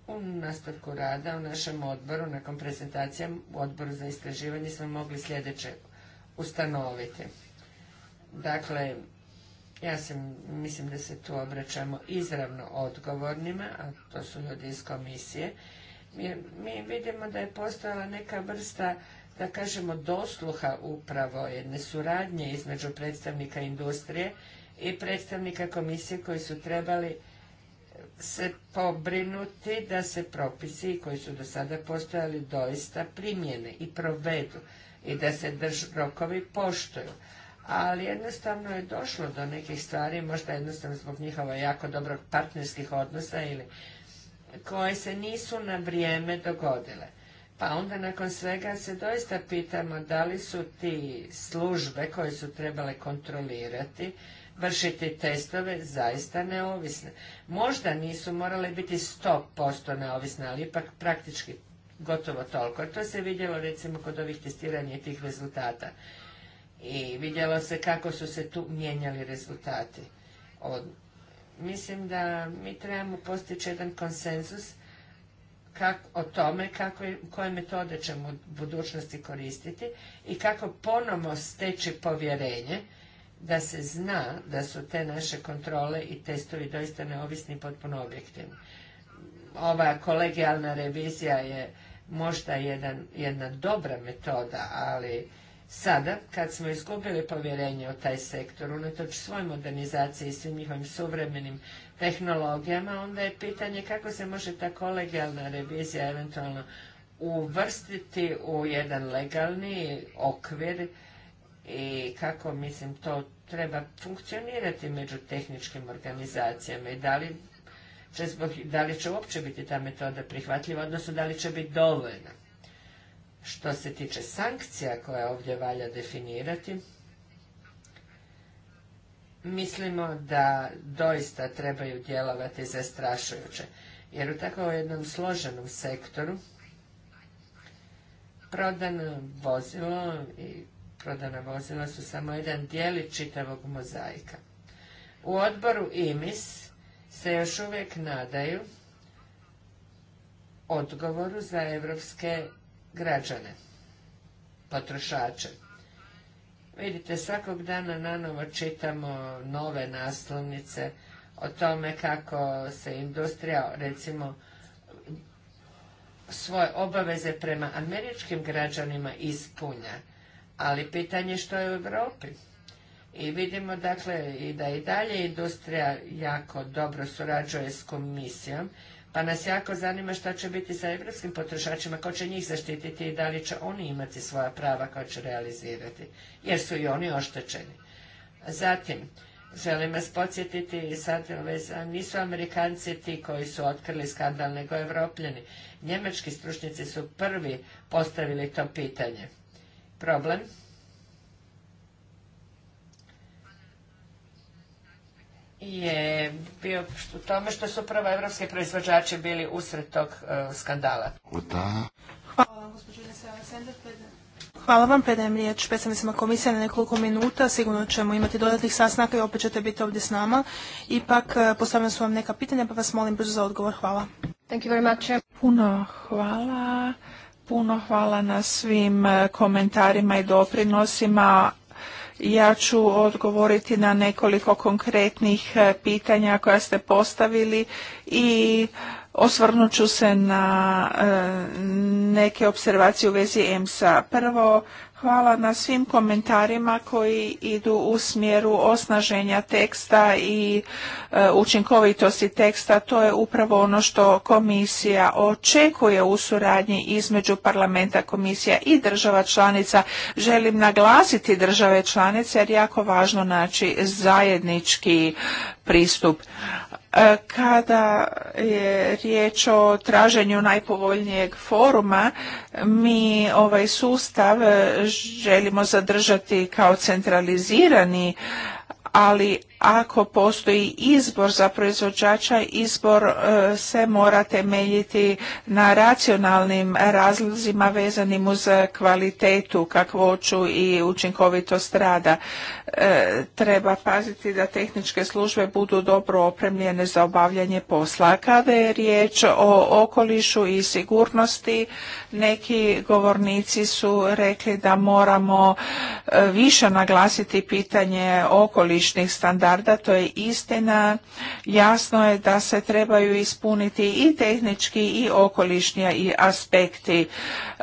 u nastavku rada u našem odboru, nakon prezentacije u odboru za istraživanje smo mogli sljedeće ustanoviti. Dakle, ja mislim da se tu obraćamo izravno odgovornima, a to su ljudi iz komisije, mi vidimo da je postojala neka vrsta, da kažemo, dosluha upravo jedne suradnje između predstavnika industrije i predstavnika komisije koji su trebali se pobrinuti da se propisi koji su do sada postojali doista primjene i provedu i da se drž rokovi poštuju ali jednostavno je došlo do nekih stvari, možda jednostavno zbog njihova jako dobrog partnerskih odnosa ili koje se nisu na vrijeme dogodile. Pa onda nakon svega se doista pitamo da li su ti službe koje su trebale kontrolirati, vršiti testove, zaista neovisne. Možda nisu morale biti 100% neovisne, ali ipak praktički gotovo toliko. To se vidjelo recimo kod ovih testiranja i tih rezultata i vidjelo se kako su se tu mijenjali rezultati. Od, mislim da mi trebamo postići jedan konsenzus o tome kako, koje metode ćemo u budućnosti koristiti i kako ponovo steći povjerenje da se zna da su te naše kontrole i testovi doista neovisni i potpuno objektivni. Ova kolegijalna revizija je možda jedan, jedna dobra metoda, ali Sada, kad smo izgubili povjerenje u taj sektor, unatoč svoj modernizaciji i svim njihovim suvremenim tehnologijama, onda je pitanje kako se može ta kolegijalna revizija eventualno uvrstiti u jedan legalni okvir i kako, mislim, to treba funkcionirati među tehničkim organizacijama i da li će, da li će uopće biti ta metoda prihvatljiva, odnosno da li će biti dovoljna. Što se tiče sankcija koje ovdje valja definirati, mislimo da doista trebaju djelovati zastrašujuće, jer u tako jednom složenom sektoru prodano vozilo i prodana vozila su samo jedan dijelić čitavog mozaika. U odboru IMIS se još uvijek nadaju odgovoru za evropske građane, potrošače. Vidite, svakog dana nanovo čitamo nove naslovnice o tome kako se industrija, recimo, svoje obaveze prema američkim građanima ispunja, ali pitanje što je u Europi. I vidimo dakle i da i dalje industrija jako dobro surađuje s komisijom pa nas jako zanima šta će biti sa evropskim potrošačima, ko će njih zaštititi i da li će oni imati svoja prava koja će realizirati, jer su i oni oštećeni. Zatim, želim vas podsjetiti i sad nisu Amerikanci ti koji su otkrili skandal, nego Evropljani. Njemački stručnjaci su prvi postavili to pitanje. Problem je bio u tome što su prvo evropski proizvođači bili usred tog e, skandala. Hvala vam, gospođo Hvala vam, predajem riječ predstavnicima komisije na nekoliko minuta. Sigurno ćemo imati dodatnih sasnaka i opet ćete biti ovdje s nama. Ipak e, postavljam su vam neka pitanja pa vas molim brzo za odgovor. Hvala. Thank you very much. Puno hvala. Puno hvala na svim e, komentarima i doprinosima, ja ću odgovoriti na nekoliko konkretnih e, pitanja koja ste postavili i osvrnut ću se na e, neke observacije u vezi EMSA. Prvo, Hvala na svim komentarima koji idu u smjeru osnaženja teksta i e, učinkovitosti teksta. To je upravo ono što komisija očekuje u suradnji između parlamenta, komisija i država članica. Želim naglasiti države članice jer jako važno naći zajednički pristup. E, kada je riječ o traženju najpovoljnijeg foruma, mi ovaj sustav želimo zadržati kao centralizirani, ali ako postoji izbor za proizvođača, izbor e, se mora temeljiti na racionalnim razlozima vezanim uz kvalitetu, kakvoću i učinkovitost rada. E, treba paziti da tehničke službe budu dobro opremljene za obavljanje posla. Kada je riječ o okolišu i sigurnosti, neki govornici su rekli da moramo e, više naglasiti pitanje okolišnih standarda, to je istina. Jasno je da se trebaju ispuniti i tehnički i okolišni aspekti. E,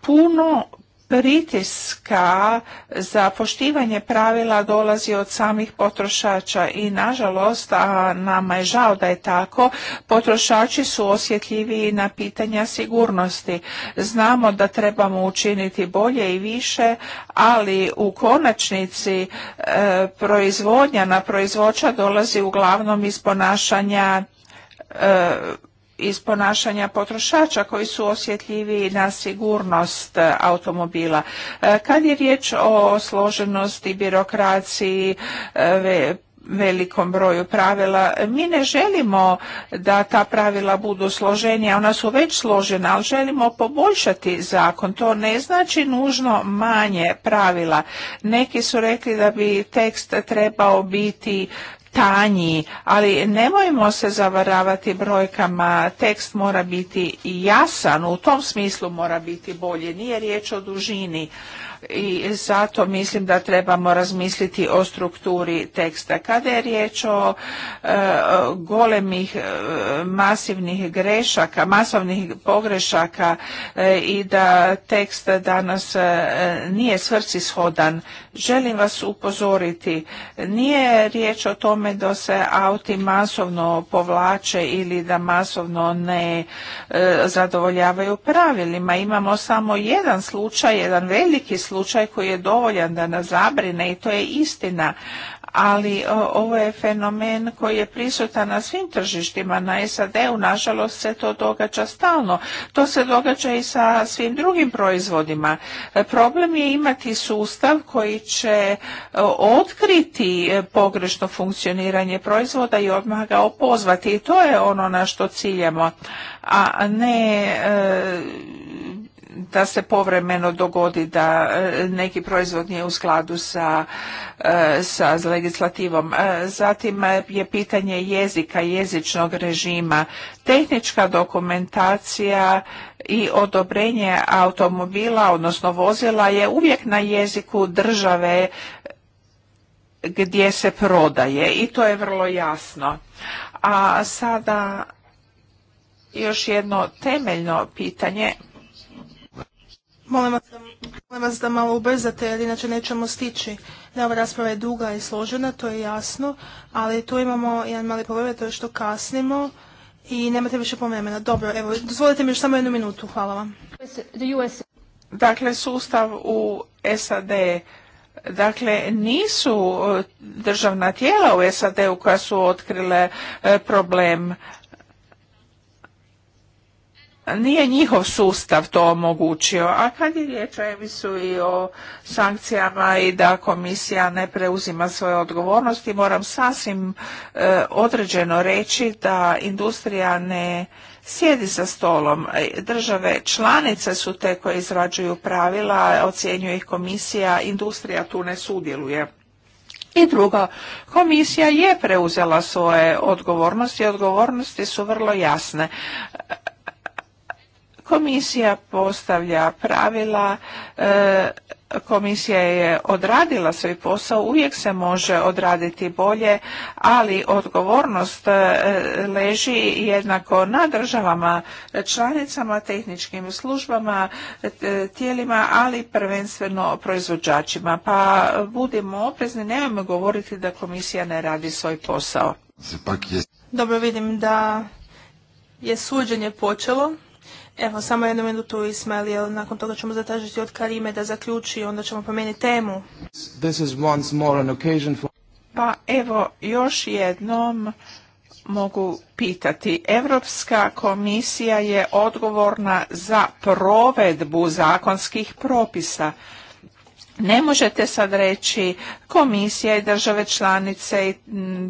puno pritiska za poštivanje pravila dolazi od samih potrošača i nažalost, a nama je žao da je tako, potrošači su osjetljiviji na pitanja sigurnosti. Znamo da trebamo učiniti bolje i više, ali u konačnici e, proizvodnja na proizvođa dolazi uglavnom iz ponašanja e, iz ponašanja potrošača koji su osjetljivi na sigurnost e, automobila. E, kad je riječ o složenosti, birokraciji, e, velikom broju pravila. Mi ne želimo da ta pravila budu složenija, ona su već složena, ali želimo poboljšati zakon. To ne znači nužno manje pravila. Neki su rekli da bi tekst trebao biti tanji, ali nemojmo se zavaravati brojkama, tekst mora biti jasan, u tom smislu mora biti bolje, nije riječ o dužini i zato mislim da trebamo razmisliti o strukturi teksta. Kada je riječ o e, golemih e, masivnih grešaka, masovnih pogrešaka e, i da tekst danas nije svrsishodan, želim vas upozoriti, nije riječ o tome da se auti masovno povlače ili da masovno ne zadovoljavaju pravilima. Imamo samo jedan slučaj, jedan veliki slučaj koji je dovoljan da nas zabrine i to je istina, ali ovo je fenomen koji je prisutan na svim tržištima, na SAD-u nažalost se to događa stalno. To se događa i sa svim drugim proizvodima. E, problem je imati sustav koji će e, otkriti e, pogrešno funkcioniranje proizvoda i odmah ga opozvati i to je ono na što ciljamo, a ne da se povremeno dogodi da e, neki proizvod nije u skladu sa, e, sa legislativom. E, zatim je pitanje jezika, jezičnog režima, tehnička dokumentacija i odobrenje automobila, odnosno vozila je uvijek na jeziku države gdje se prodaje i to je vrlo jasno. A sada još jedno temeljno pitanje Molim vas, da malo ubrzate jer inače nećemo stići. Da, ova rasprava je duga i složena, to je jasno, ali tu imamo jedan mali problem, to je što kasnimo i nemate više pomremena. Dobro, evo, dozvolite mi još samo jednu minutu, hvala vam. Dakle, sustav u SAD Dakle, nisu e, državna tijela u SAD-u koja su otkrile e, problem nije njihov sustav to omogućio. A kad je riječ o emisu i o sankcijama i da komisija ne preuzima svoje odgovornosti, moram sasvim e, određeno reći da industrija ne sjedi za stolom. E, države članice su te koje izrađuju pravila, ocjenjuje ih komisija, industrija tu ne sudjeluje. I drugo, komisija je preuzela svoje odgovornosti, i odgovornosti su vrlo jasne Komisija postavlja pravila, e, komisija je odradila svoj posao, uvijek se može odraditi bolje, ali odgovornost e, leži jednako na državama, članicama, tehničkim službama, e, tijelima, ali prvenstveno proizvođačima. Pa budimo oprezni, nemojmo govoriti da komisija ne radi svoj posao. Dobro vidim da je suđenje počelo. Evo, samo jednu minutu Ismail, jer nakon toga ćemo zatražiti od Karime da zaključi, onda ćemo promijeniti temu. Pa evo, još jednom mogu pitati. Europska komisija je odgovorna za provedbu zakonskih propisa. Ne možete sad reći komisija i države članice i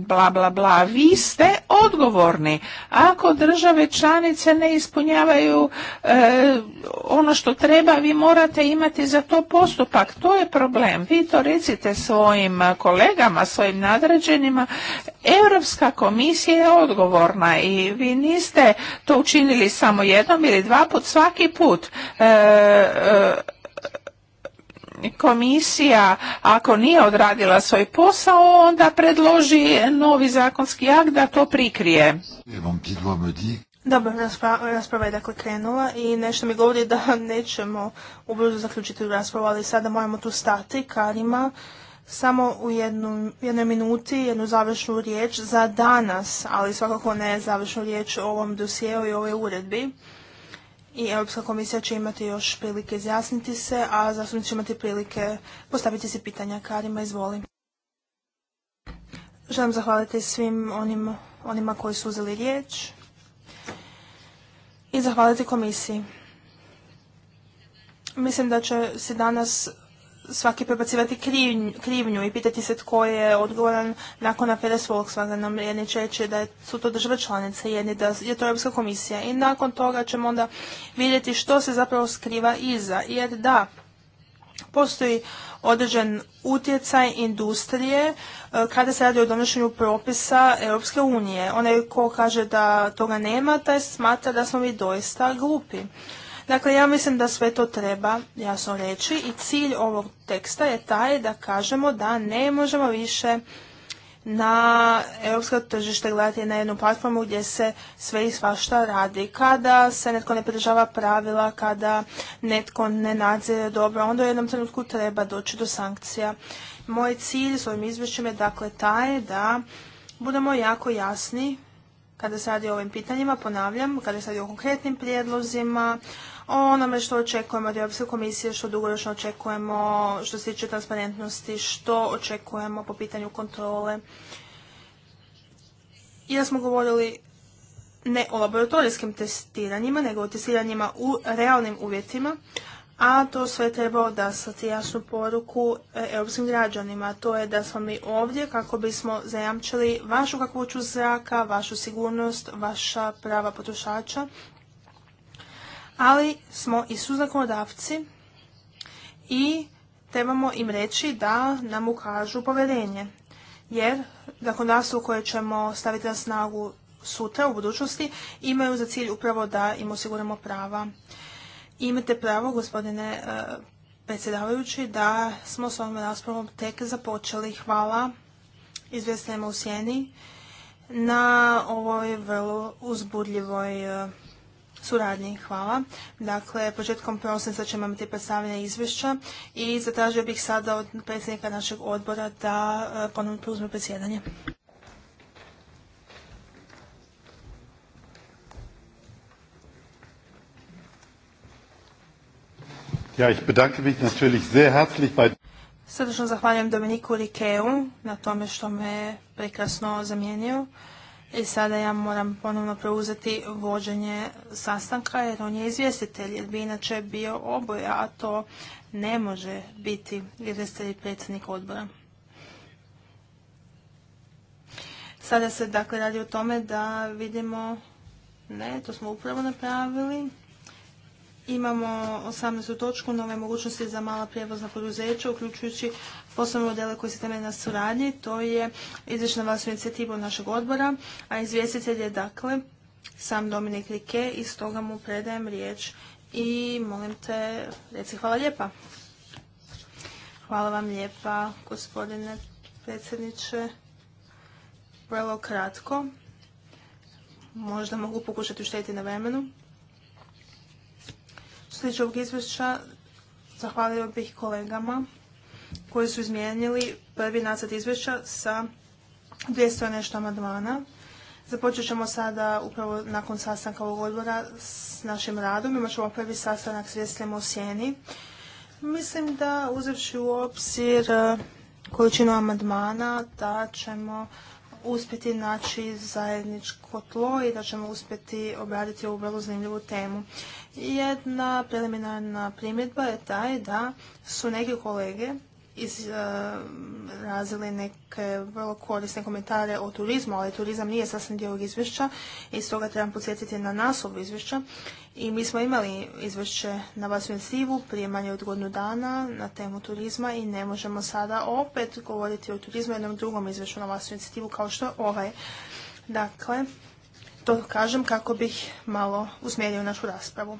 bla bla bla. Vi ste odgovorni. Ako države članice ne ispunjavaju e, ono što treba, vi morate imati za to postupak. To je problem. Vi to recite svojim kolegama, svojim nadređenima. Europska komisija je odgovorna i vi niste to učinili samo jednom ili dva put, svaki put. E, e, komisija ako nije odradila svoj posao onda predloži novi zakonski akt da to prikrije. Dobro, rasprava, rasprava je dakle krenula i nešto mi govori da nećemo ubrzo zaključiti raspravu, ali sada moramo tu stati karima samo u jednoj minuti jednu završnu riječ za danas, ali svakako ne završnu riječ o ovom dosjeu i ovoj uredbi i Europska komisija će imati još prilike izjasniti se, a zastupnici će imati prilike postaviti se pitanja. Karima, izvoli. Želim zahvaliti svim onima koji su uzeli riječ i zahvaliti komisiji. Mislim da će se danas svaki prebacivati krivnju i pitati se tko je odgovoran nakon afere s Volkswagenom. Jedni će reći da su to države članice, jedni da je to Europska komisija. I nakon toga ćemo onda vidjeti što se zapravo skriva iza. Jer da, postoji određen utjecaj industrije e, kada se radi o donošenju propisa Europske unije. Onaj ko kaže da toga nema, taj smatra da smo mi doista glupi. Dakle, ja mislim da sve to treba jasno reći i cilj ovog teksta je taj da kažemo da ne možemo više na europsko tržište gledati na jednu platformu gdje se sve i svašta radi. Kada se netko ne pridržava pravila, kada netko ne nadzire dobro, onda u jednom trenutku treba doći do sankcija. Moj cilj s ovim izvješćem je dakle taj da budemo jako jasni kada se radi o ovim pitanjima, ponavljam, kada se radi o konkretnim prijedlozima, o onome što očekujemo od Europske komisije, što dugoročno očekujemo, što se tiče transparentnosti, što očekujemo po pitanju kontrole. da smo govorili ne o laboratorijskim testiranjima, nego o testiranjima u realnim uvjetima, a to sve da sati jasnu poruku e, europskim građanima. To je da smo mi ovdje kako bismo zajamčili vašu kakvoću zraka, vašu sigurnost, vaša prava potrošača ali smo i suzakonodavci i trebamo im reći da nam ukažu povjerenje. Jer zakonodavstvo koje ćemo staviti na snagu sutra u budućnosti imaju za cilj upravo da im osiguramo prava. imate pravo, gospodine e, predsjedavajući, da smo s ovom raspravom tek započeli. Hvala izvjestajima u sjeni na ovoj vrlo uzbudljivoj e, suradnji. Hvala. Dakle, početkom prosinca ćemo imati predstavljanje izvješća i zatražio bih sada od predsjednika našeg odbora da e, ponovno preuzme predsjedanje. Ja, ich bedanke mich natürlich sehr herzlich bei Srdečno zahvaljujem Dominiku Rikeu na tome što me prekrasno zamijenio. I e, sada ja moram ponovno preuzeti vođenje sastanka jer on je izvjestitelj, jer bi inače bio oboja, a to ne može biti izvjestitelj i predsjednik odbora. Sada se dakle radi o tome da vidimo, ne, to smo upravo napravili, Imamo 18. točku nove mogućnosti za mala prijevozna poduzeća, uključujući poslovne modele koji se temelje na suradnji. To je izvršna vas inicijativa našeg odbora, a izvjestitelj je dakle sam Dominik Rike i stoga mu predajem riječ i molim te reci hvala lijepa. Hvala vam lijepa gospodine predsjedniče. Vrlo kratko. Možda mogu pokušati uštediti na vremenu sliče ovog izvješća, zahvalio bih kolegama koji su izmijenili prvi nacrt izvješća sa 200 nešto amandmana. Započet ćemo sada upravo nakon sastanka ovog odbora s našim radom. Imat ćemo prvi sastanak s vjestljem sjeni. Mislim da uzevši u obzir e, količinu amandmana da ćemo uspjeti naći zajedničko tlo i da ćemo uspjeti obraditi ovu vrlo zanimljivu temu. Jedna preliminarna primjedba je taj da su neke kolege izrazili eh, neke vrlo korisne komentare o turizmu, ali turizam nije sasvim dio ovog izvješća i stoga trebam podsjetiti na ovog izvješća. I mi smo imali izvješće na vas u prije manje od godinu dana na temu turizma i ne možemo sada opet govoriti o turizmu jednom drugom izvješću na vas inicijivu kao što je ovaj. Dakle, to kažem kako bih malo usmjerio našu raspravu.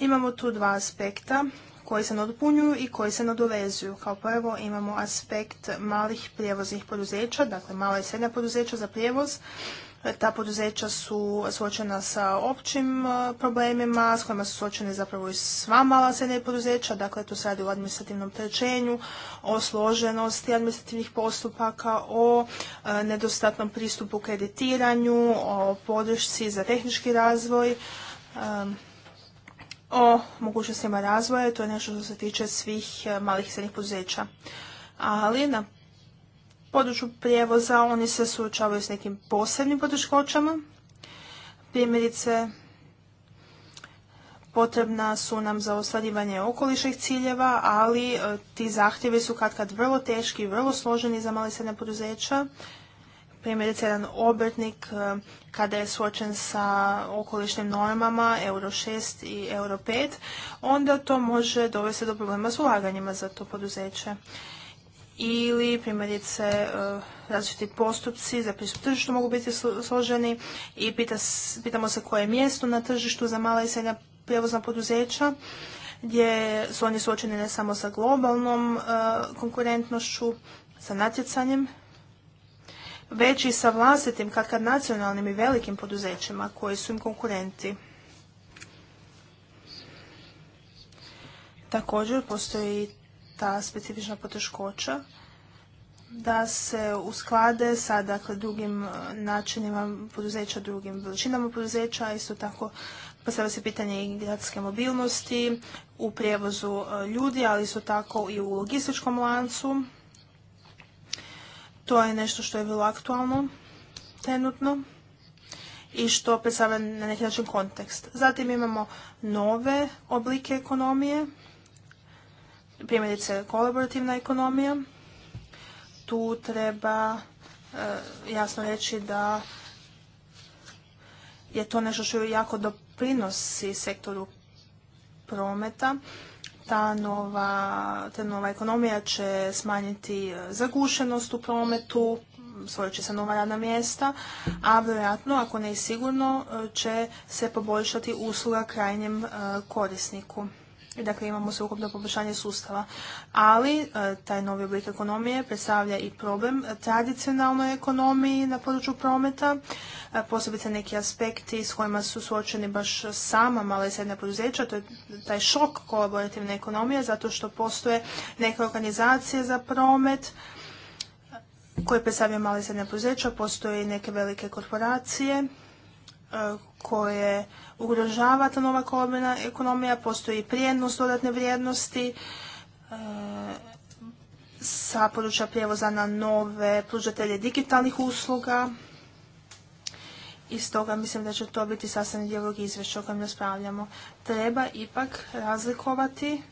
Imamo tu dva aspekta koji se nadopunjuju i koji se nadovezuju. Kao prvo imamo aspekt malih prijevoznih poduzeća, dakle mala i srednja poduzeća za prijevoz ta poduzeća su suočena sa općim e, problemima, s kojima su suočene zapravo i sva mala srednja poduzeća, dakle tu se radi o administrativnom trećenju, o složenosti administrativnih postupaka, o e, nedostatnom pristupu kreditiranju, o podršci za tehnički razvoj, o mogućnostima razvoja, to je nešto što se tiče svih e, malih i srednjih poduzeća. Ali na području prijevoza oni se suočavaju s nekim posebnim poteškoćama. Primjerice, potrebna su nam za ostvarivanje okolišnih ciljeva, ali e, ti zahtjevi su kad kad vrlo teški i vrlo složeni za male srednje poduzeća. Primjerice, jedan obrtnik e, kada je suočen sa okolišnim normama Euro 6 i Euro 5, onda to može dovesti do problema s ulaganjima za to poduzeće ili primjerice e, različiti postupci za pristup tržištu mogu biti složeni i pitamo se koje je mjesto na tržištu za mala i srednja prijevozna poduzeća gdje su oni suočeni ne samo sa globalnom e, konkurentnošću, sa natjecanjem, već i sa vlastitim, kakad nacionalnim i velikim poduzećima koji su im konkurenti. Također postoji ta specifična poteškoća da se usklade sa dakle, drugim e, načinima poduzeća, drugim veličinama poduzeća, isto tako postavlja se pitanje i gradske mobilnosti u prijevozu e, ljudi, ali isto tako i u logističkom lancu. To je nešto što je bilo aktualno trenutno i što predstavlja na neki način kontekst. Zatim imamo nove oblike ekonomije, primjerice kolaborativna ekonomija. Tu treba e, jasno reći da je to nešto što jako doprinosi sektoru prometa. Ta nova, ta nova ekonomija će smanjiti e, zagušenost u prometu, stvorit će se nova radna mjesta, a vjerojatno, ako ne i sigurno, e, će se poboljšati usluga krajnjem korisniku i dakle imamo sveukupno poboljšanje sustava. Ali e, taj novi oblik ekonomije predstavlja i problem tradicionalnoj ekonomiji na području prometa, e, posebice neki aspekti s kojima su suočeni baš sama mala i srednja poduzeća, to je taj šok kolaborativne ekonomije zato što postoje neke organizacije za promet, koje predstavljaju male i srednje poduzeća, postoje i neke velike korporacije e, koje ugrožava nova kolbena ekonomija, postoji prijednost dodatne vrijednosti e, sa područja prijevoza na nove pružatelje digitalnih usluga. I stoga mislim da će to biti sastavni dijelog izvješća o kojem raspravljamo. Treba ipak razlikovati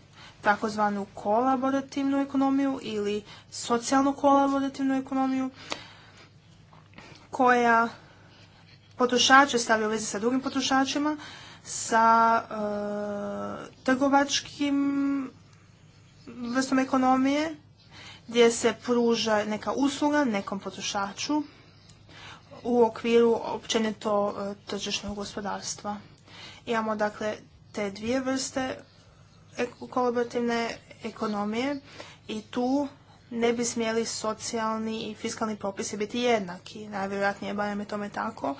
takozvanu kolaborativnu ekonomiju ili socijalnu kolaborativnu ekonomiju koja potrošače stavlja u vezi sa drugim potrošačima, sa e, trgovačkim vrstom ekonomije, gdje se pruža neka usluga nekom potrošaču u okviru općenito e, tržišnog gospodarstva. Imamo dakle te dvije vrste kolaborativne ekonomije i tu ne bi smjeli socijalni i fiskalni propisi biti jednaki. Najvjerojatnije barem je tome tako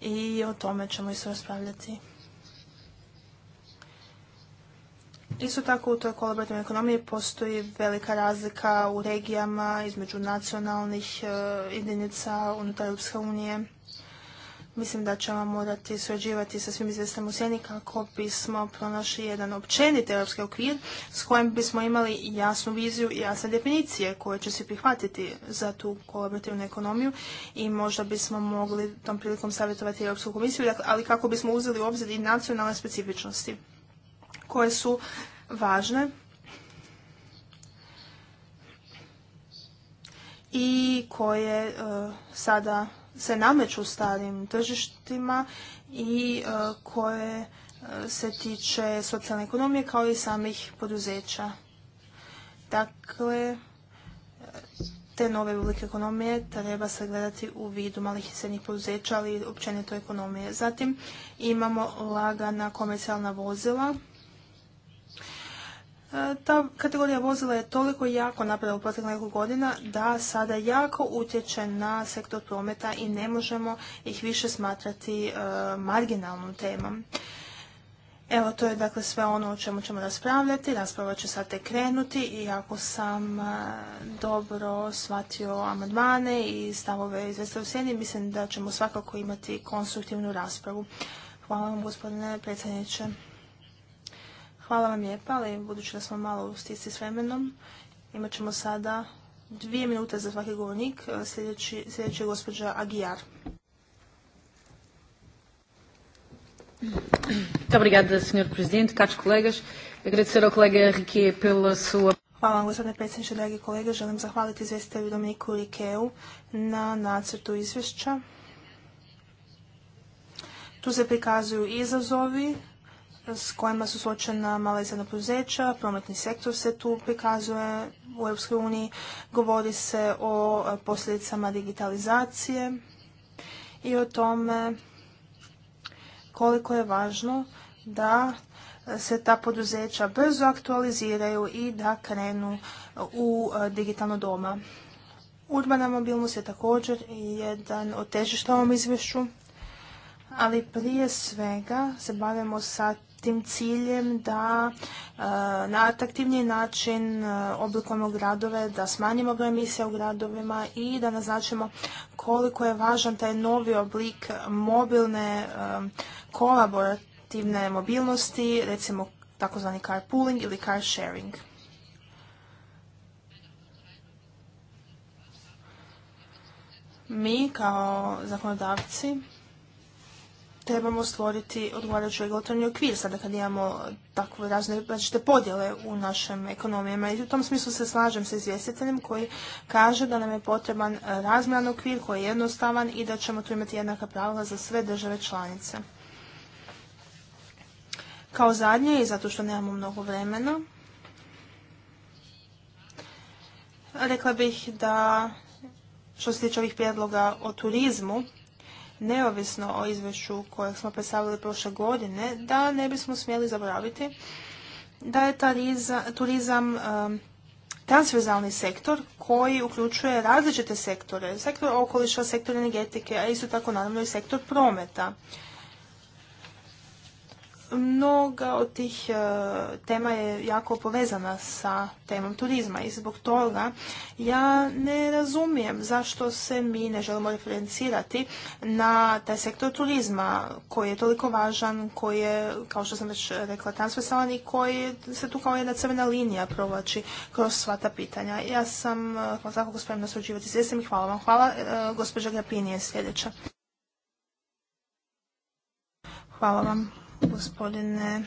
i o tome ćemo i se raspravljati. Isto tako u toj kolaborativnoj ekonomiji postoji velika razlika u regijama između nacionalnih e, jedinica unutar Europske unije. Mislim da ćemo morati surađivati sa svim izvestama u sjeni kako bismo pronašli jedan općenit europski okvir s kojim bismo imali jasnu viziju i jasne definicije koje će se prihvatiti za tu kolaborativnu ekonomiju i možda bismo mogli tom prilikom savjetovati Europsku komisiju, dakle, ali kako bismo uzeli u obzir i nacionalne specifičnosti koje su važne i koje e, sada se nameću starim tržištima i e, koje e, se tiče socijalne ekonomije kao i samih poduzeća. Dakle, e, te nove oblike ekonomije treba sagledati u vidu malih i srednjih poduzeća, ali i općenito ekonomije. Zatim imamo lagana komercijalna vozila E, ta kategorija vozila je toliko jako napravila u proteklih nekoliko godina da sada jako utječe na sektor prometa i ne možemo ih više smatrati e, marginalnom temom. Evo, to je dakle sve ono o čemu ćemo raspravljati. Rasprava će sad te krenuti i ako sam e, dobro shvatio amandmane i stavove izvesta u sjeni, mislim da ćemo svakako imati konstruktivnu raspravu. Hvala vam gospodine predsjedniče. Hvala vam lijepa, ali budući da smo malo u stici s vremenom, imat ćemo sada dvije minute za svaki govornik. E, sljedeći, je gospođa Agijar. obrigada, Hvala vam, gospodine predsjedniče, dragi kolege. Želim zahvaliti izvjestitelju Dominiku Rikeu na nacrtu izvješća. Tu se prikazuju izazovi s kojima su suočena mala i poduzeća, prometni sektor se tu prikazuje u EU, govori se o posljedicama digitalizacije i o tome koliko je važno da se ta poduzeća brzo aktualiziraju i da krenu u e, digitalno doma. Urbana mobilnost je također jedan od težišta ovom izvješću, ali prije svega se bavimo sa tim ciljem da e, na atraktivniji način e, oblikujemo gradove, da smanjimo broj emisija u gradovima i da naznačimo koliko je važan taj novi oblik mobilne e, kolaborativne mobilnosti, recimo takozvani carpooling ili car sharing. Mi kao zakonodavci trebamo stvoriti odgovarajući regulatorni okvir sada kad imamo takve razne različite podjele u našem ekonomijama. I u tom smislu se slažem sa izvjestiteljem koji kaže da nam je potreban razmjeran okvir koji je jednostavan i da ćemo tu imati jednaka pravila za sve države članice. Kao zadnje i zato što nemamo mnogo vremena, rekla bih da što se tiče ovih prijedloga o turizmu, neovisno o izvješću koje smo predstavili prošle godine, da ne bismo smjeli zaboraviti da je turizam um, transverzalni sektor koji uključuje različite sektore, sektor okoliša, sektor energetike, a isto tako naravno i sektor prometa mnoga od tih e, tema je jako povezana sa temom turizma i zbog toga ja ne razumijem zašto se mi ne želimo referencirati na taj sektor turizma koji je toliko važan, koji je, kao što sam već rekla, transversalan i koji se tu kao jedna crvena linija provlači kroz sva ta pitanja. Ja sam e, kao tako spremna surađivati s jesem i hvala vam. Hvala, e, gospođa Grapini je sljedeća. Hvala vam gospodine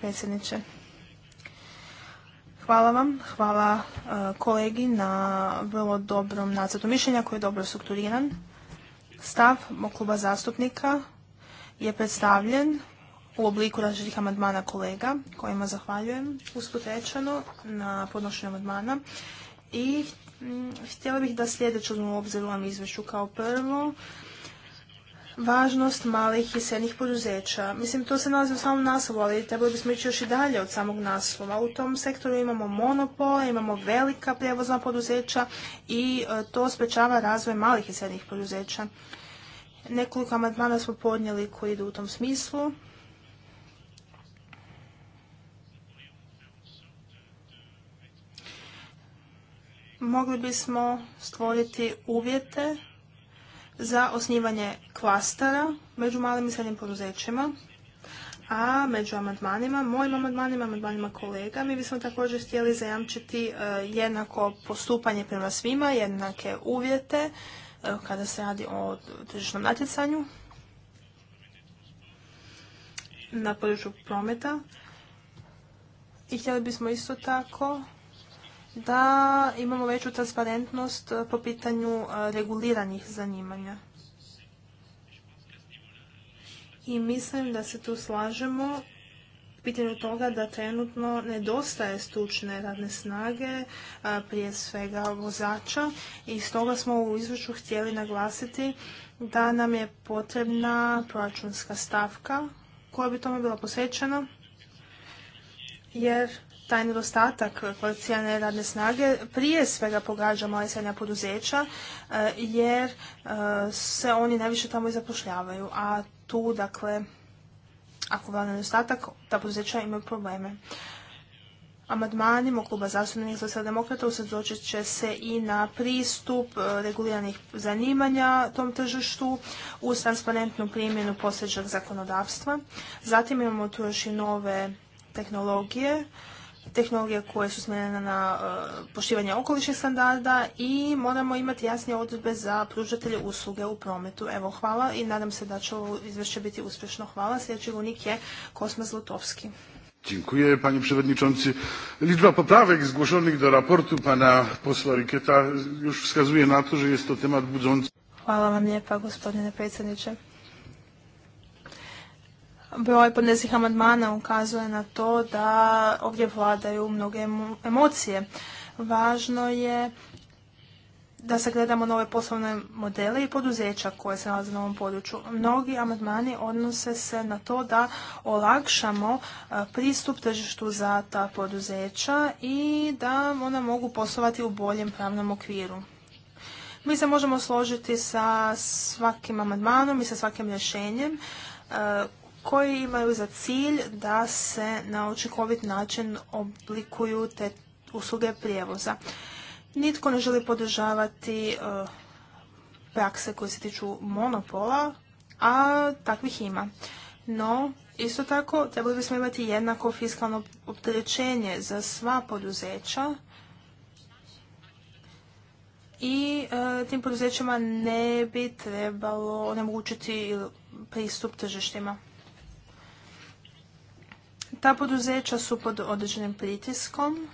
predsjedniče. Hvala vam, hvala e, kolegi na vrlo dobrom nacrtu mišljenja koji je dobro strukturiran. Stav mog kluba zastupnika je predstavljen u obliku različitih amandmana kolega kojima zahvaljujem usput na podnošenju amandmana i mm, htjela bih da sljedeće uzmemo u obzir u ovom izvješću kao prvo važnost malih i srednjih poduzeća. Mislim, to se nalazi u samom naslovu, ali trebali bismo ići još i dalje od samog naslova. U tom sektoru imamo monopole, imamo velika prijevozna poduzeća i e, to sprečava razvoj malih i srednjih poduzeća. Nekoliko amandmana smo podnijeli koji idu u tom smislu. Mogli bismo stvoriti uvjete za osnivanje klastara među malim i srednjim poduzećima, a među amandmanima, mojim amandmanima, amandmanima kolega, mi bismo također htjeli zajamčiti e, jednako postupanje prema svima, jednake uvjete e, kada se radi o tržišnom natjecanju na području prometa. I htjeli bismo isto tako da imamo veću transparentnost eh, po pitanju eh, reguliranih zanimanja. I mislim da se tu slažemo pitanju toga da trenutno nedostaje stručne radne snage, eh, prije svega vozača i stoga smo u izvršu htjeli naglasiti da nam je potrebna proračunska stavka koja bi tome bila posvećena jer taj nedostatak kvalificirane radne snage prije svega pogađa mala i poduzeća e, jer e, se oni najviše tamo i zapošljavaju, a tu dakle ako vlada nedostatak, ta poduzeća imaju probleme. Amandmanima Kluba zastupnika socijaldemokrata usredočit će se i na pristup e, reguliranih zanimanja tom tržištu uz transparentnu primjenu postojećeg zakonodavstva. Zatim imamo tu još i nove tehnologije tehnologija koje su smjerene na e, poštivanje okolišnih standarda i moramo imati jasnije odredbe za pružatelje usluge u prometu. Evo, hvala i nadam se da će ovo izvješće biti uspješno. Hvala. Sljedeći govornik je Kosma Zlotovski. Dziękuję panie przewodniczący. Liczba poprawek zgłoszonych do raportu pana posła Riketa już wskazuje na to, że jest to temat budzący. Hvala vam lijepa gospodine predsjedniče broj podnesih amandmana ukazuje na to da ovdje vladaju mnoge emocije. Važno je da se gledamo nove poslovne modele i poduzeća koje se nalaze na ovom području. Mnogi amandmani odnose se na to da olakšamo pristup tržištu za ta poduzeća i da ona mogu poslovati u boljem pravnom okviru. Mi se možemo složiti sa svakim amandmanom i sa svakim rješenjem koji imaju za cilj da se na učinkovit način oblikuju te usluge prijevoza. Nitko ne želi podržavati e, prakse koje se tiču monopola, a takvih ima. No, isto tako, trebali bismo imati jednako fiskalno opterećenje za sva poduzeća i e, tim poduzećima ne bi trebalo onemogućiti pristup tržištima. Ta poduzeća su pod određenim pritiskom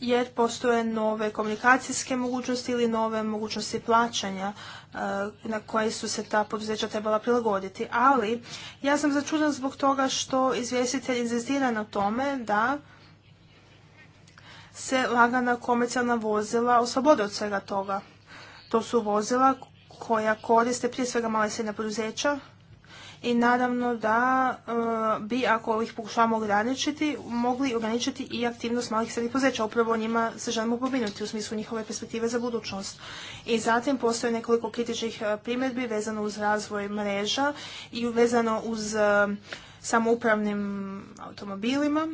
jer postoje nove komunikacijske mogućnosti ili nove mogućnosti plaćanja e, na koje su se ta poduzeća trebala prilagoditi. Ali ja sam začudan zbog toga što izvjestitelj inzistira na tome da se lagana komercijalna vozila oslobode od svega toga. To su vozila koja koriste prije svega male i poduzeća i naravno da e, bi, ako ih pokušavamo ograničiti, mogli ograničiti i aktivnost malih srednjih poduzeća. Upravo o njima se želimo pobrinuti u smislu njihove perspektive za budućnost. I zatim postoje nekoliko kritičnih e, primjedbi vezano uz razvoj mreža i vezano uz e, samoupravnim automobilima.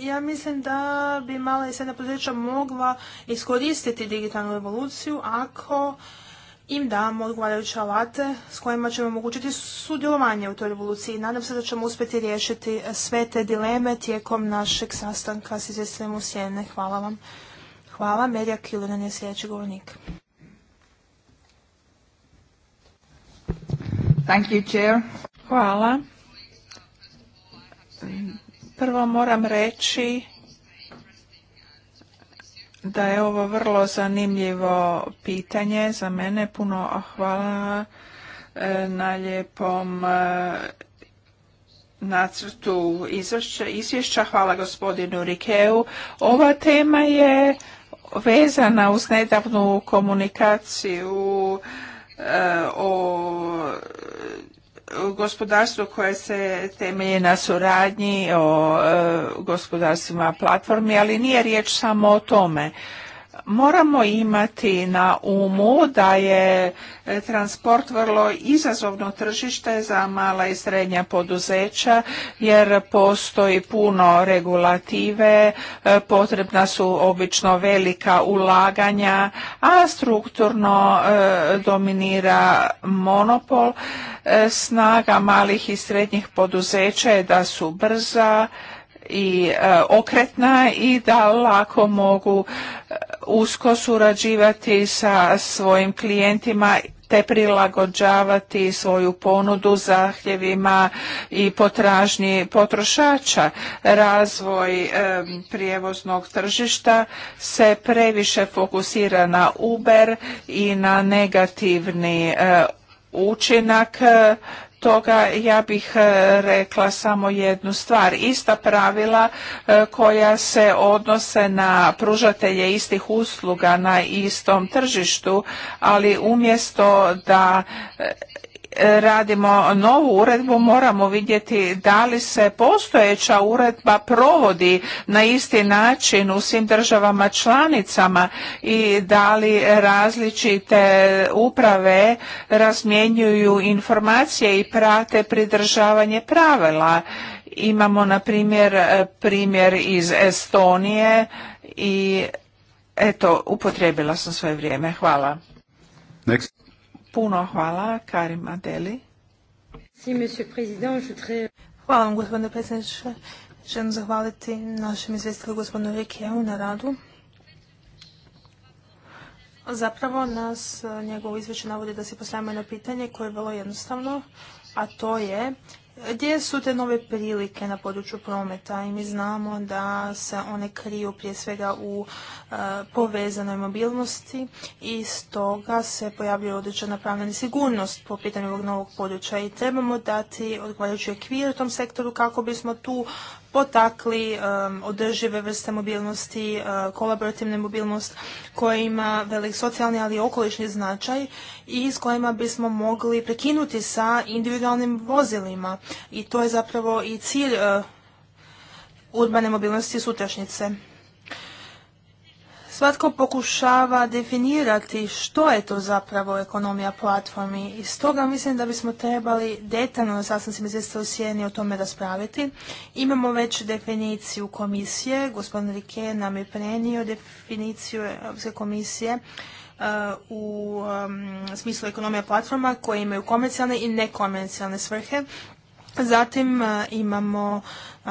Ja mislim da bi mala i srednja poduzeća mogla iskoristiti digitalnu evoluciju ako im damo odgovarajuće alate s kojima ćemo omogućiti sudjelovanje u toj revoluciji. Nadam se da ćemo uspjeti riješiti sve te dileme tijekom našeg sastanka s izvjestiteljem u Sjene. Hvala vam. Hvala. Merija Kilinan je sljedeći govornik. Hvala. Prvo moram reći da je ovo vrlo zanimljivo pitanje za mene. Puno hvala e, na lijepom e, nacrtu izvješća. Hvala gospodinu Rikeu. Ova tema je vezana uz nedavnu komunikaciju e, o gospodarstvo koje se temelji na suradnji o e, gospodarstvima platformi, ali nije riječ samo o tome. Moramo imati na umu da je e, transport vrlo izazovno tržište za mala i srednja poduzeća jer postoji puno regulative, e, potrebna su obično velika ulaganja, a strukturno e, dominira monopol. Snaga malih i srednjih poduzeća je da su brza i okretna i da lako mogu usko surađivati sa svojim klijentima te prilagođavati svoju ponudu zahtjevima i potražnji potrošača. Razvoj prijevoznog tržišta se previše fokusira na Uber i na negativni e, učinak toga ja bih e, rekla samo jednu stvar. Ista pravila e, koja se odnose na pružatelje istih usluga na istom tržištu, ali umjesto da e, radimo novu uredbu moramo vidjeti da li se postojeća uredba provodi na isti način u svim državama članicama i da li različite uprave razmjenjuju informacije i prate pridržavanje pravila. Imamo na primjer primjer iz Estonije i eto upotrijebila sam svoje vrijeme. Hvala. Next. Puno hvala, Karim Adeli. Hvala vam, gospodine predsjedniče. Želim zahvaliti našem izvjestitelju gospodinu Rikeu na radu. Zapravo nas eh, njegov izvješće navodi da se postavimo na pitanje koje je vrlo jednostavno, a to je gdje su te nove prilike na području prometa i mi znamo da se one kriju prije svega u e, povezanoj mobilnosti i stoga se pojavljuje određena pravna nesigurnost po pitanju ovog novog područja i trebamo dati odgovarajući okvir tom sektoru kako bismo tu potakli um, održive vrste mobilnosti, uh, kolaborativne mobilnost koja ima velik socijalni ali i okolišni značaj i s kojima bismo mogli prekinuti sa individualnim vozilima. I to je zapravo i cilj uh, urbane mobilnosti sutrašnjice svatko pokušava definirati što je to zapravo ekonomija platformi i stoga mislim da bismo trebali detaljno na sastancima izvjesta u Sjeni o tome raspraviti. Imamo već definiciju komisije, gospodin Rike nam je prenio definiciju Europske komisije e, u smislu ekonomija platforma koje imaju komercijalne i nekomercijalne svrhe. Zatim e, imamo e,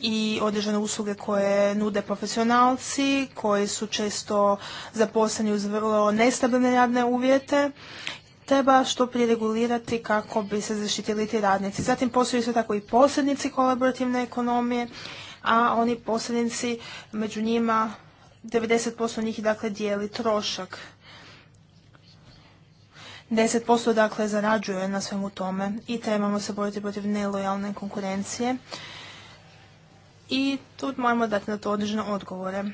i određene usluge koje nude profesionalci, koji su često zaposleni uz vrlo nestabilne radne uvjete treba što prije regulirati kako bi se zaštitili ti radnici. Zatim postoji isto tako i posljednici kolaborativne ekonomije, a oni posljednici među njima 90% njih dakle dijeli trošak. 10% dakle zarađuje na svemu tome i trebamo se boriti protiv nelojalne konkurencije i tu moramo dati na to određene odgovore.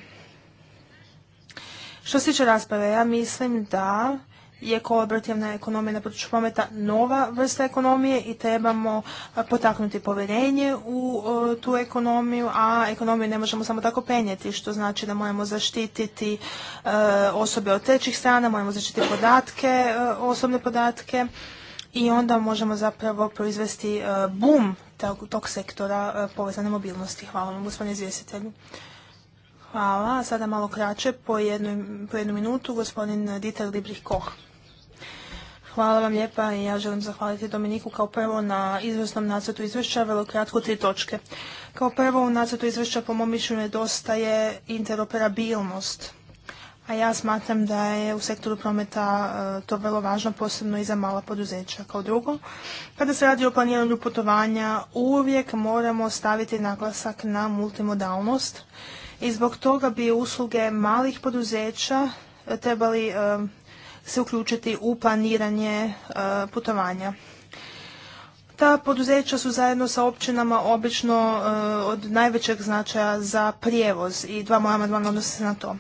Što se tiče rasprave, ja mislim da je kooperativna ekonomija na području prometa nova vrsta ekonomije i trebamo potaknuti povjerenje u tu ekonomiju, a ekonomiju ne možemo samo tako penjeti, što znači da moramo zaštititi e, osobe od trećih strana, moramo zaštititi podatke, e, osobne podatke i onda možemo zapravo proizvesti e, bum tog sektora e, povezane mobilnosti. Hvala vam, gospodine izvjestitelju. Hvala. Sada malo kraće, po jednu, minutu, gospodin Dieter Librich Koch. Hvala vam lijepa i ja želim zahvaliti Dominiku kao prvo na izvrsnom nacrtu izvješća, vrlo kratko tri točke. Kao prvo u nacrtu izvješća po mom mišljenju nedostaje interoperabilnost a ja smatram da je u sektoru prometa e, to vrlo važno, posebno i za mala poduzeća. Kao drugo, kada se radi o planiranju putovanja, uvijek moramo staviti naglasak na multimodalnost i zbog toga bi usluge malih poduzeća e, trebali e, se uključiti u planiranje putovanja. Ta poduzeća su zajedno sa općinama obično od najvećeg značaja za prijevoz i dva moja amandmana odnose se na to.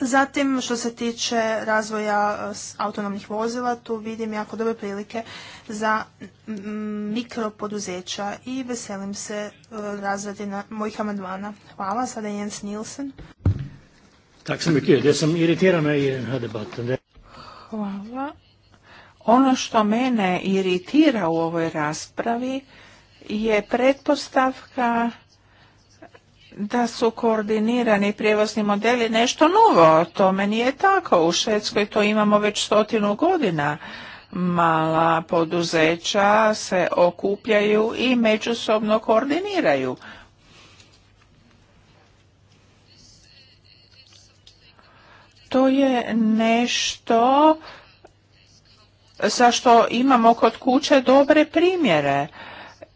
Zatim, što se tiče razvoja e, autonomnih vozila, tu vidim jako dobre prilike za mikropoduzeća i veselim se e, razradi na mojih amandmana. Hvala, sada je Jens Nilsen. sam Hvala. Ono što mene iritira u ovoj raspravi je pretpostavka da su koordinirani prijevozni modeli nešto novo. Tome nije tako. U Švedskoj to imamo već stotinu godina. Mala poduzeća se okupljaju i međusobno koordiniraju. To je nešto što imamo kod kuće dobre primjere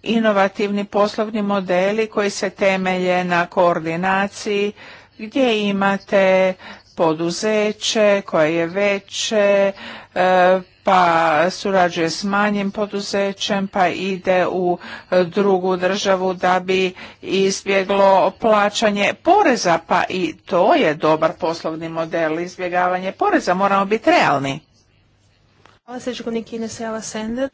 inovativni poslovni modeli koji se temelje na koordinaciji gdje imate poduzeće koje je veće, e, pa surađuje s manjim poduzećem, pa ide u drugu državu da bi izbjeglo plaćanje poreza, pa i to je dobar poslovni model izbjegavanje poreza, moramo biti realni. Hvala Sender.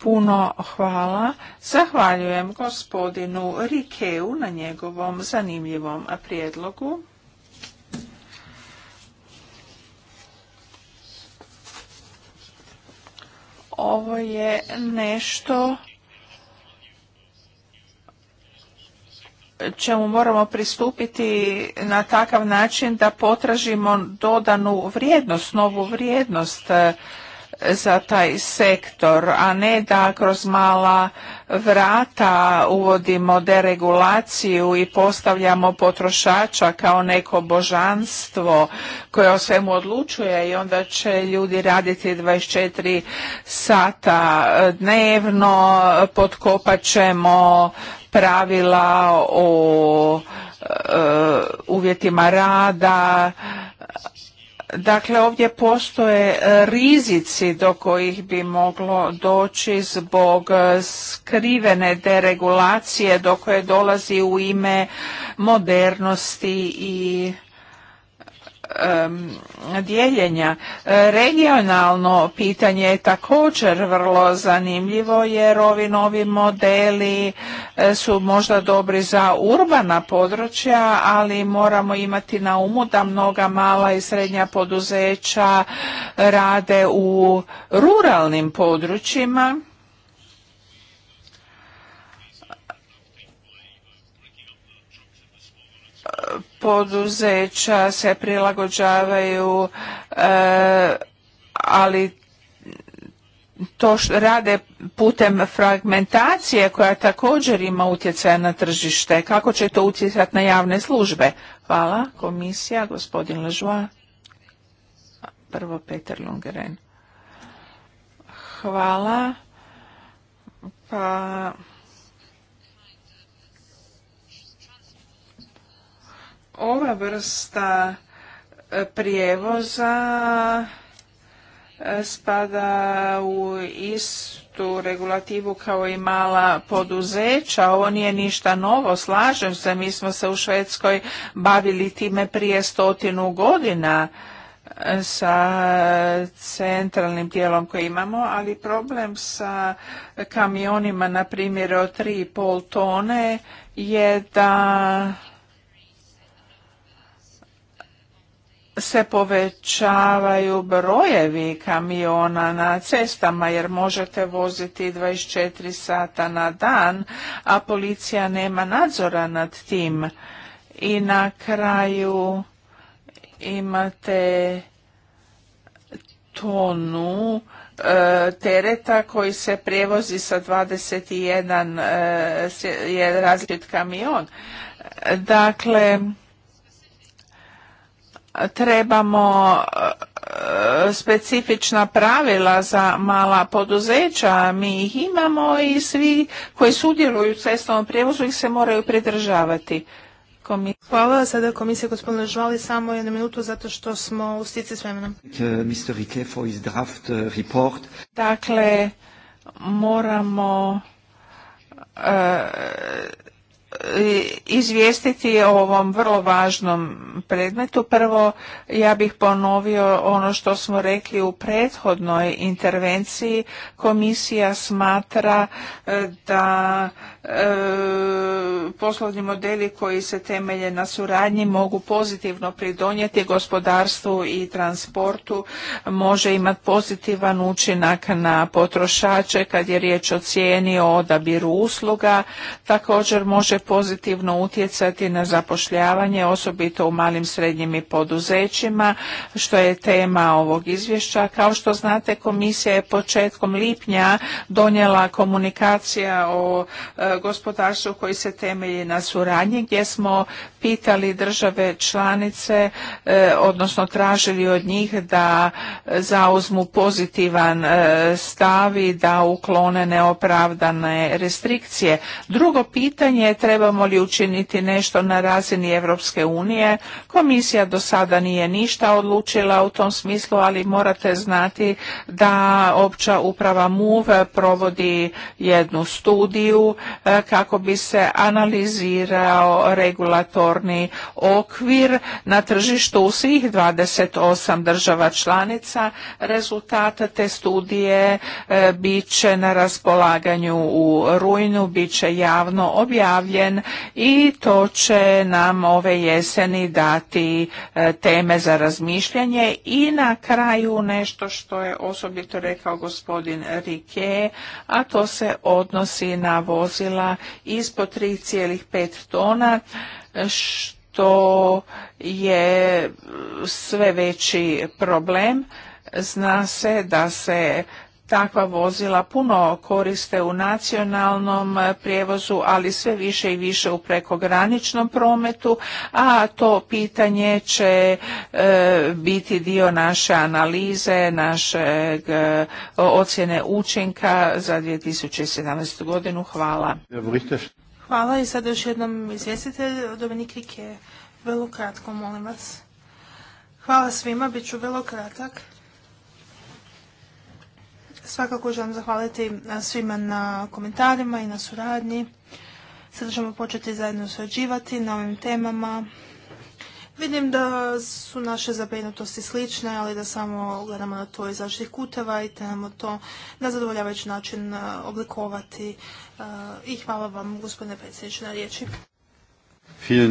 Puno hvala. Zahvaljujem gospodinu Rikeu na njegovom zanimljivom prijedlogu. Ovo je nešto čemu moramo pristupiti na takav način da potražimo dodanu vrijednost, novu vrijednost e, za taj sektor, a ne da kroz mala vrata uvodimo deregulaciju i postavljamo potrošača kao neko božanstvo koje o svemu odlučuje i onda će ljudi raditi 24 sata dnevno, podkopat ćemo pravila o e, uvjetima rada Dakle, ovdje postoje rizici do kojih bi moglo doći zbog skrivene deregulacije do koje dolazi u ime modernosti i dijeljenja. E, regionalno pitanje je također vrlo zanimljivo jer ovi novi modeli e, su možda dobri za urbana područja, ali moramo imati na umu da mnoga mala i srednja poduzeća rade u ruralnim područjima poduzeća se prilagođavaju, e, ali to rade putem fragmentacije koja također ima utjecaja na tržište. Kako će to utjecati na javne službe? Hvala. Komisija, gospodin Ležva. Prvo Peter Lungeren. Hvala. Pa... ova vrsta e, prijevoza e, spada u istu regulativu kao i mala poduzeća. Ovo nije ništa novo, slažem se. Mi smo se u Švedskoj bavili time prije stotinu godina e, sa centralnim tijelom koje imamo, ali problem sa kamionima, na primjer, od 3,5 tone je da se povećavaju brojevi kamiona na cestama jer možete voziti 24 sata na dan, a policija nema nadzora nad tim. I na kraju imate tonu e, tereta koji se prevozi sa 21 e, različit kamion. Dakle, trebamo e, specifična pravila za mala poduzeća. Mi ih imamo i svi koji sudjeluju u cestovnom prijevozu ih se moraju pridržavati. Komisija. Hvala. Sada komisija gospodine Žvali samo jednu minutu zato što smo u stici s vremenom. Uh, dakle, moramo e, E, izvijestiti o ovom vrlo važnom predmetu. Prvo, ja bih ponovio ono što smo rekli u prethodnoj intervenciji. Komisija smatra e, da E, poslovni modeli koji se temelje na suradnji mogu pozitivno pridonijeti gospodarstvu i transportu, može imati pozitivan učinak na potrošače kad je riječ o cijeni, o odabiru usluga, također može pozitivno utjecati na zapošljavanje, osobito u malim srednjim i poduzećima, što je tema ovog izvješća. Kao što znate, komisija je početkom lipnja donijela komunikacija o e, gospodarstvu koji se temelji na suradnji gdje smo pitali države članice, e, odnosno tražili od njih da zauzmu pozitivan e, stav i da uklone neopravdane restrikcije. Drugo pitanje je trebamo li učiniti nešto na razini Europske unije. Komisija do sada nije ništa odlučila u tom smislu, ali morate znati da opća uprava MUV provodi jednu studiju E, kako bi se analizirao regulatorni okvir na tržištu u svih 28 država članica. Rezultat te studije e, bit će na raspolaganju u rujnu, bit će javno objavljen i to će nam ove jeseni dati e, teme za razmišljanje i na kraju nešto što je osobito rekao gospodin Rike, a to se odnosi na vozila ispod 3,5 tona što je sve veći problem. Zna se da se takva vozila puno koriste u nacionalnom eh, prijevozu, ali sve više i više u prekograničnom prometu, a to pitanje će eh, biti dio naše analize, našeg eh, ocjene učinka za 2017. godinu. Hvala. Hvala i sad još jednom izvjestitelj Dominik Rike. Vrlo kratko, molim vas. Hvala svima, bit ću vrlo kratak. Svakako želim zahvaliti e, svima na komentarima i na suradnji. Sada ćemo početi zajedno surađivati na ovim temama. Vidim da su naše zabrinutosti slične, ali da samo gledamo na to iz zaštih kuteva i trebamo to na zadovoljavajući način e, oblikovati. E, I hvala vam, gospodine predsjedniče, na riječi. Er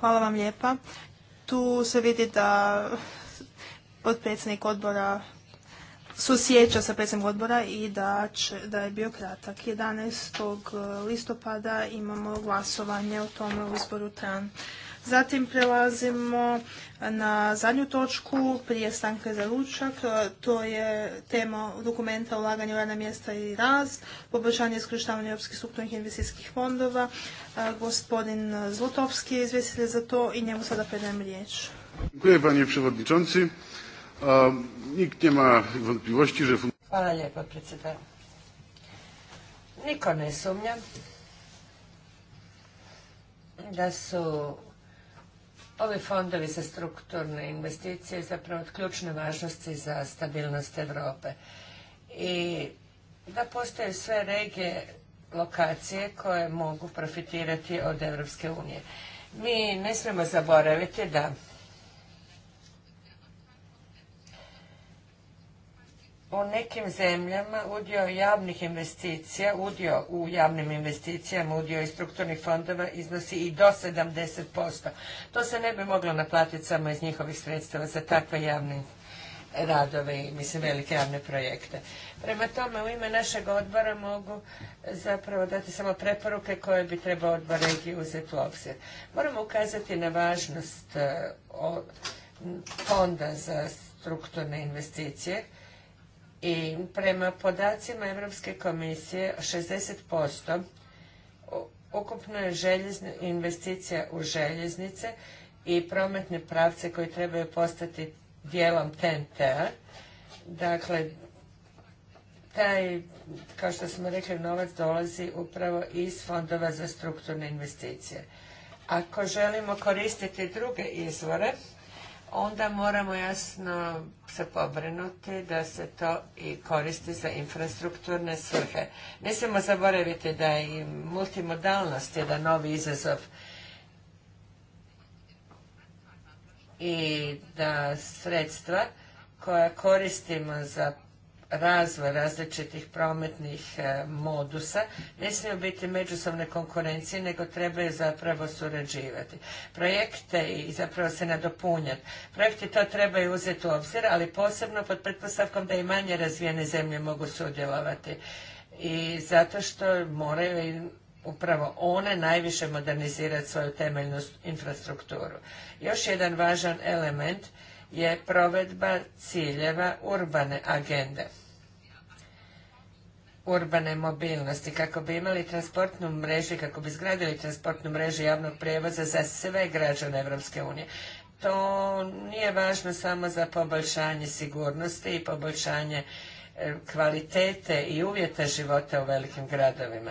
hvala vam lijepa. Tu se vidi da potpredsjednik odbora susjeća sa predsjednikom odbora i da, da je bio kratak. 11. Eh, listopada imamo glasovanje o tome u izboru TRAN. Zatim prelazimo na zadnju točku prije stanke za ručak. Eh, to je tema dokumenta ulaganja u radna mjesta i rast, poboljšanje iskoristavanja europskih strukturnih investicijskih fondova. Eh, gospodin Zlotovski je izvjestitelj za to i njemu sada predajem riječ. Dziękuję panie przewodniczący. Nikt Hvala lijepa, Niko ne sumnja da su ovi fondovi za strukturne investicije zapravo od ključne važnosti za stabilnost Europe i da postoje sve regije, lokacije koje mogu profitirati od Evropske unije. Mi ne smijemo zaboraviti da u nekim zemljama udio javnih investicija, udio u javnim investicijama, udio iz strukturnih fondova iznosi i do 70%. To se ne bi moglo naplatiti samo iz njihovih sredstava za takve javne radove i mislim velike javne projekte. Prema tome u ime našeg odbora mogu zapravo dati samo preporuke koje bi trebao odbor regije uzeti u obzir. Moramo ukazati na važnost e, fonda za strukturne investicije i prema podacima Europske komisije 60% ukupno je investicija u željeznice i prometne pravce koji trebaju postati dijelom TNT-a. Dakle, taj, kao što smo rekli, novac dolazi upravo iz fondova za strukturne investicije. Ako želimo koristiti druge izvore, onda moramo jasno se pobrinuti da se to i koristi za infrastrukturne svrhe. Ne smijemo zaboraviti da je i multimodalnost jedan novi izazov i da sredstva koja koristimo za razvoj različitih prometnih e, modusa ne smiju biti međusobne konkurencije nego trebaju zapravo surađivati. Projekte i zapravo se nadopunjati. Projekti to trebaju uzeti u obzir, ali posebno pod pretpostavkom da i manje razvijene zemlje mogu sudjelovati. I zato što moraju upravo one najviše modernizirati svoju temeljnu infrastrukturu. Još jedan važan element je provedba ciljeva urbane agende urbane mobilnosti, kako bi imali transportnu mrežu i kako bi izgradili transportnu mrežu javnog prijevoza za sve građane Europske unije. To nije važno samo za poboljšanje sigurnosti i poboljšanje e, kvalitete i uvjeta života u velikim gradovima,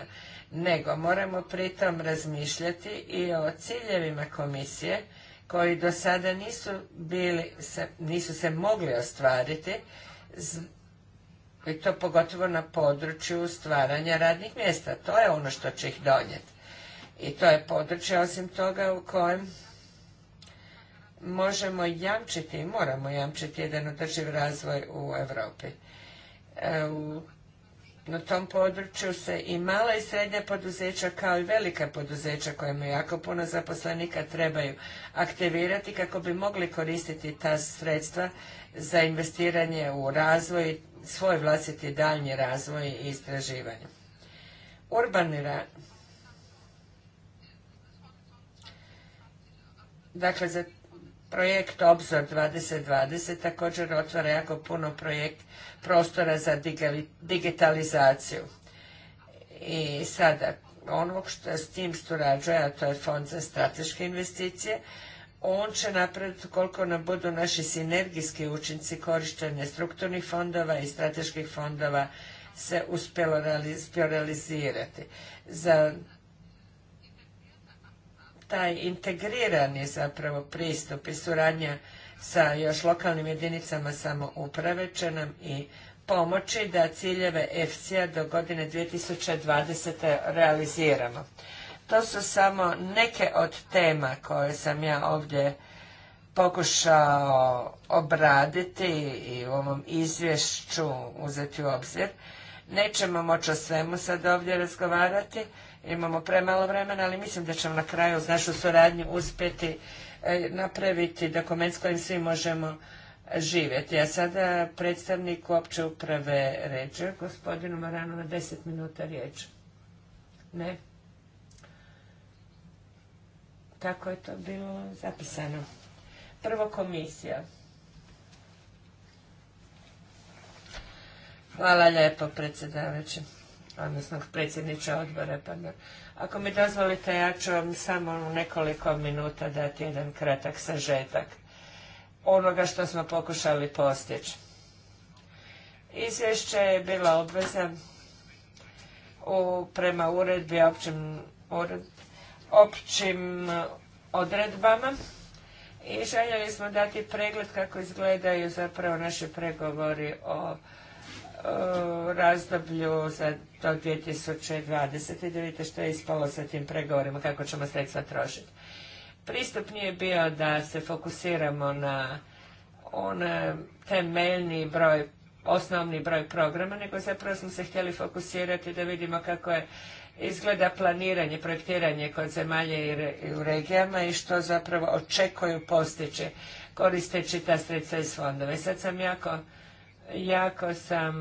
nego moramo pritom razmišljati i o ciljevima komisije koji do sada nisu, bili, nisu se mogli ostvariti i to pogotovo na području stvaranja radnih mjesta. To je ono što će ih donijeti. I to je područje osim toga u kojem možemo jamčiti i moramo jamčiti jedan održiv razvoj u Europi. E, na tom području se i mala i srednja poduzeća kao i velika poduzeća kojima jako puno zaposlenika trebaju aktivirati kako bi mogli koristiti ta sredstva za investiranje u razvoj svoj vlastiti daljnji razvoj i istraživanje. Urbani rad. Dakle, za projekt Obzor 2020 također otvara jako puno projekt prostora za digitalizaciju. I sada, ono što s tim surađuje, a to je Fond za strateške investicije, on će napraviti koliko nam budu naši sinergijski učinci korištenja strukturnih fondova i strateških fondova se uspjelo realizirati. Za taj integrirani zapravo pristup i suradnja sa još lokalnim jedinicama samouprave će nam i pomoći da ciljeve EFSI-a do godine 2020. realiziramo. To su samo neke od tema koje sam ja ovdje pokušao obraditi i u ovom izvješću uzeti u obzir. Nećemo moći o svemu sad ovdje razgovarati, imamo premalo vremena, ali mislim da ćemo na kraju uz našu suradnju uspjeti e, napraviti dokument s kojim svi možemo živjeti. A sada predstavnik opće uprave ređe, gospodinu Maranu na deset minuta riječ. Ne? Tako je to bilo zapisano. Prvo komisija. Hvala lijepo predsjedavajući, odnosno predsjedniče odbora. Ako mi dozvolite, ja ću vam samo u nekoliko minuta dati jedan kratak sažetak onoga što smo pokušali postići. Izvješće je bila obveza prema uredbi općem općim odredbama i željeli smo dati pregled kako izgledaju zapravo naši pregovori o razdoblju za to 2020. i da vidite što je ispalo sa tim pregovorima, kako ćemo sredstva trošiti. Pristup nije bio da se fokusiramo na on e, temeljni broj, osnovni broj programa, nego zapravo smo se htjeli fokusirati da vidimo kako je izgleda planiranje, projektiranje kod zemalja i u regijama i što zapravo očekuju postići koristeći ta sredstva iz fondova. sad sam jako, jako sam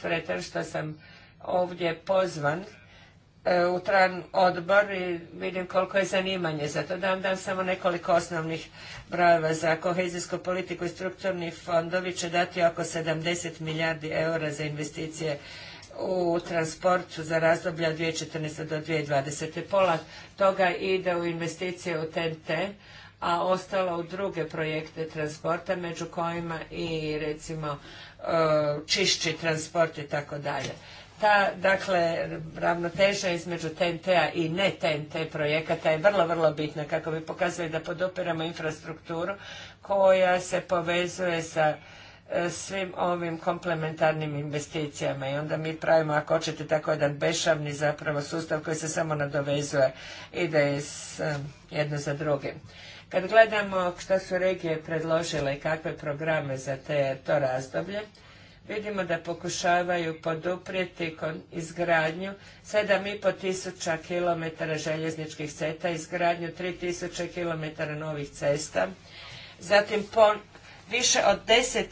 sretan što sam ovdje pozvan e, u tran odbor i vidim koliko je zanimanje za to. Da vam dam samo nekoliko osnovnih brojeva za kohezijsku politiku i strukturni fondovi će dati oko 70 milijardi eura za investicije u transportu za razdoblje od 2014. do 2020. Pola toga ide u investicije u TNT, a ostalo u druge projekte transporta, među kojima i recimo e, čišći transport i tako dalje. Ta, dakle, ravnoteža između TNT-a i ne TNT projekata je vrlo, vrlo bitna kako bi pokazali da podopiramo infrastrukturu koja se povezuje sa svim ovim komplementarnim investicijama i onda mi pravimo, ako hoćete, tako jedan bešavni zapravo sustav koji se samo nadovezuje i da e, jedno za drugim. Kad gledamo što su regije predložile i kakve programe za te, to razdoblje, vidimo da pokušavaju poduprijeti izgradnju 7,5 tisuća kilometara željezničkih cesta, izgradnju 3 tisuće kilometara novih cesta, zatim pon više od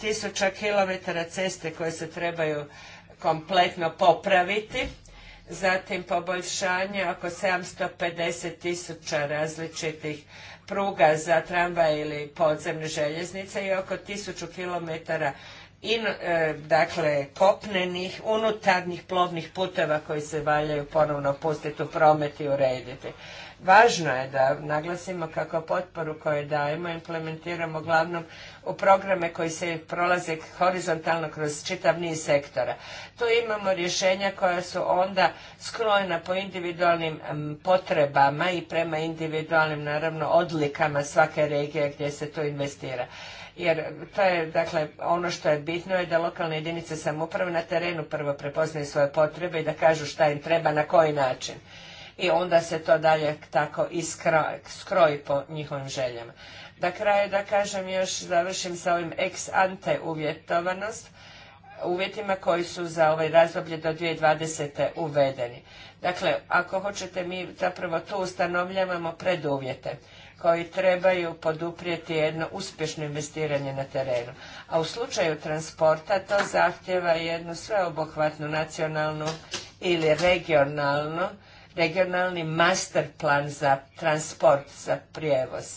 tisuća km ceste koje se trebaju kompletno popraviti, zatim poboljšanje oko 750 tisuća različitih pruga za tramvaj ili podzemne željeznice i oko 1000 km i dakle kopnenih unutarnjih plovnih puteva koji se valjaju ponovno pustiti u promet i urediti. Važno je da naglasimo kako potporu koju dajemo implementiramo glavnom u programe koji se prolaze horizontalno kroz čitav niz sektora. Tu imamo rješenja koja su onda skrojena po individualnim potrebama i prema individualnim naravno odlikama svake regije gdje se to investira jer to je dakle ono što je bitno je da lokalne jedinice samouprave na terenu prvo prepoznaju svoje potrebe i da kažu šta im treba na koji način i onda se to dalje tako i skroji po njihovim željama. Da kraju da kažem još, završim sa ovim ex ante uvjetovanost, uvjetima koji su za ovaj razdoblje do 2020. uvedeni. Dakle, ako hoćete, mi zapravo tu ustanovljavamo preduvjete koji trebaju poduprijeti jedno uspješno investiranje na terenu. A u slučaju transporta to zahtjeva jednu sveobuhvatnu nacionalnu ili regionalnu regionalni master plan za transport, za prijevoz.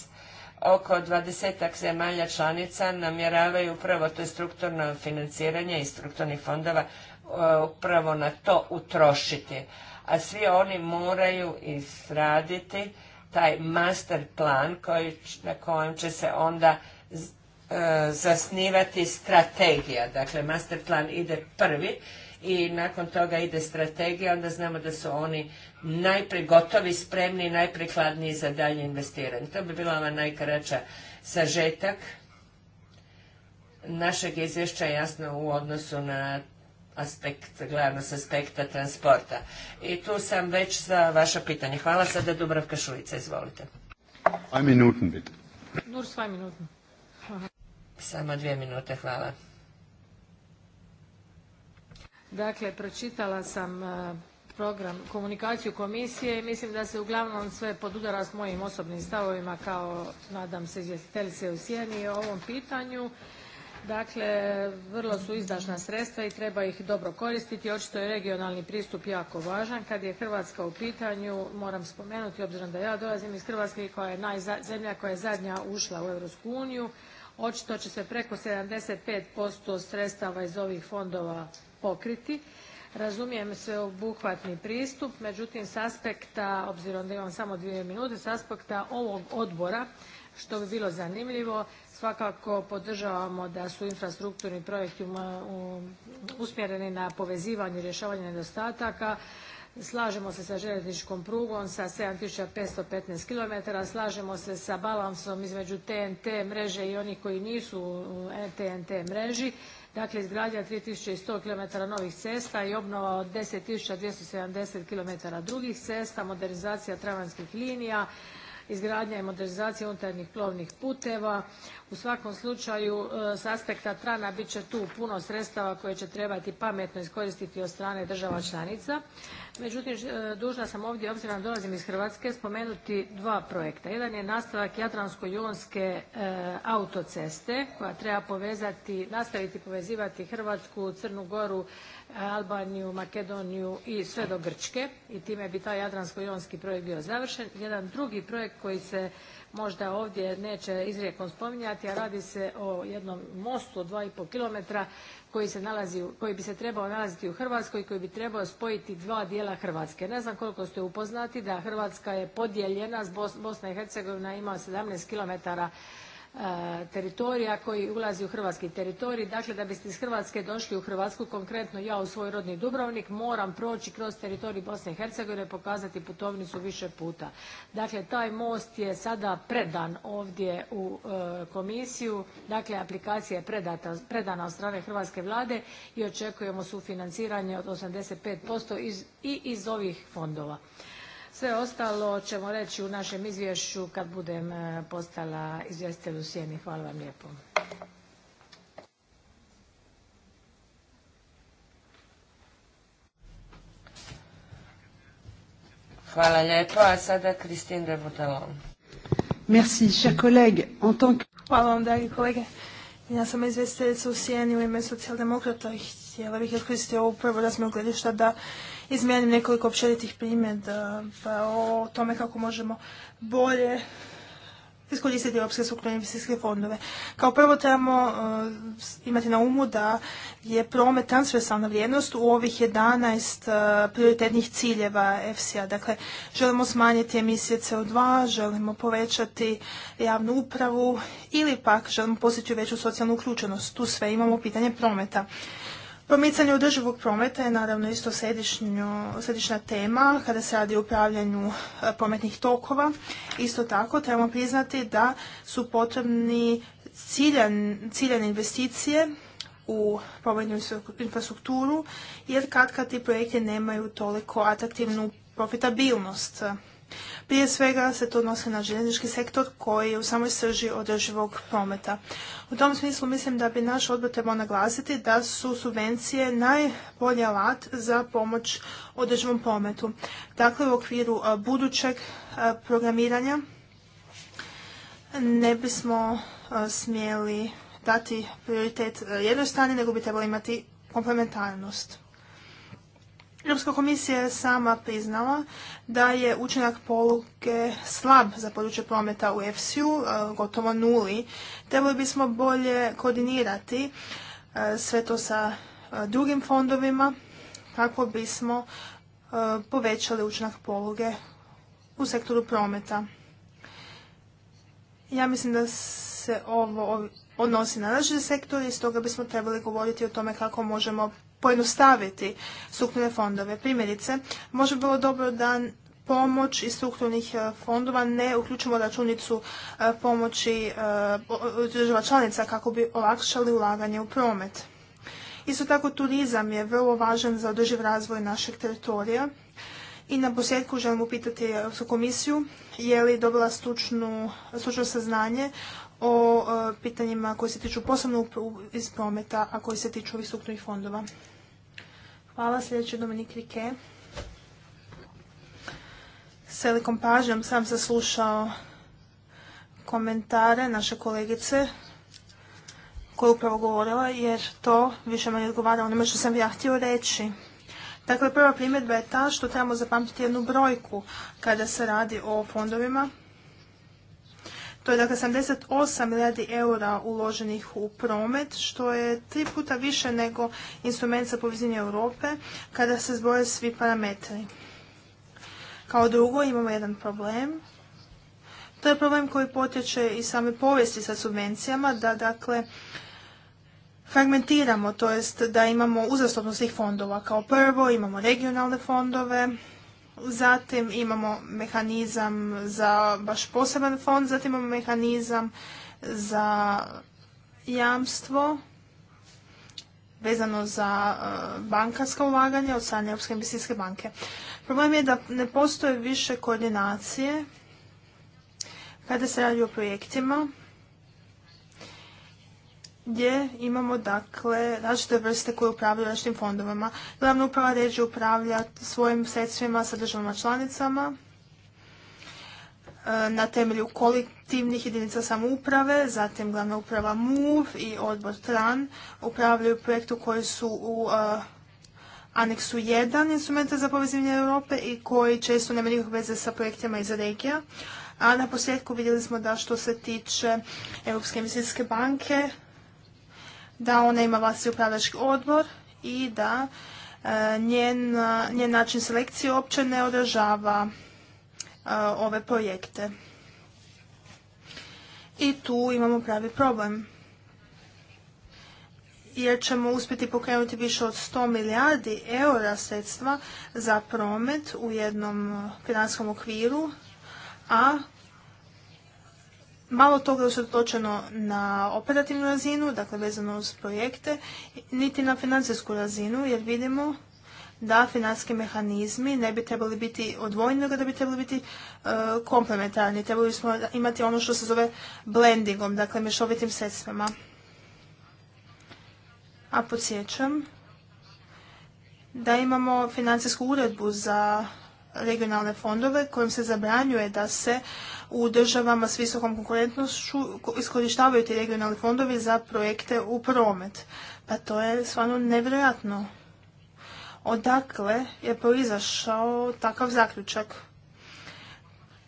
Oko dvadesetak zemalja članica namjeravaju upravo to strukturno financiranje i strukturnih fondova e, upravo na to utrošiti. A svi oni moraju izraditi taj master plan koji, na kojem će se onda e, zasnivati strategija. Dakle, master plan ide prvi i nakon toga ide strategija, onda znamo da su oni najprije gotovi, spremni i najprikladniji za dalje investiranje. To bi bila ova najkraća sažetak našeg izvješća jasno u odnosu na aspekt, gledano s aspekta transporta. I tu sam već za vaše pitanje. Hvala sada Dubravka Šulica, izvolite. Nur Samo dvije minute, hvala. Dakle, pročitala sam e, program, komunikaciju komisije i mislim da se uglavnom sve podudara s mojim osobnim stavovima kao nadam se izvjestiteljice u sjeni o ovom pitanju. Dakle, vrlo su izdašna sredstva i treba ih dobro koristiti. Očito je regionalni pristup jako važan. Kad je Hrvatska u pitanju, moram spomenuti, obzirom da ja dolazim iz Hrvatske koja je zemlja koja je zadnja ušla u Europsku uniju, očito će se preko 75% sredstava iz ovih fondova pokriti. Razumijem sveobuhvatni pristup, međutim s aspekta, obzirom da imam samo dvije minute, s aspekta ovog odbora što bi bilo zanimljivo svakako podržavamo da su infrastrukturni projekti usmjereni na povezivanje i rješavanje nedostataka slažemo se sa željezničkom prugom sa 7515 km, slažemo se sa balansom između TNT mreže i onih koji nisu u TNT mreži, dakle izgradnja 3100 km novih cesta i obnova od 10270 km drugih cesta, modernizacija tramvajskih linija, izgradnja i modernizacija unutarnjih plovnih puteva. U svakom slučaju e, s aspekta Trana, bit će tu puno sredstava koje će trebati pametno iskoristiti od strane država članica. Međutim, e, dužna sam ovdje, obzirom da dolazim iz Hrvatske, spomenuti dva projekta. Jedan je nastavak Jadransko-jonske e, autoceste koja treba povezati, nastaviti povezivati Hrvatsku, Crnu Goru, Albaniju, Makedoniju i sve do Grčke i time bi taj Jadransko-jonski projekt bio završen. Jedan drugi projekt koji se možda ovdje neće izrijekom spominjati, a radi se o jednom mostu od 2,5 km koji, se nalazi, koji bi se trebao nalaziti u Hrvatskoj i koji bi trebao spojiti dva dijela Hrvatske. Ne znam koliko ste upoznati da Hrvatska je podijeljena, Bosna i Hercegovina ima 17 km teritorija koji ulazi u hrvatski teritorij. Dakle, da biste iz Hrvatske došli u Hrvatsku, konkretno ja u svoj rodni Dubrovnik moram proći kroz teritorij Bosne i Hercegovine, pokazati putovnicu više puta. Dakle, taj most je sada predan ovdje u e, komisiju, dakle aplikacija je predana od strane hrvatske Vlade i očekujemo sufinanciranje od 85% iz, i iz ovih fondova. Sve ostalo ćemo reći u našem izvješću kad budem e, postala izvjestitelj u sjeni. Hvala vam lijepo. Hvala lijepo, a sada Kristin de Merci, cher collègue. En tant que... Hvala vam, dragi kolege. Ja sam izvjestiteljica u sjeni u ime socijaldemokrata i htjela bih iskoristiti ovu prvo razmiju gledišta da izmijenim nekoliko općenitih primjedba pa o tome kako možemo bolje iskoristiti europske strukturne investicijske fondove. Kao prvo trebamo e, imati na umu da je promet transversalna vrijednost u ovih 11 uh, e, prioritetnih ciljeva efsi Dakle, želimo smanjiti emisije CO2, želimo povećati javnu upravu ili pak želimo postići veću socijalnu uključenost. Tu sve imamo pitanje prometa. Promicanje održivog prometa je naravno isto središnja tema kada se radi o upravljanju e, prometnih tokova. Isto tako trebamo priznati da su potrebni ciljane investicije u prometnu infrastrukturu jer kad kad ti projekti nemaju toliko atraktivnu profitabilnost prije svega se to odnosi na željeznički sektor koji je u samoj srži održivog prometa. U tom smislu mislim da bi naš odbor trebao naglasiti da su subvencije najbolji alat za pomoć održivom prometu. Dakle, u okviru budućeg programiranja ne bismo smjeli dati prioritet jednoj strani, nego bi trebali imati komplementarnost. Europska komisija je sama priznala da je učinak poluge slab za područje prometa u EFSI-u, e, gotovo nuli. Trebali bismo bolje koordinirati e, sve to sa e, drugim fondovima kako bismo povećali učinak poluge u sektoru prometa. Ja mislim da se ovo odnosi na naše sektore i stoga bismo trebali govoriti o tome kako možemo pojednostaviti strukturne fondove. Primjerice, može bilo dobro da pomoć iz strukturnih e, fondova ne uključimo računicu e, pomoći e, država članica kako bi olakšali ulaganje u promet. Isto tako turizam je vrlo važan za održiv razvoj našeg teritorija. I na posljedku želim upitati Europsku komisiju je li dobila stručno saznanje o pitanjima koje se tiču posebno iz prometa, a koji se tiču ovih strukturnih fondova. Hvala, sljedeći Dominik Rike. S velikom pažnjom sam saslušao komentare naše kolegice koja je upravo govorila, jer to više manje odgovara onome što sam ja htio reći. Dakle, prva primjedba je ta što trebamo zapamtiti jednu brojku kada se radi o fondovima to je dakle 78 milijardi eura uloženih u promet, što je tri puta više nego instrument za povizinje Europe kada se zbroje svi parametri. Kao drugo imamo jedan problem. To je problem koji potječe i same povijesti sa subvencijama, da dakle fragmentiramo, to jest da imamo uzastopnost tih fondova. Kao prvo imamo regionalne fondove, Zatim imamo mehanizam za baš poseban fond, zatim imamo mehanizam za jamstvo vezano za e, bankarska ulaganja od strane Europske investicijske banke. Problem je da ne postoje više koordinacije kada se radi o projektima gdje imamo dakle različite vrste koje upravljaju različitim fondovima. Glavna uprava ređe upravlja svojim sredstvima sa državama članicama e, na temelju kolektivnih jedinica samouprave, zatim glavna uprava MUV i odbor TRAN upravljaju projektu koji su u e, aneksu 1 instrumenta za povezivanje Europe i koji često nema nikakve veze sa projektima iz regija. A na posljedku vidjeli smo da što se tiče Europske investicijske banke, da ona ima vlastni upravljački odbor i da e, njen, način selekcije uopće ne odražava e, ove projekte. I tu imamo pravi problem. Jer ćemo uspjeti pokrenuti više od 100 milijardi eura sredstva za promet u jednom e, finanskom okviru, a malo toga je usredotočeno na operativnu razinu, dakle vezano uz projekte, niti na financijsku razinu, jer vidimo da financijski mehanizmi ne bi trebali biti odvojeni, nego da bi trebali biti e, komplementarni. Trebali smo imati ono što se zove blendingom, dakle mešovitim sredstvima. A podsjećam da imamo financijsku uredbu za regionalne fondove kojim se zabranjuje da se u državama s visokom konkurentnošću iskorištavaju ti regionalni fondovi za projekte u promet. Pa to je stvarno nevjerojatno. Odakle je proizašao takav zaključak?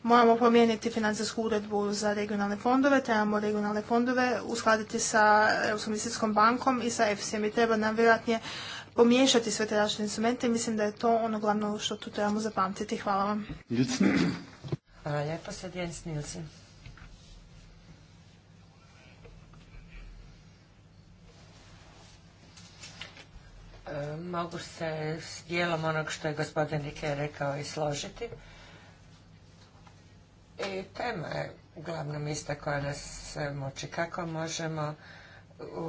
Moramo promijeniti financijsku uredbu za regionalne fondove, trebamo regionalne fondove uskladiti sa Europskom investicijskom bankom i sa efsi i treba nam vjerojatnije pomiješati sve te različite instrumente i mislim da je to ono glavno što tu trebamo zapamtiti. Hvala vam. Hvala lijepo, sad Jens Nilsen. E, mogu se s dijelom onog što je gospodin Rike rekao i složiti. I tema je uglavnom ista koja nas e, muči Kako možemo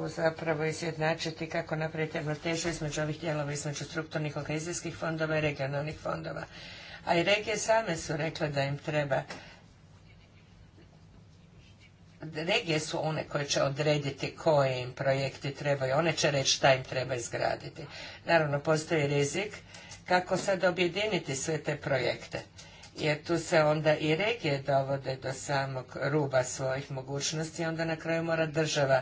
zapravo izjednačiti kako napraviti ravnotežu između ovih dijelova između strukturnih kohezijskih fondova i regionalnih fondova. A i regije same su rekle da im treba regije su one koje će odrediti koje im projekti trebaju, one će reći šta im treba izgraditi. Naravno, postoji rizik kako sad objediniti sve te projekte, jer tu se onda i regije dovode do samog ruba svojih mogućnosti, onda na kraju mora država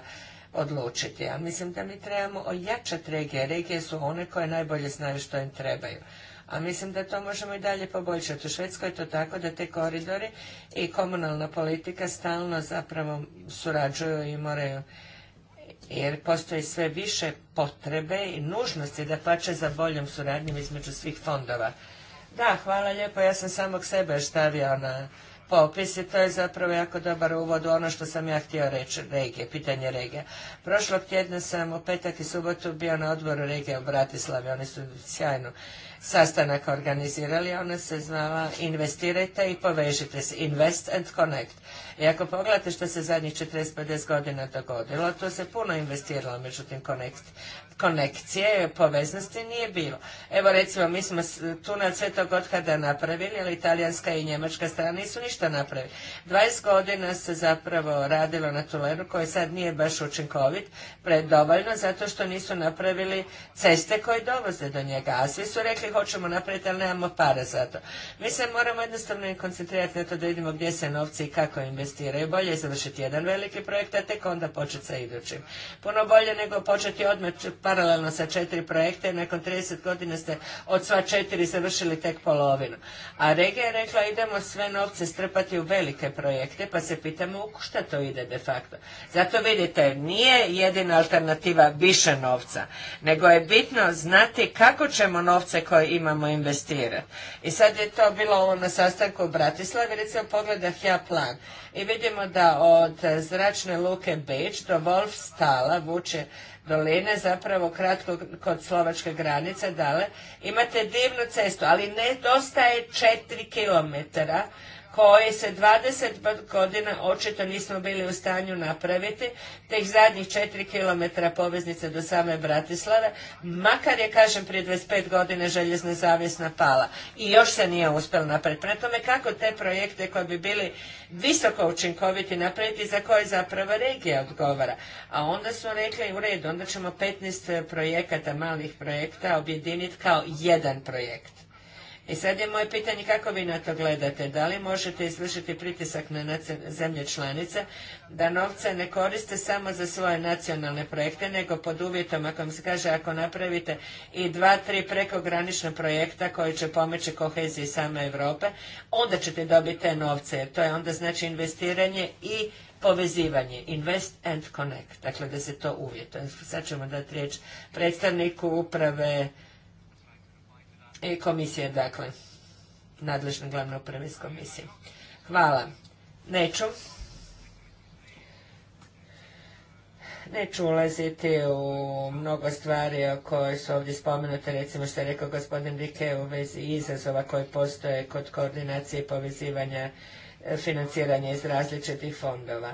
odlučiti. A mislim da mi trebamo ojačati regije. Regije su one koje najbolje znaju što im trebaju. A mislim da to možemo i dalje poboljšati. U Švedskoj je to tako da te koridori i komunalna politika stalno zapravo surađuju i moraju jer postoji sve više potrebe i nužnosti da pače za boljom suradnjom između svih fondova. Da, hvala lijepo, ja sam samog sebe stavio na popis i to je zapravo jako dobar uvod u ono što sam ja htio reći, regije, pitanje regije. Prošlog tjedna sam u petak i subotu bio na odboru regije u Bratislavi, oni su sjajno sastanak organizirali, ona se zvala Investirajte i povežite se, Invest and Connect. I ako pogledate što se zadnjih 40-50 godina dogodilo, to se puno investiralo, međutim Connect konekcije, poveznosti nije bilo. Evo recimo, mi smo tunel Svetog kada napravili, ali italijanska i njemačka strana nisu ništa napravili. 20 godina se zapravo radilo na tunelu koji sad nije baš učinkovit, predovoljno, zato što nisu napravili ceste koje dovoze do njega. A svi su rekli hoćemo napraviti, ali nemamo para za to. Mi se moramo jednostavno koncentrirati na to da vidimo gdje se novci i kako investiraju. Bolje je završiti jedan veliki projekt, a tek onda početi sa idućim. Puno bolje nego početi odmah paralelno sa četiri projekta i nakon 30 godina ste od sva četiri završili tek polovinu. A regija je rekla idemo sve novce strpati u velike projekte pa se pitamo u šta to ide de facto. Zato vidite, nije jedina alternativa više novca, nego je bitno znati kako ćemo novce koje imamo investirati. I sad je to bilo ovo na sastanku u Bratislavi, recimo pogledah ja plan. I vidimo da od zračne luke Beč do Wolfstala Stala vuče doline, zapravo kratko kod slovačke granice dale, imate divnu cestu, ali nedostaje četiri kilometara koje se 20 godina očito nismo bili u stanju napraviti, teh zadnjih 4 km poveznice do same Bratislave, makar je, kažem, prije 25 godina željezna zavjesna pala. I još se nije uspjelo napraviti. Prema tome, kako te projekte koji bi bili visoko učinkoviti napraviti, za koje zapravo regija odgovara. A onda smo rekli, u redu, onda ćemo 15 projekata, malih projekta objediniti kao jedan projekt. I sad je moje pitanje kako vi na to gledate? Da li možete izvršiti pritisak na zemlje članice da novce ne koriste samo za svoje nacionalne projekte, nego pod uvjetom, ako vam se kaže, ako napravite i dva, tri prekogranična projekta koji će pomoći koheziji same Europe, onda ćete dobiti te novce, jer to je onda znači investiranje i povezivanje, invest and connect, dakle da se to uvjetuje. Sad ćemo dati riječ predstavniku uprave i e, komisije, dakle, nadležne glavne uprave iz komisije. Hvala. Neću. Neću ulaziti u mnogo stvari o koje su ovdje spomenute, recimo što je rekao gospodin Rike u vezi izazova koji postoje kod koordinacije i povezivanja e, financiranja iz različitih fondova.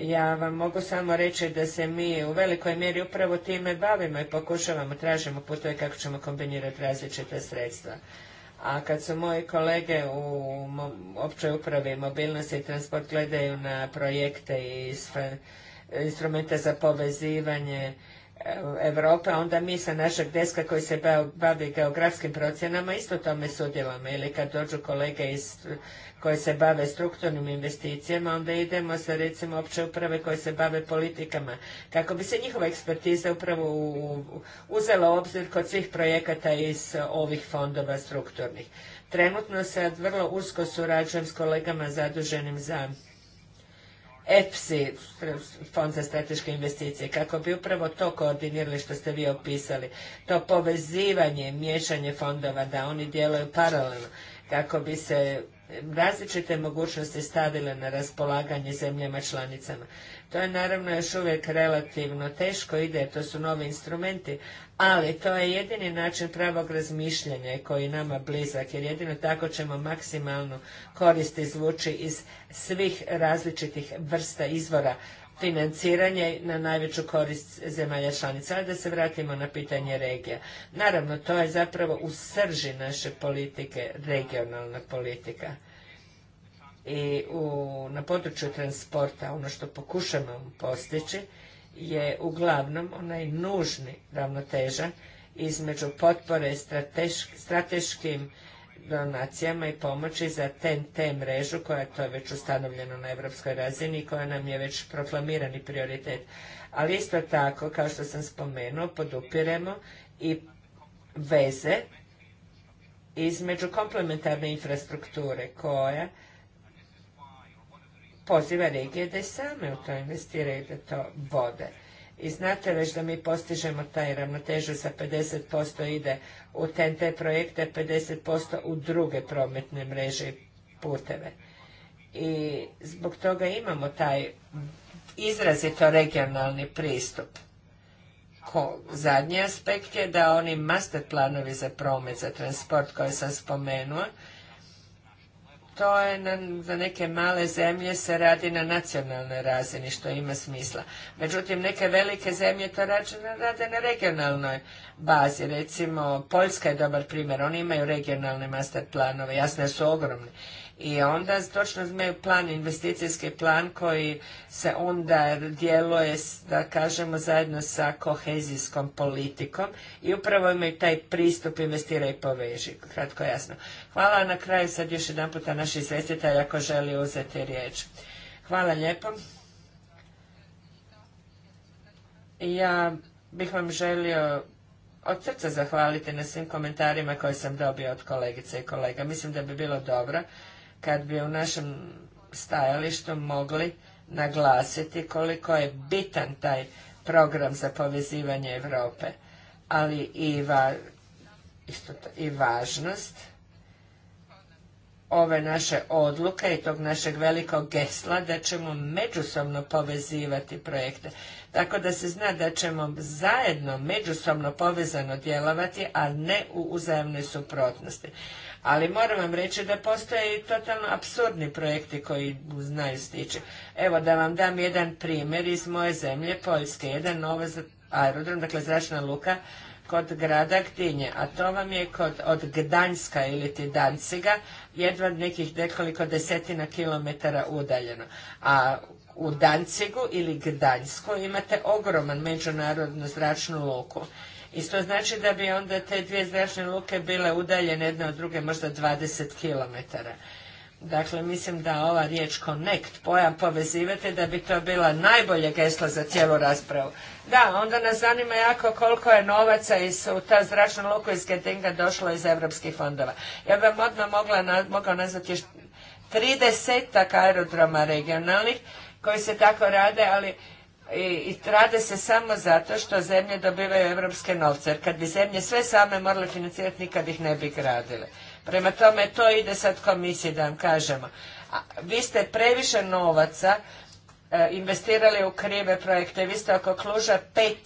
Ja vam mogu samo reći da se mi u velikoj mjeri upravo time bavimo i pokušavamo, tražimo putove kako ćemo kombinirati različite sredstva. A kad su moji kolege u općoj upravi mobilnosti i transport gledaju na projekte i instrumente za povezivanje e, Europe, onda mi sa našeg deska koji se bavi geografskim procjenama isto tome sudjelujemo ili kad dođu kolege iz koje se bave strukturnim investicijama, onda idemo sa recimo opće uprave koje se bave politikama, kako bi se njihova ekspertiza upravo uzela u obzir kod svih projekata iz ovih fondova strukturnih. Trenutno sad vrlo usko surađujem s kolegama zaduženim za EPSI, Fond za strateške investicije, kako bi upravo to koordinirali što ste vi opisali, to povezivanje, miješanje fondova, da oni djeluju paralelno, kako bi se različite mogućnosti stavile na raspolaganje zemljama članicama. To je naravno još uvijek relativno teško ide, to su novi instrumenti, ali to je jedini način pravog razmišljanja koji je nama blizak, jer jedino tako ćemo maksimalno korist izvući iz svih različitih vrsta izvora financiranje na najveću korist zemalja članica. Ali da se vratimo na pitanje regija. Naravno, to je zapravo u srži naše politike, regionalna politika. I na području transporta ono što pokušamo postići je uglavnom onaj nužni ravnoteža između potpore strateškim donacijama i pomoći za TNT mrežu koja to je već ustanovljeno na europskoj razini i koja nam je već proklamirani prioritet. Ali isto tako, kao što sam spomenuo, podupiremo i veze između komplementarne infrastrukture koja poziva regije da same u to investiraju i da to vode i znate već da mi postižemo taj ravnotežu sa 50% ide u TNT projekte, 50% u druge prometne mreže i puteve. I zbog toga imamo taj izrazito regionalni pristup. zadnji aspekt je da oni master planovi za promet, za transport koje sam spomenula to je na, za neke male zemlje se radi na nacionalnoj razini, što ima smisla. Međutim, neke velike zemlje to rade na regionalnoj bazi. Recimo, Poljska je dobar primjer, oni imaju regionalne master planove, jasne su ogromni. I onda točno imaju plan, investicijski plan koji se onda djeluje, da kažemo, zajedno sa kohezijskom politikom i upravo imaju taj pristup investira i poveži, kratko jasno. Hvala na kraju sad još jedan puta naši ako želi uzeti riječ. Hvala lijepo. Ja bih vam želio od srca zahvaliti na svim komentarima koje sam dobio od kolegice i kolega. Mislim da bi bilo dobro kad bi u našem stajalištu mogli naglasiti koliko je bitan taj program za povezivanje Europe, ali i, i važnost ove naše odluke i tog našeg velikog gesla da ćemo međusobno povezivati projekte. Tako da se zna da ćemo zajedno, međusobno povezano djelovati, a ne u uzajemnoj suprotnosti. Ali moram vam reći da postoje i totalno apsurdni projekti koji znaju stići. Evo da vam dam jedan primjer iz moje zemlje, Poljske, jedan novo aerodrom, dakle zračna luka, kod grada Gdinje, a to vam je kod, od Gdanjska ili ti Danciga, jedva nekih nekoliko desetina kilometara udaljeno. A u Dancigu ili Gdanjsku imate ogroman međunarodnu zračnu luku i to znači da bi onda te dvije zračne luke bile udaljene jedne od druge možda 20 km. Dakle, mislim da ova riječ connect, pojam povezivate, da bi to bila najbolje geslo za cijelu raspravu. Da, onda nas zanima jako koliko je novaca iz, u ta zračna luka iz Gedinga došlo iz evropskih fondova. Ja bih vam odmah mogla, nazvati još aerodroma regionalnih koji se tako rade, ali i rade se samo zato što zemlje dobivaju europske novce. Jer kad bi zemlje sve same morale financirati, nikad ih ne bi gradile. Prema tome, to ide sad komisiji da vam kažemo. vi ste previše novaca e, investirali u krive projekte. Vi ste oko Kluža pet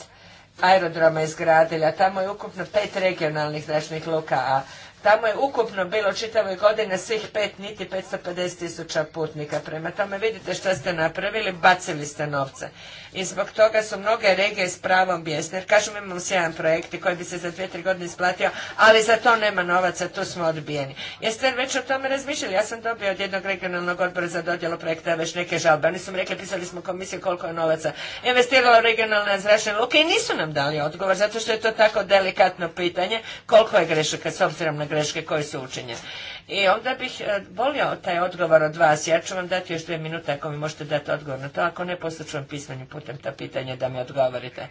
aerodroma izgradili, a tamo je ukupno pet regionalnih zračnih luka, a Tamo je ukupno bilo čitave godine svih pet niti 550 tisuća putnika. Prema tome vidite što ste napravili, bacili ste novce. I zbog toga su mnoge regije s pravom bijesne. Jer kažem imamo sjajan projekt koji bi se za dvije, tri godine isplatio, ali za to nema novaca, tu smo odbijeni. Jeste već o tome razmišljali? Ja sam dobio od jednog regionalnog odbora za dodjelu projekta već neke žalbe. Oni su rekli, pisali smo komisiju koliko je novaca investirala u regionalne zračne luke i nisu nam dali odgovor, zato što je to tako delikatno pitanje koliko je grešaka s obzirom na greške koje su učinjene. I onda bih e, volio taj odgovor od vas. Ja ću vam dati još dvije minute ako mi možete dati odgovor na to. Ako ne, poslat vam pismenim putem ta pitanja da mi odgovorite.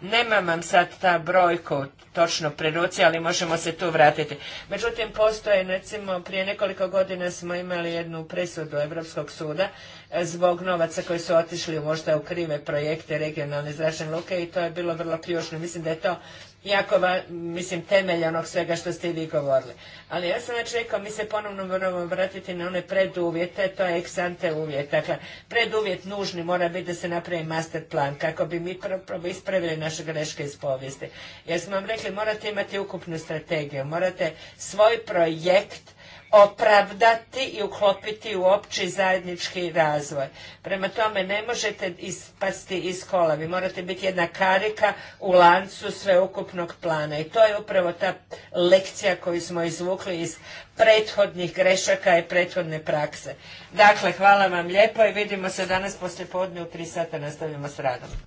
Nemam vam sad ta brojku točno pri ruci, ali možemo se tu vratiti. Međutim, postoje, recimo, prije nekoliko godina smo imali jednu presudu Europskog suda e, zbog novaca koji su otišli možda u krive projekte regionalne zračne luke i to je bilo vrlo ključno. Mislim da je to jako, mislim, temelj onog svega što ste i vi govorili. Ali ja sam već rekao, mi se ponovno moramo vratiti na one preduvjete, to je eksante uvjet. Dakle, preduvjet nužni mora biti da se napravi master plan, kako bi mi ispravili naše greške iz povijesti. Jer smo vam rekli, morate imati ukupnu strategiju, morate svoj projekt opravdati i uklopiti u opći zajednički razvoj. Prema tome ne možete ispasti iz kola, vi morate biti jedna karika u lancu sveukupnog plana i to je upravo ta lekcija koju smo izvukli iz prethodnih grešaka i prethodne prakse. Dakle, hvala vam lijepo i vidimo se danas poslijepodne u 3 sata nastavljamo s radom.